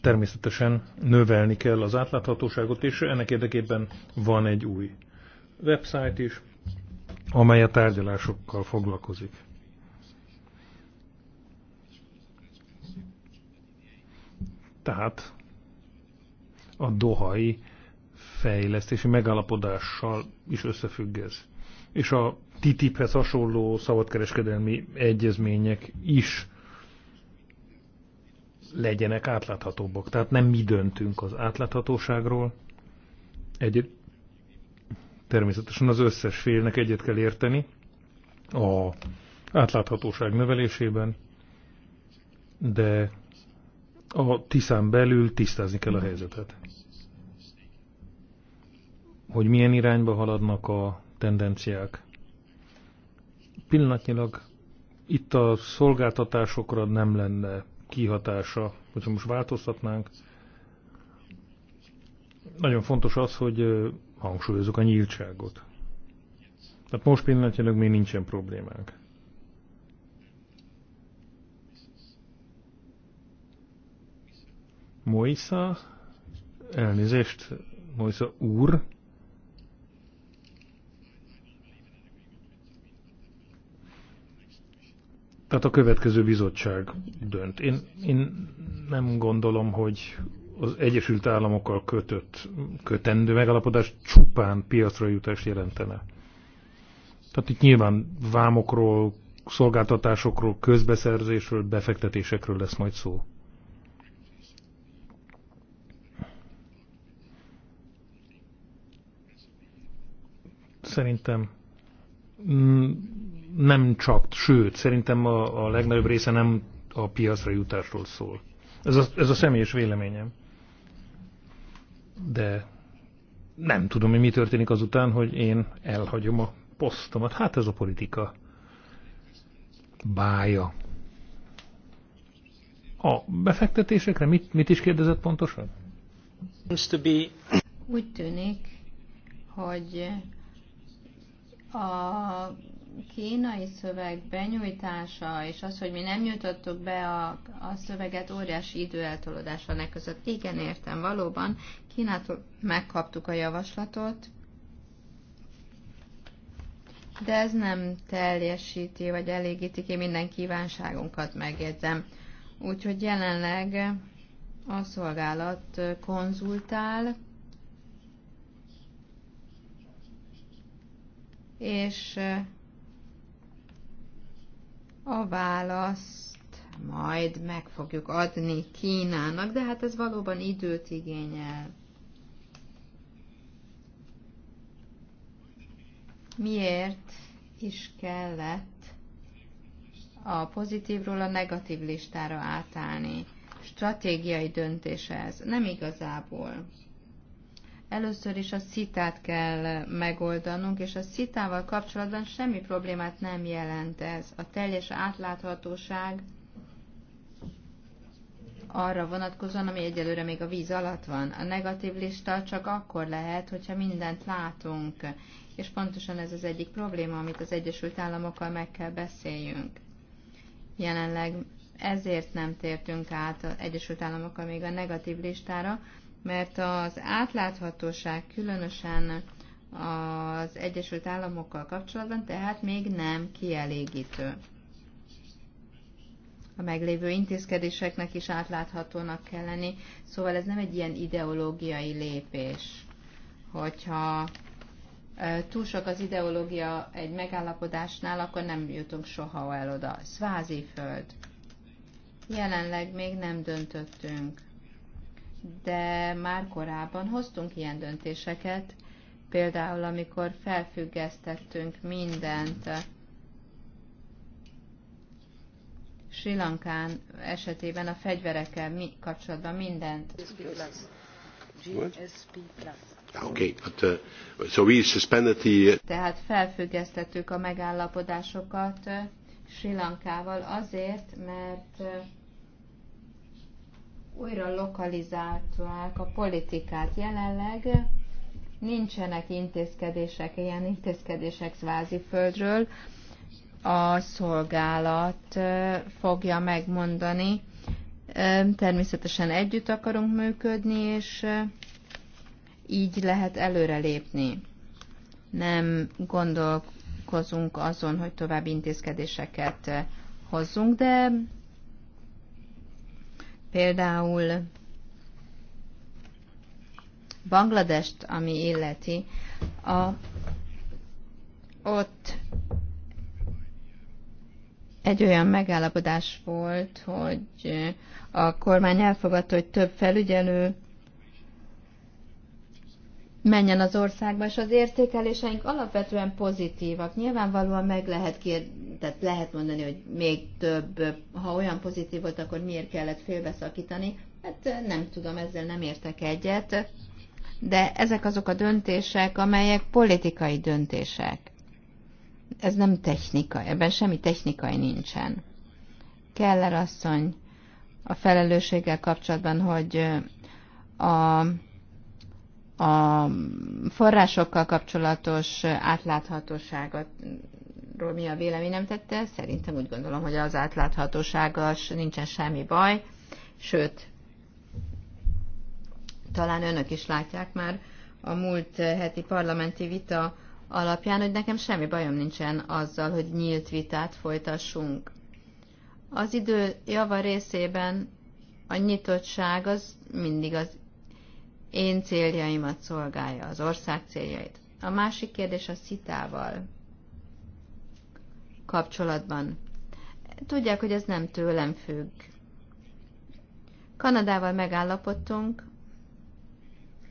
Speaker 1: természetesen növelni kell az átláthatóságot, és ennek érdekében van egy új website is, amely a tárgyalásokkal foglalkozik. Tehát a dohai fejlesztési megállapodással is összefügg ez. És a TTIP-hez hasonló szabadkereskedelmi egyezmények is legyenek átláthatóbbak. Tehát nem mi döntünk az átláthatóságról. Egy, természetesen az összes félnek egyet kell érteni a átláthatóság növelésében, de a tisztán belül tisztázni kell a helyzetet. Hogy milyen irányba haladnak a tendenciák. Pillanatnyilag itt a szolgáltatásokra nem lenne kihatása, hogyha most változtatnánk. Nagyon fontos az, hogy hangsúlyozok a nyíltságot. Tehát most pillanatjának még nincsen problémánk. Moisa, elnézést, Moisa úr, Tehát a következő bizottság dönt. Én, én nem gondolom, hogy az Egyesült Államokkal kötött, kötendő megalapodás csupán piacra jutást jelentene. Tehát itt nyilván vámokról, szolgáltatásokról, közbeszerzésről, befektetésekről lesz majd szó. Szerintem nem csak, sőt, szerintem a, a legnagyobb része nem a piacra jutásról szól. Ez a, ez a személyes véleményem. De nem tudom, hogy mi történik azután, hogy én elhagyom a posztomat. Hát ez a politika bája. A befektetésekre mit, mit is kérdezett pontosan?
Speaker 3: Úgy tűnik, hogy a kínai szöveg benyújtása, és az, hogy mi nem nyújtottuk be a, a szöveget, óriási időeltolódás van e között. Igen, értem, valóban Kínától megkaptuk a javaslatot, de ez nem teljesíti, vagy elégíti ki minden kívánságunkat, megjegyzem. Úgyhogy jelenleg a szolgálat konzultál, és a választ majd meg fogjuk adni Kínának, de hát ez valóban időt igényel. Miért is kellett a pozitívról a negatív listára átállni? Stratégiai döntése ez. Nem igazából. Először is a szitát kell megoldanunk, és a szitával kapcsolatban semmi problémát nem jelent ez. A teljes átláthatóság arra vonatkozóan, ami egyelőre még a víz alatt van. A negatív lista csak akkor lehet, hogyha mindent látunk, és pontosan ez az egyik probléma, amit az Egyesült Államokkal meg kell beszéljünk. Jelenleg ezért nem tértünk át az Egyesült Államokkal még a negatív listára, mert az átláthatóság különösen az Egyesült Államokkal kapcsolatban tehát még nem kielégítő. A meglévő intézkedéseknek is átláthatónak kell lenni, szóval ez nem egy ilyen ideológiai lépés, hogyha túl sok az ideológia egy megállapodásnál, akkor nem jutunk soha el oda. Szvázi föld. Jelenleg még nem döntöttünk de már korábban hoztunk ilyen döntéseket, például amikor felfüggesztettünk mindent Sri Lankán esetében a fegyverekkel mi, kapcsolatban mindent. Okay, but, uh, so we suspended the... Uh, Tehát felfüggesztettük a megállapodásokat Sri Lankával azért, mert újra lokalizálták a politikát. Jelenleg nincsenek intézkedések, ilyen intézkedések kvázi földről. A szolgálat fogja megmondani. Természetesen együtt akarunk működni, és így lehet előrelépni. Nem gondolkozunk azon, hogy további intézkedéseket hozzunk, de Például Bangladest, ami illeti, a, ott egy olyan megállapodás volt, hogy a kormány elfogadta, hogy több felügyelő menjen az országba, és az értékeléseink alapvetően pozitívak. Nyilvánvalóan meg lehet kér, tehát lehet mondani, hogy még több, ha olyan pozitív volt, akkor miért kellett félbeszakítani. Hát eh, nem tudom, ezzel nem értek egyet. De ezek azok a döntések, amelyek politikai döntések. Ez nem technika, ebben semmi technikai nincsen. Keller asszony a felelősséggel kapcsolatban, hogy eh, a a forrásokkal kapcsolatos átláthatóságot mi a véleményem tette, szerintem úgy gondolom, hogy az átláthatóságas nincsen semmi baj, sőt, talán önök is látják már a múlt heti parlamenti vita alapján, hogy nekem semmi bajom nincsen azzal, hogy nyílt vitát folytassunk. Az idő java részében a nyitottság az mindig az én céljaimat szolgálja, az ország céljait. A másik kérdés a szitával kapcsolatban. Tudják, hogy ez nem tőlem függ. Kanadával megállapodtunk,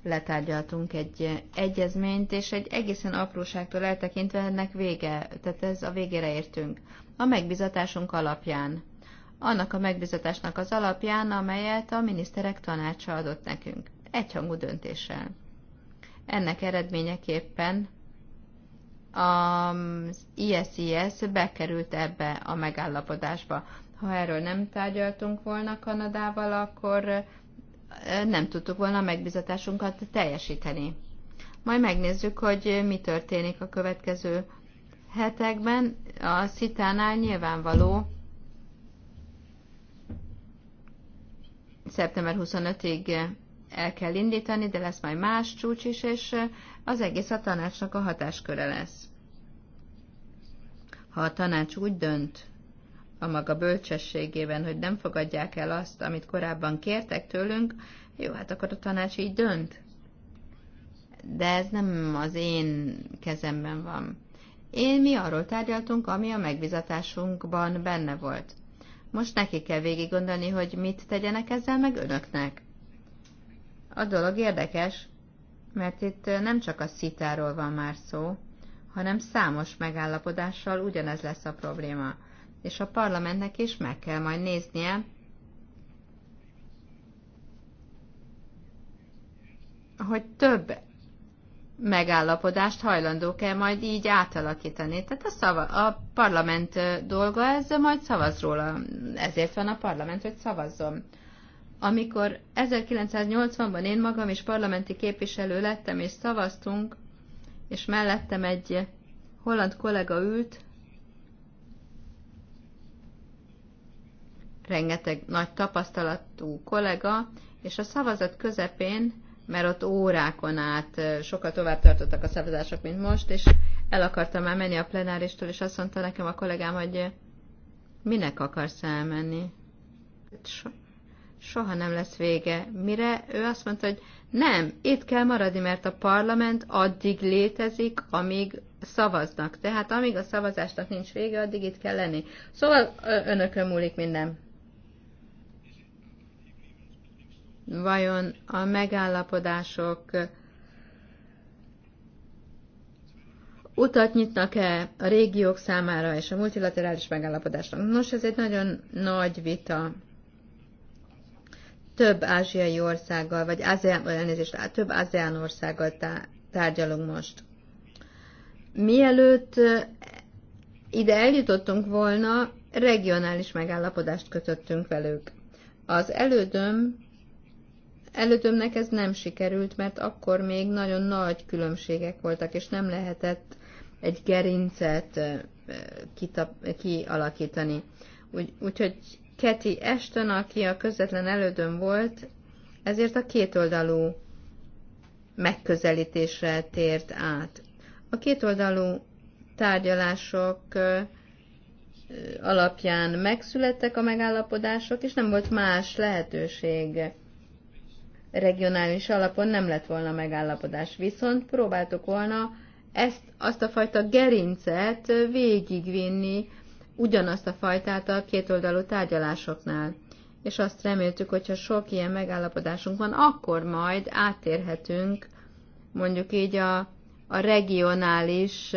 Speaker 3: letárgyaltunk egy egyezményt, és egy egészen apróságtól eltekintve ennek vége, tehát ez a végére értünk. A megbizatásunk alapján. Annak a megbizatásnak az alapján, amelyet a miniszterek tanácsa adott nekünk egyhangú döntéssel. Ennek eredményeképpen az ISIS bekerült ebbe a megállapodásba. Ha erről nem tárgyaltunk volna Kanadával, akkor nem tudtuk volna a megbizatásunkat teljesíteni. Majd megnézzük, hogy mi történik a következő hetekben. A szitánál nyilvánvaló szeptember 25-ig el kell indítani, de lesz majd más csúcs is, és az egész a tanácsnak a hatásköre lesz. Ha a tanács úgy dönt a maga bölcsességében, hogy nem fogadják el azt, amit korábban kértek tőlünk, jó, hát akkor a tanács így dönt. De ez nem az én kezemben van. Én mi arról tárgyaltunk, ami a megbizatásunkban benne volt. Most neki kell végig gondolni, hogy mit tegyenek ezzel meg önöknek. A dolog érdekes, mert itt nem csak a szitáról van már szó, hanem számos megállapodással ugyanez lesz a probléma. És a parlamentnek is meg kell majd néznie, hogy több megállapodást hajlandók-e majd így átalakítani. Tehát a, szava, a parlament dolga ez, majd szavaz róla. Ezért van a parlament, hogy szavazzon. Amikor 1980-ban én magam is parlamenti képviselő lettem, és szavaztunk, és mellettem egy holland kollega ült, rengeteg nagy tapasztalatú kollega, és a szavazat közepén, mert ott órákon át sokkal tovább tartottak a szavazások, mint most, és el akartam már menni a plenáristól, és azt mondta nekem a kollégám, hogy minek akarsz elmenni? soha nem lesz vége. Mire ő azt mondta, hogy nem, itt kell maradni, mert a parlament addig létezik, amíg szavaznak. Tehát amíg a szavazásnak nincs vége, addig itt kell lenni. Szóval önökön múlik minden. Vajon a megállapodások utat nyitnak-e a régiók számára és a multilaterális megállapodásnak? Nos, ez egy nagyon nagy vita több ázsiai országgal, vagy ASEAN, elnézést, hát több ASEAN országgal tárgyalunk most. Mielőtt ide eljutottunk volna, regionális megállapodást kötöttünk velük. Az elődöm, elődömnek ez nem sikerült, mert akkor még nagyon nagy különbségek voltak, és nem lehetett egy gerincet kialakítani. Úgy, úgyhogy Keti Ashton, aki a közvetlen elődön volt, ezért a kétoldalú megközelítésre tért át. A kétoldalú tárgyalások alapján megszülettek a megállapodások, és nem volt más lehetőség. Regionális alapon nem lett volna megállapodás, viszont próbáltuk volna ezt, azt a fajta gerincet végigvinni ugyanazt a fajtát a kétoldalú tárgyalásoknál. És azt reméltük, hogyha sok ilyen megállapodásunk van, akkor majd átérhetünk mondjuk így a, a regionális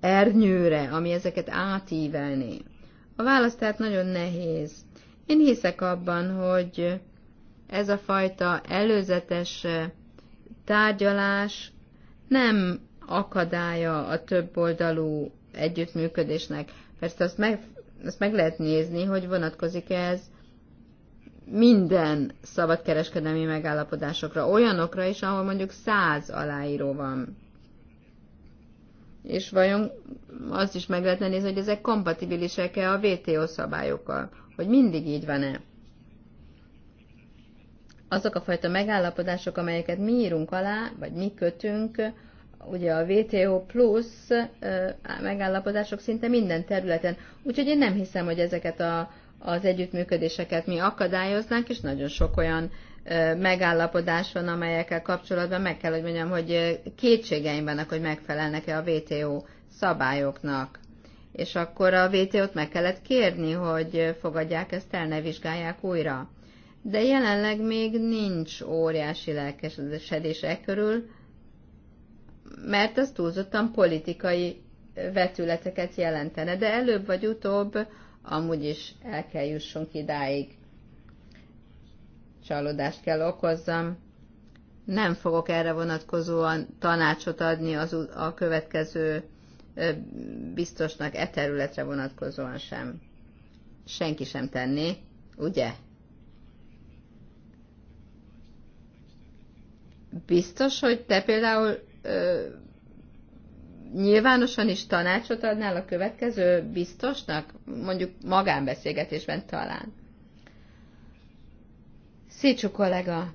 Speaker 3: ernyőre, ami ezeket átívelné. A választ tehát nagyon nehéz. Én hiszek abban, hogy ez a fajta előzetes tárgyalás nem akadálya a többoldalú együttműködésnek. Persze azt meg, azt meg lehet nézni, hogy vonatkozik -e ez minden szabadkereskedelmi megállapodásokra, olyanokra is, ahol mondjuk száz aláíró van. És vajon azt is meg lehetne nézni, hogy ezek kompatibilisek-e a WTO szabályokkal, hogy mindig így van-e. Azok a fajta megállapodások, amelyeket mi írunk alá, vagy mi kötünk, ugye a WTO plusz megállapodások szinte minden területen. Úgyhogy én nem hiszem, hogy ezeket a, az együttműködéseket mi akadályoznánk, és nagyon sok olyan megállapodás van, amelyekkel kapcsolatban meg kell, hogy mondjam, hogy kétségeim vannak, hogy megfelelnek-e a WTO szabályoknak. És akkor a WTO-t meg kellett kérni, hogy fogadják ezt el, ne vizsgálják újra. De jelenleg még nincs óriási lelkesedés e körül, mert ez túlzottan politikai vetületeket jelentene, de előbb vagy utóbb amúgy is el kell jussunk idáig. Csalódást kell okozzam. Nem fogok erre vonatkozóan tanácsot adni az, a következő biztosnak e területre vonatkozóan sem. Senki sem tenni, ugye? Biztos, hogy te például ö, nyilvánosan is tanácsot adnál a következő biztosnak, mondjuk magánbeszélgetésben talán. Szícsú kollega.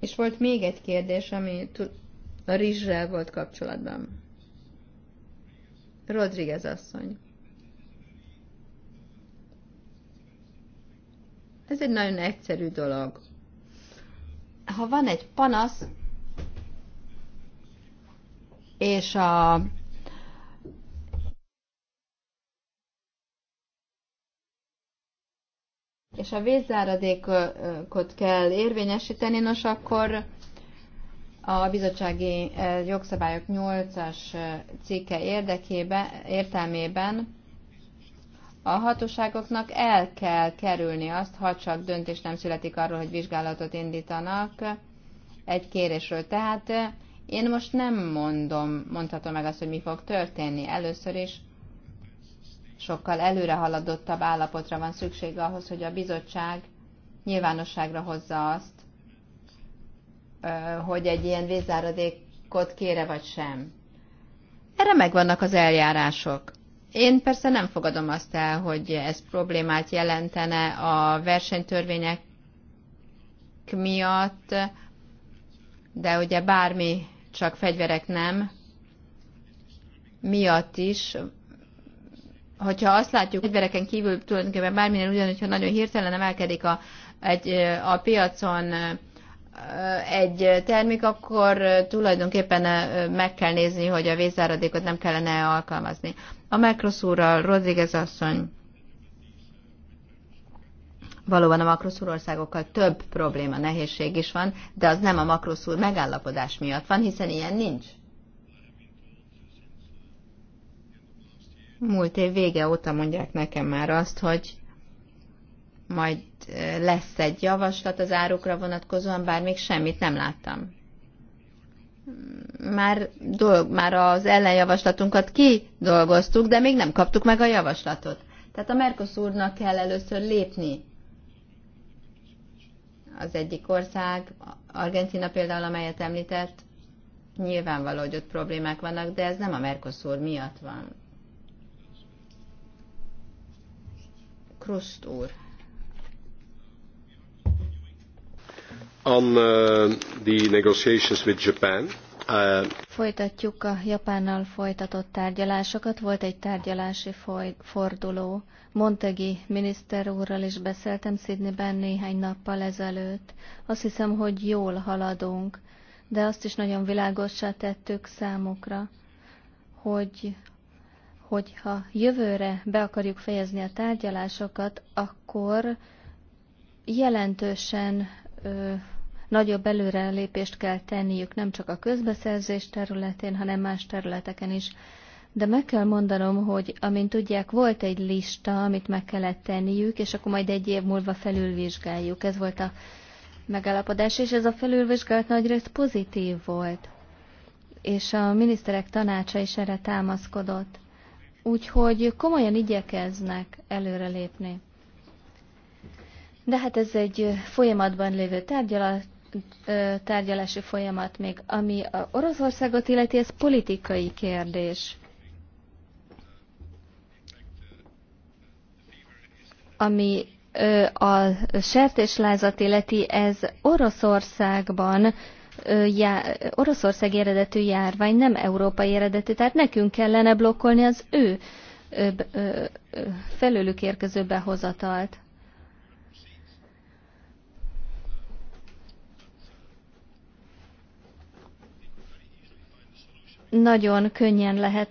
Speaker 3: És volt még egy kérdés, ami a rizsrel volt kapcsolatban. Rodriguez asszony. Ez egy nagyon egyszerű dolog. Ha van egy panasz, és a és a vízzáradékot kell érvényesíteni, nos akkor a bizottsági eh, jogszabályok 8-as eh, cikke érdekében, értelmében a hatóságoknak el kell kerülni azt, ha csak döntés nem születik arról, hogy vizsgálatot indítanak egy kérésről. Tehát eh, én most nem mondom, mondhatom meg azt, hogy mi fog történni. Először is sokkal előre haladottabb állapotra van szükség ahhoz, hogy a bizottság nyilvánosságra hozza azt, hogy egy ilyen vízáradékot kére vagy sem. Erre megvannak az eljárások. Én persze nem fogadom azt el, hogy ez problémát jelentene a versenytörvények miatt, de ugye bármi csak fegyverek nem, miatt is, hogyha azt látjuk, hogy fegyvereken kívül tulajdonképpen bármilyen ugyan, hogyha nagyon hirtelen emelkedik a, egy, a piacon egy termék, akkor tulajdonképpen meg kell nézni, hogy a vészáradékot nem kellene alkalmazni. A Microsoft-ral Rodriguez asszony Valóban a makroszúr országokkal több probléma, nehézség is van, de az nem a makroszúr megállapodás miatt van, hiszen ilyen nincs. Múlt év vége óta mondják nekem már azt, hogy majd lesz egy javaslat az árukra vonatkozóan, bár még semmit nem láttam. Már, dolg, már az ellenjavaslatunkat kidolgoztuk, de még nem kaptuk meg a javaslatot. Tehát a Mercosurnak kell először lépni, az egyik ország, Argentina például, amelyet említett, nyilvánvaló, hogy ott problémák vannak, de ez nem a Mercosur miatt van. Krust
Speaker 2: úr. On uh, the negotiations with Japan. Folytatjuk a Japánnal folytatott tárgyalásokat. Volt egy tárgyalási forduló. Montegi miniszter úrral is beszéltem Sydneyben néhány nappal ezelőtt. Azt hiszem, hogy jól haladunk, de azt is nagyon világossá tettük számukra, hogy hogyha jövőre be akarjuk fejezni a tárgyalásokat, akkor jelentősen ö, Nagyobb előrelépést kell tenniük nem csak a közbeszerzés területén, hanem más területeken is. De meg kell mondanom, hogy amint tudják, volt egy lista, amit meg kellett tenniük, és akkor majd egy év múlva felülvizsgáljuk. Ez volt a megállapodás, és ez a felülvizsgálat nagyrészt pozitív volt. És a miniszterek tanácsa is erre támaszkodott. Úgyhogy komolyan igyekeznek előrelépni. De hát ez egy folyamatban lévő tárgyalat, tárgyalási folyamat még. Ami a Oroszországot illeti, ez politikai kérdés. Ami a sertéslázat illeti, ez Oroszországban já, Oroszország eredetű járvány, nem európai eredetű, tehát nekünk kellene blokkolni az ő felőlük érkező behozatalt. nagyon könnyen lehet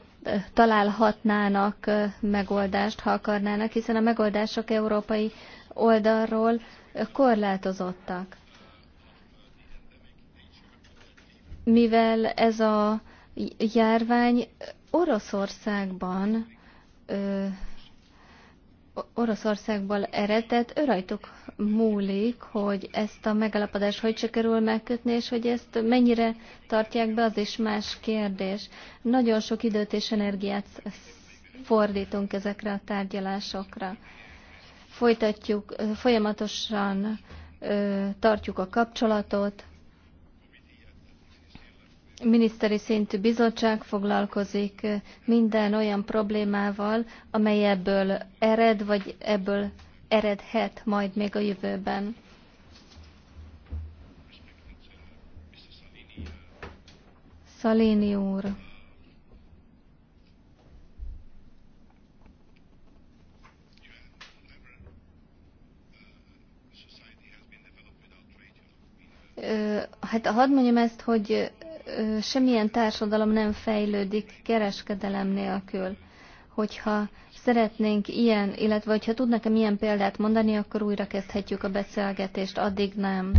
Speaker 2: találhatnának megoldást, ha akarnának, hiszen a megoldások európai oldalról korlátozottak. Mivel ez a járvány Oroszországban Oroszországból eredett, ő rajtuk múlik, hogy ezt a megalapodás hogy sikerül megkötni, és hogy ezt mennyire tartják be, az is más kérdés. Nagyon sok időt és energiát fordítunk ezekre a tárgyalásokra. Folytatjuk, folyamatosan tartjuk a kapcsolatot, miniszteri szintű bizottság foglalkozik eh, minden olyan problémával, amely ebből ered, vagy ebből eredhet majd még a jövőben. Szalini úr. Eh, hát hadd mondjam ezt, hogy semmilyen társadalom nem fejlődik kereskedelem nélkül. Hogyha szeretnénk ilyen, illetve hogyha tudnak-e milyen példát mondani, akkor újra kezdhetjük a beszélgetést, addig nem.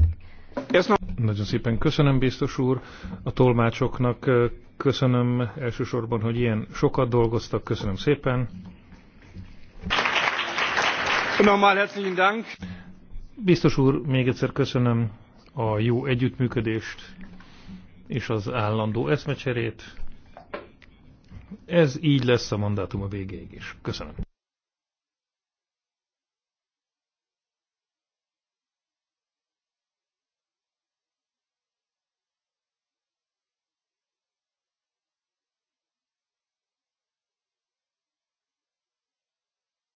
Speaker 1: Nagyon szépen köszönöm, biztos úr, a tolmácsoknak köszönöm elsősorban, hogy ilyen sokat dolgoztak, köszönöm szépen. Biztos úr, még egyszer köszönöm a jó együttműködést és az állandó eszmecserét. Ez így lesz a mandátum a végéig is. Köszönöm.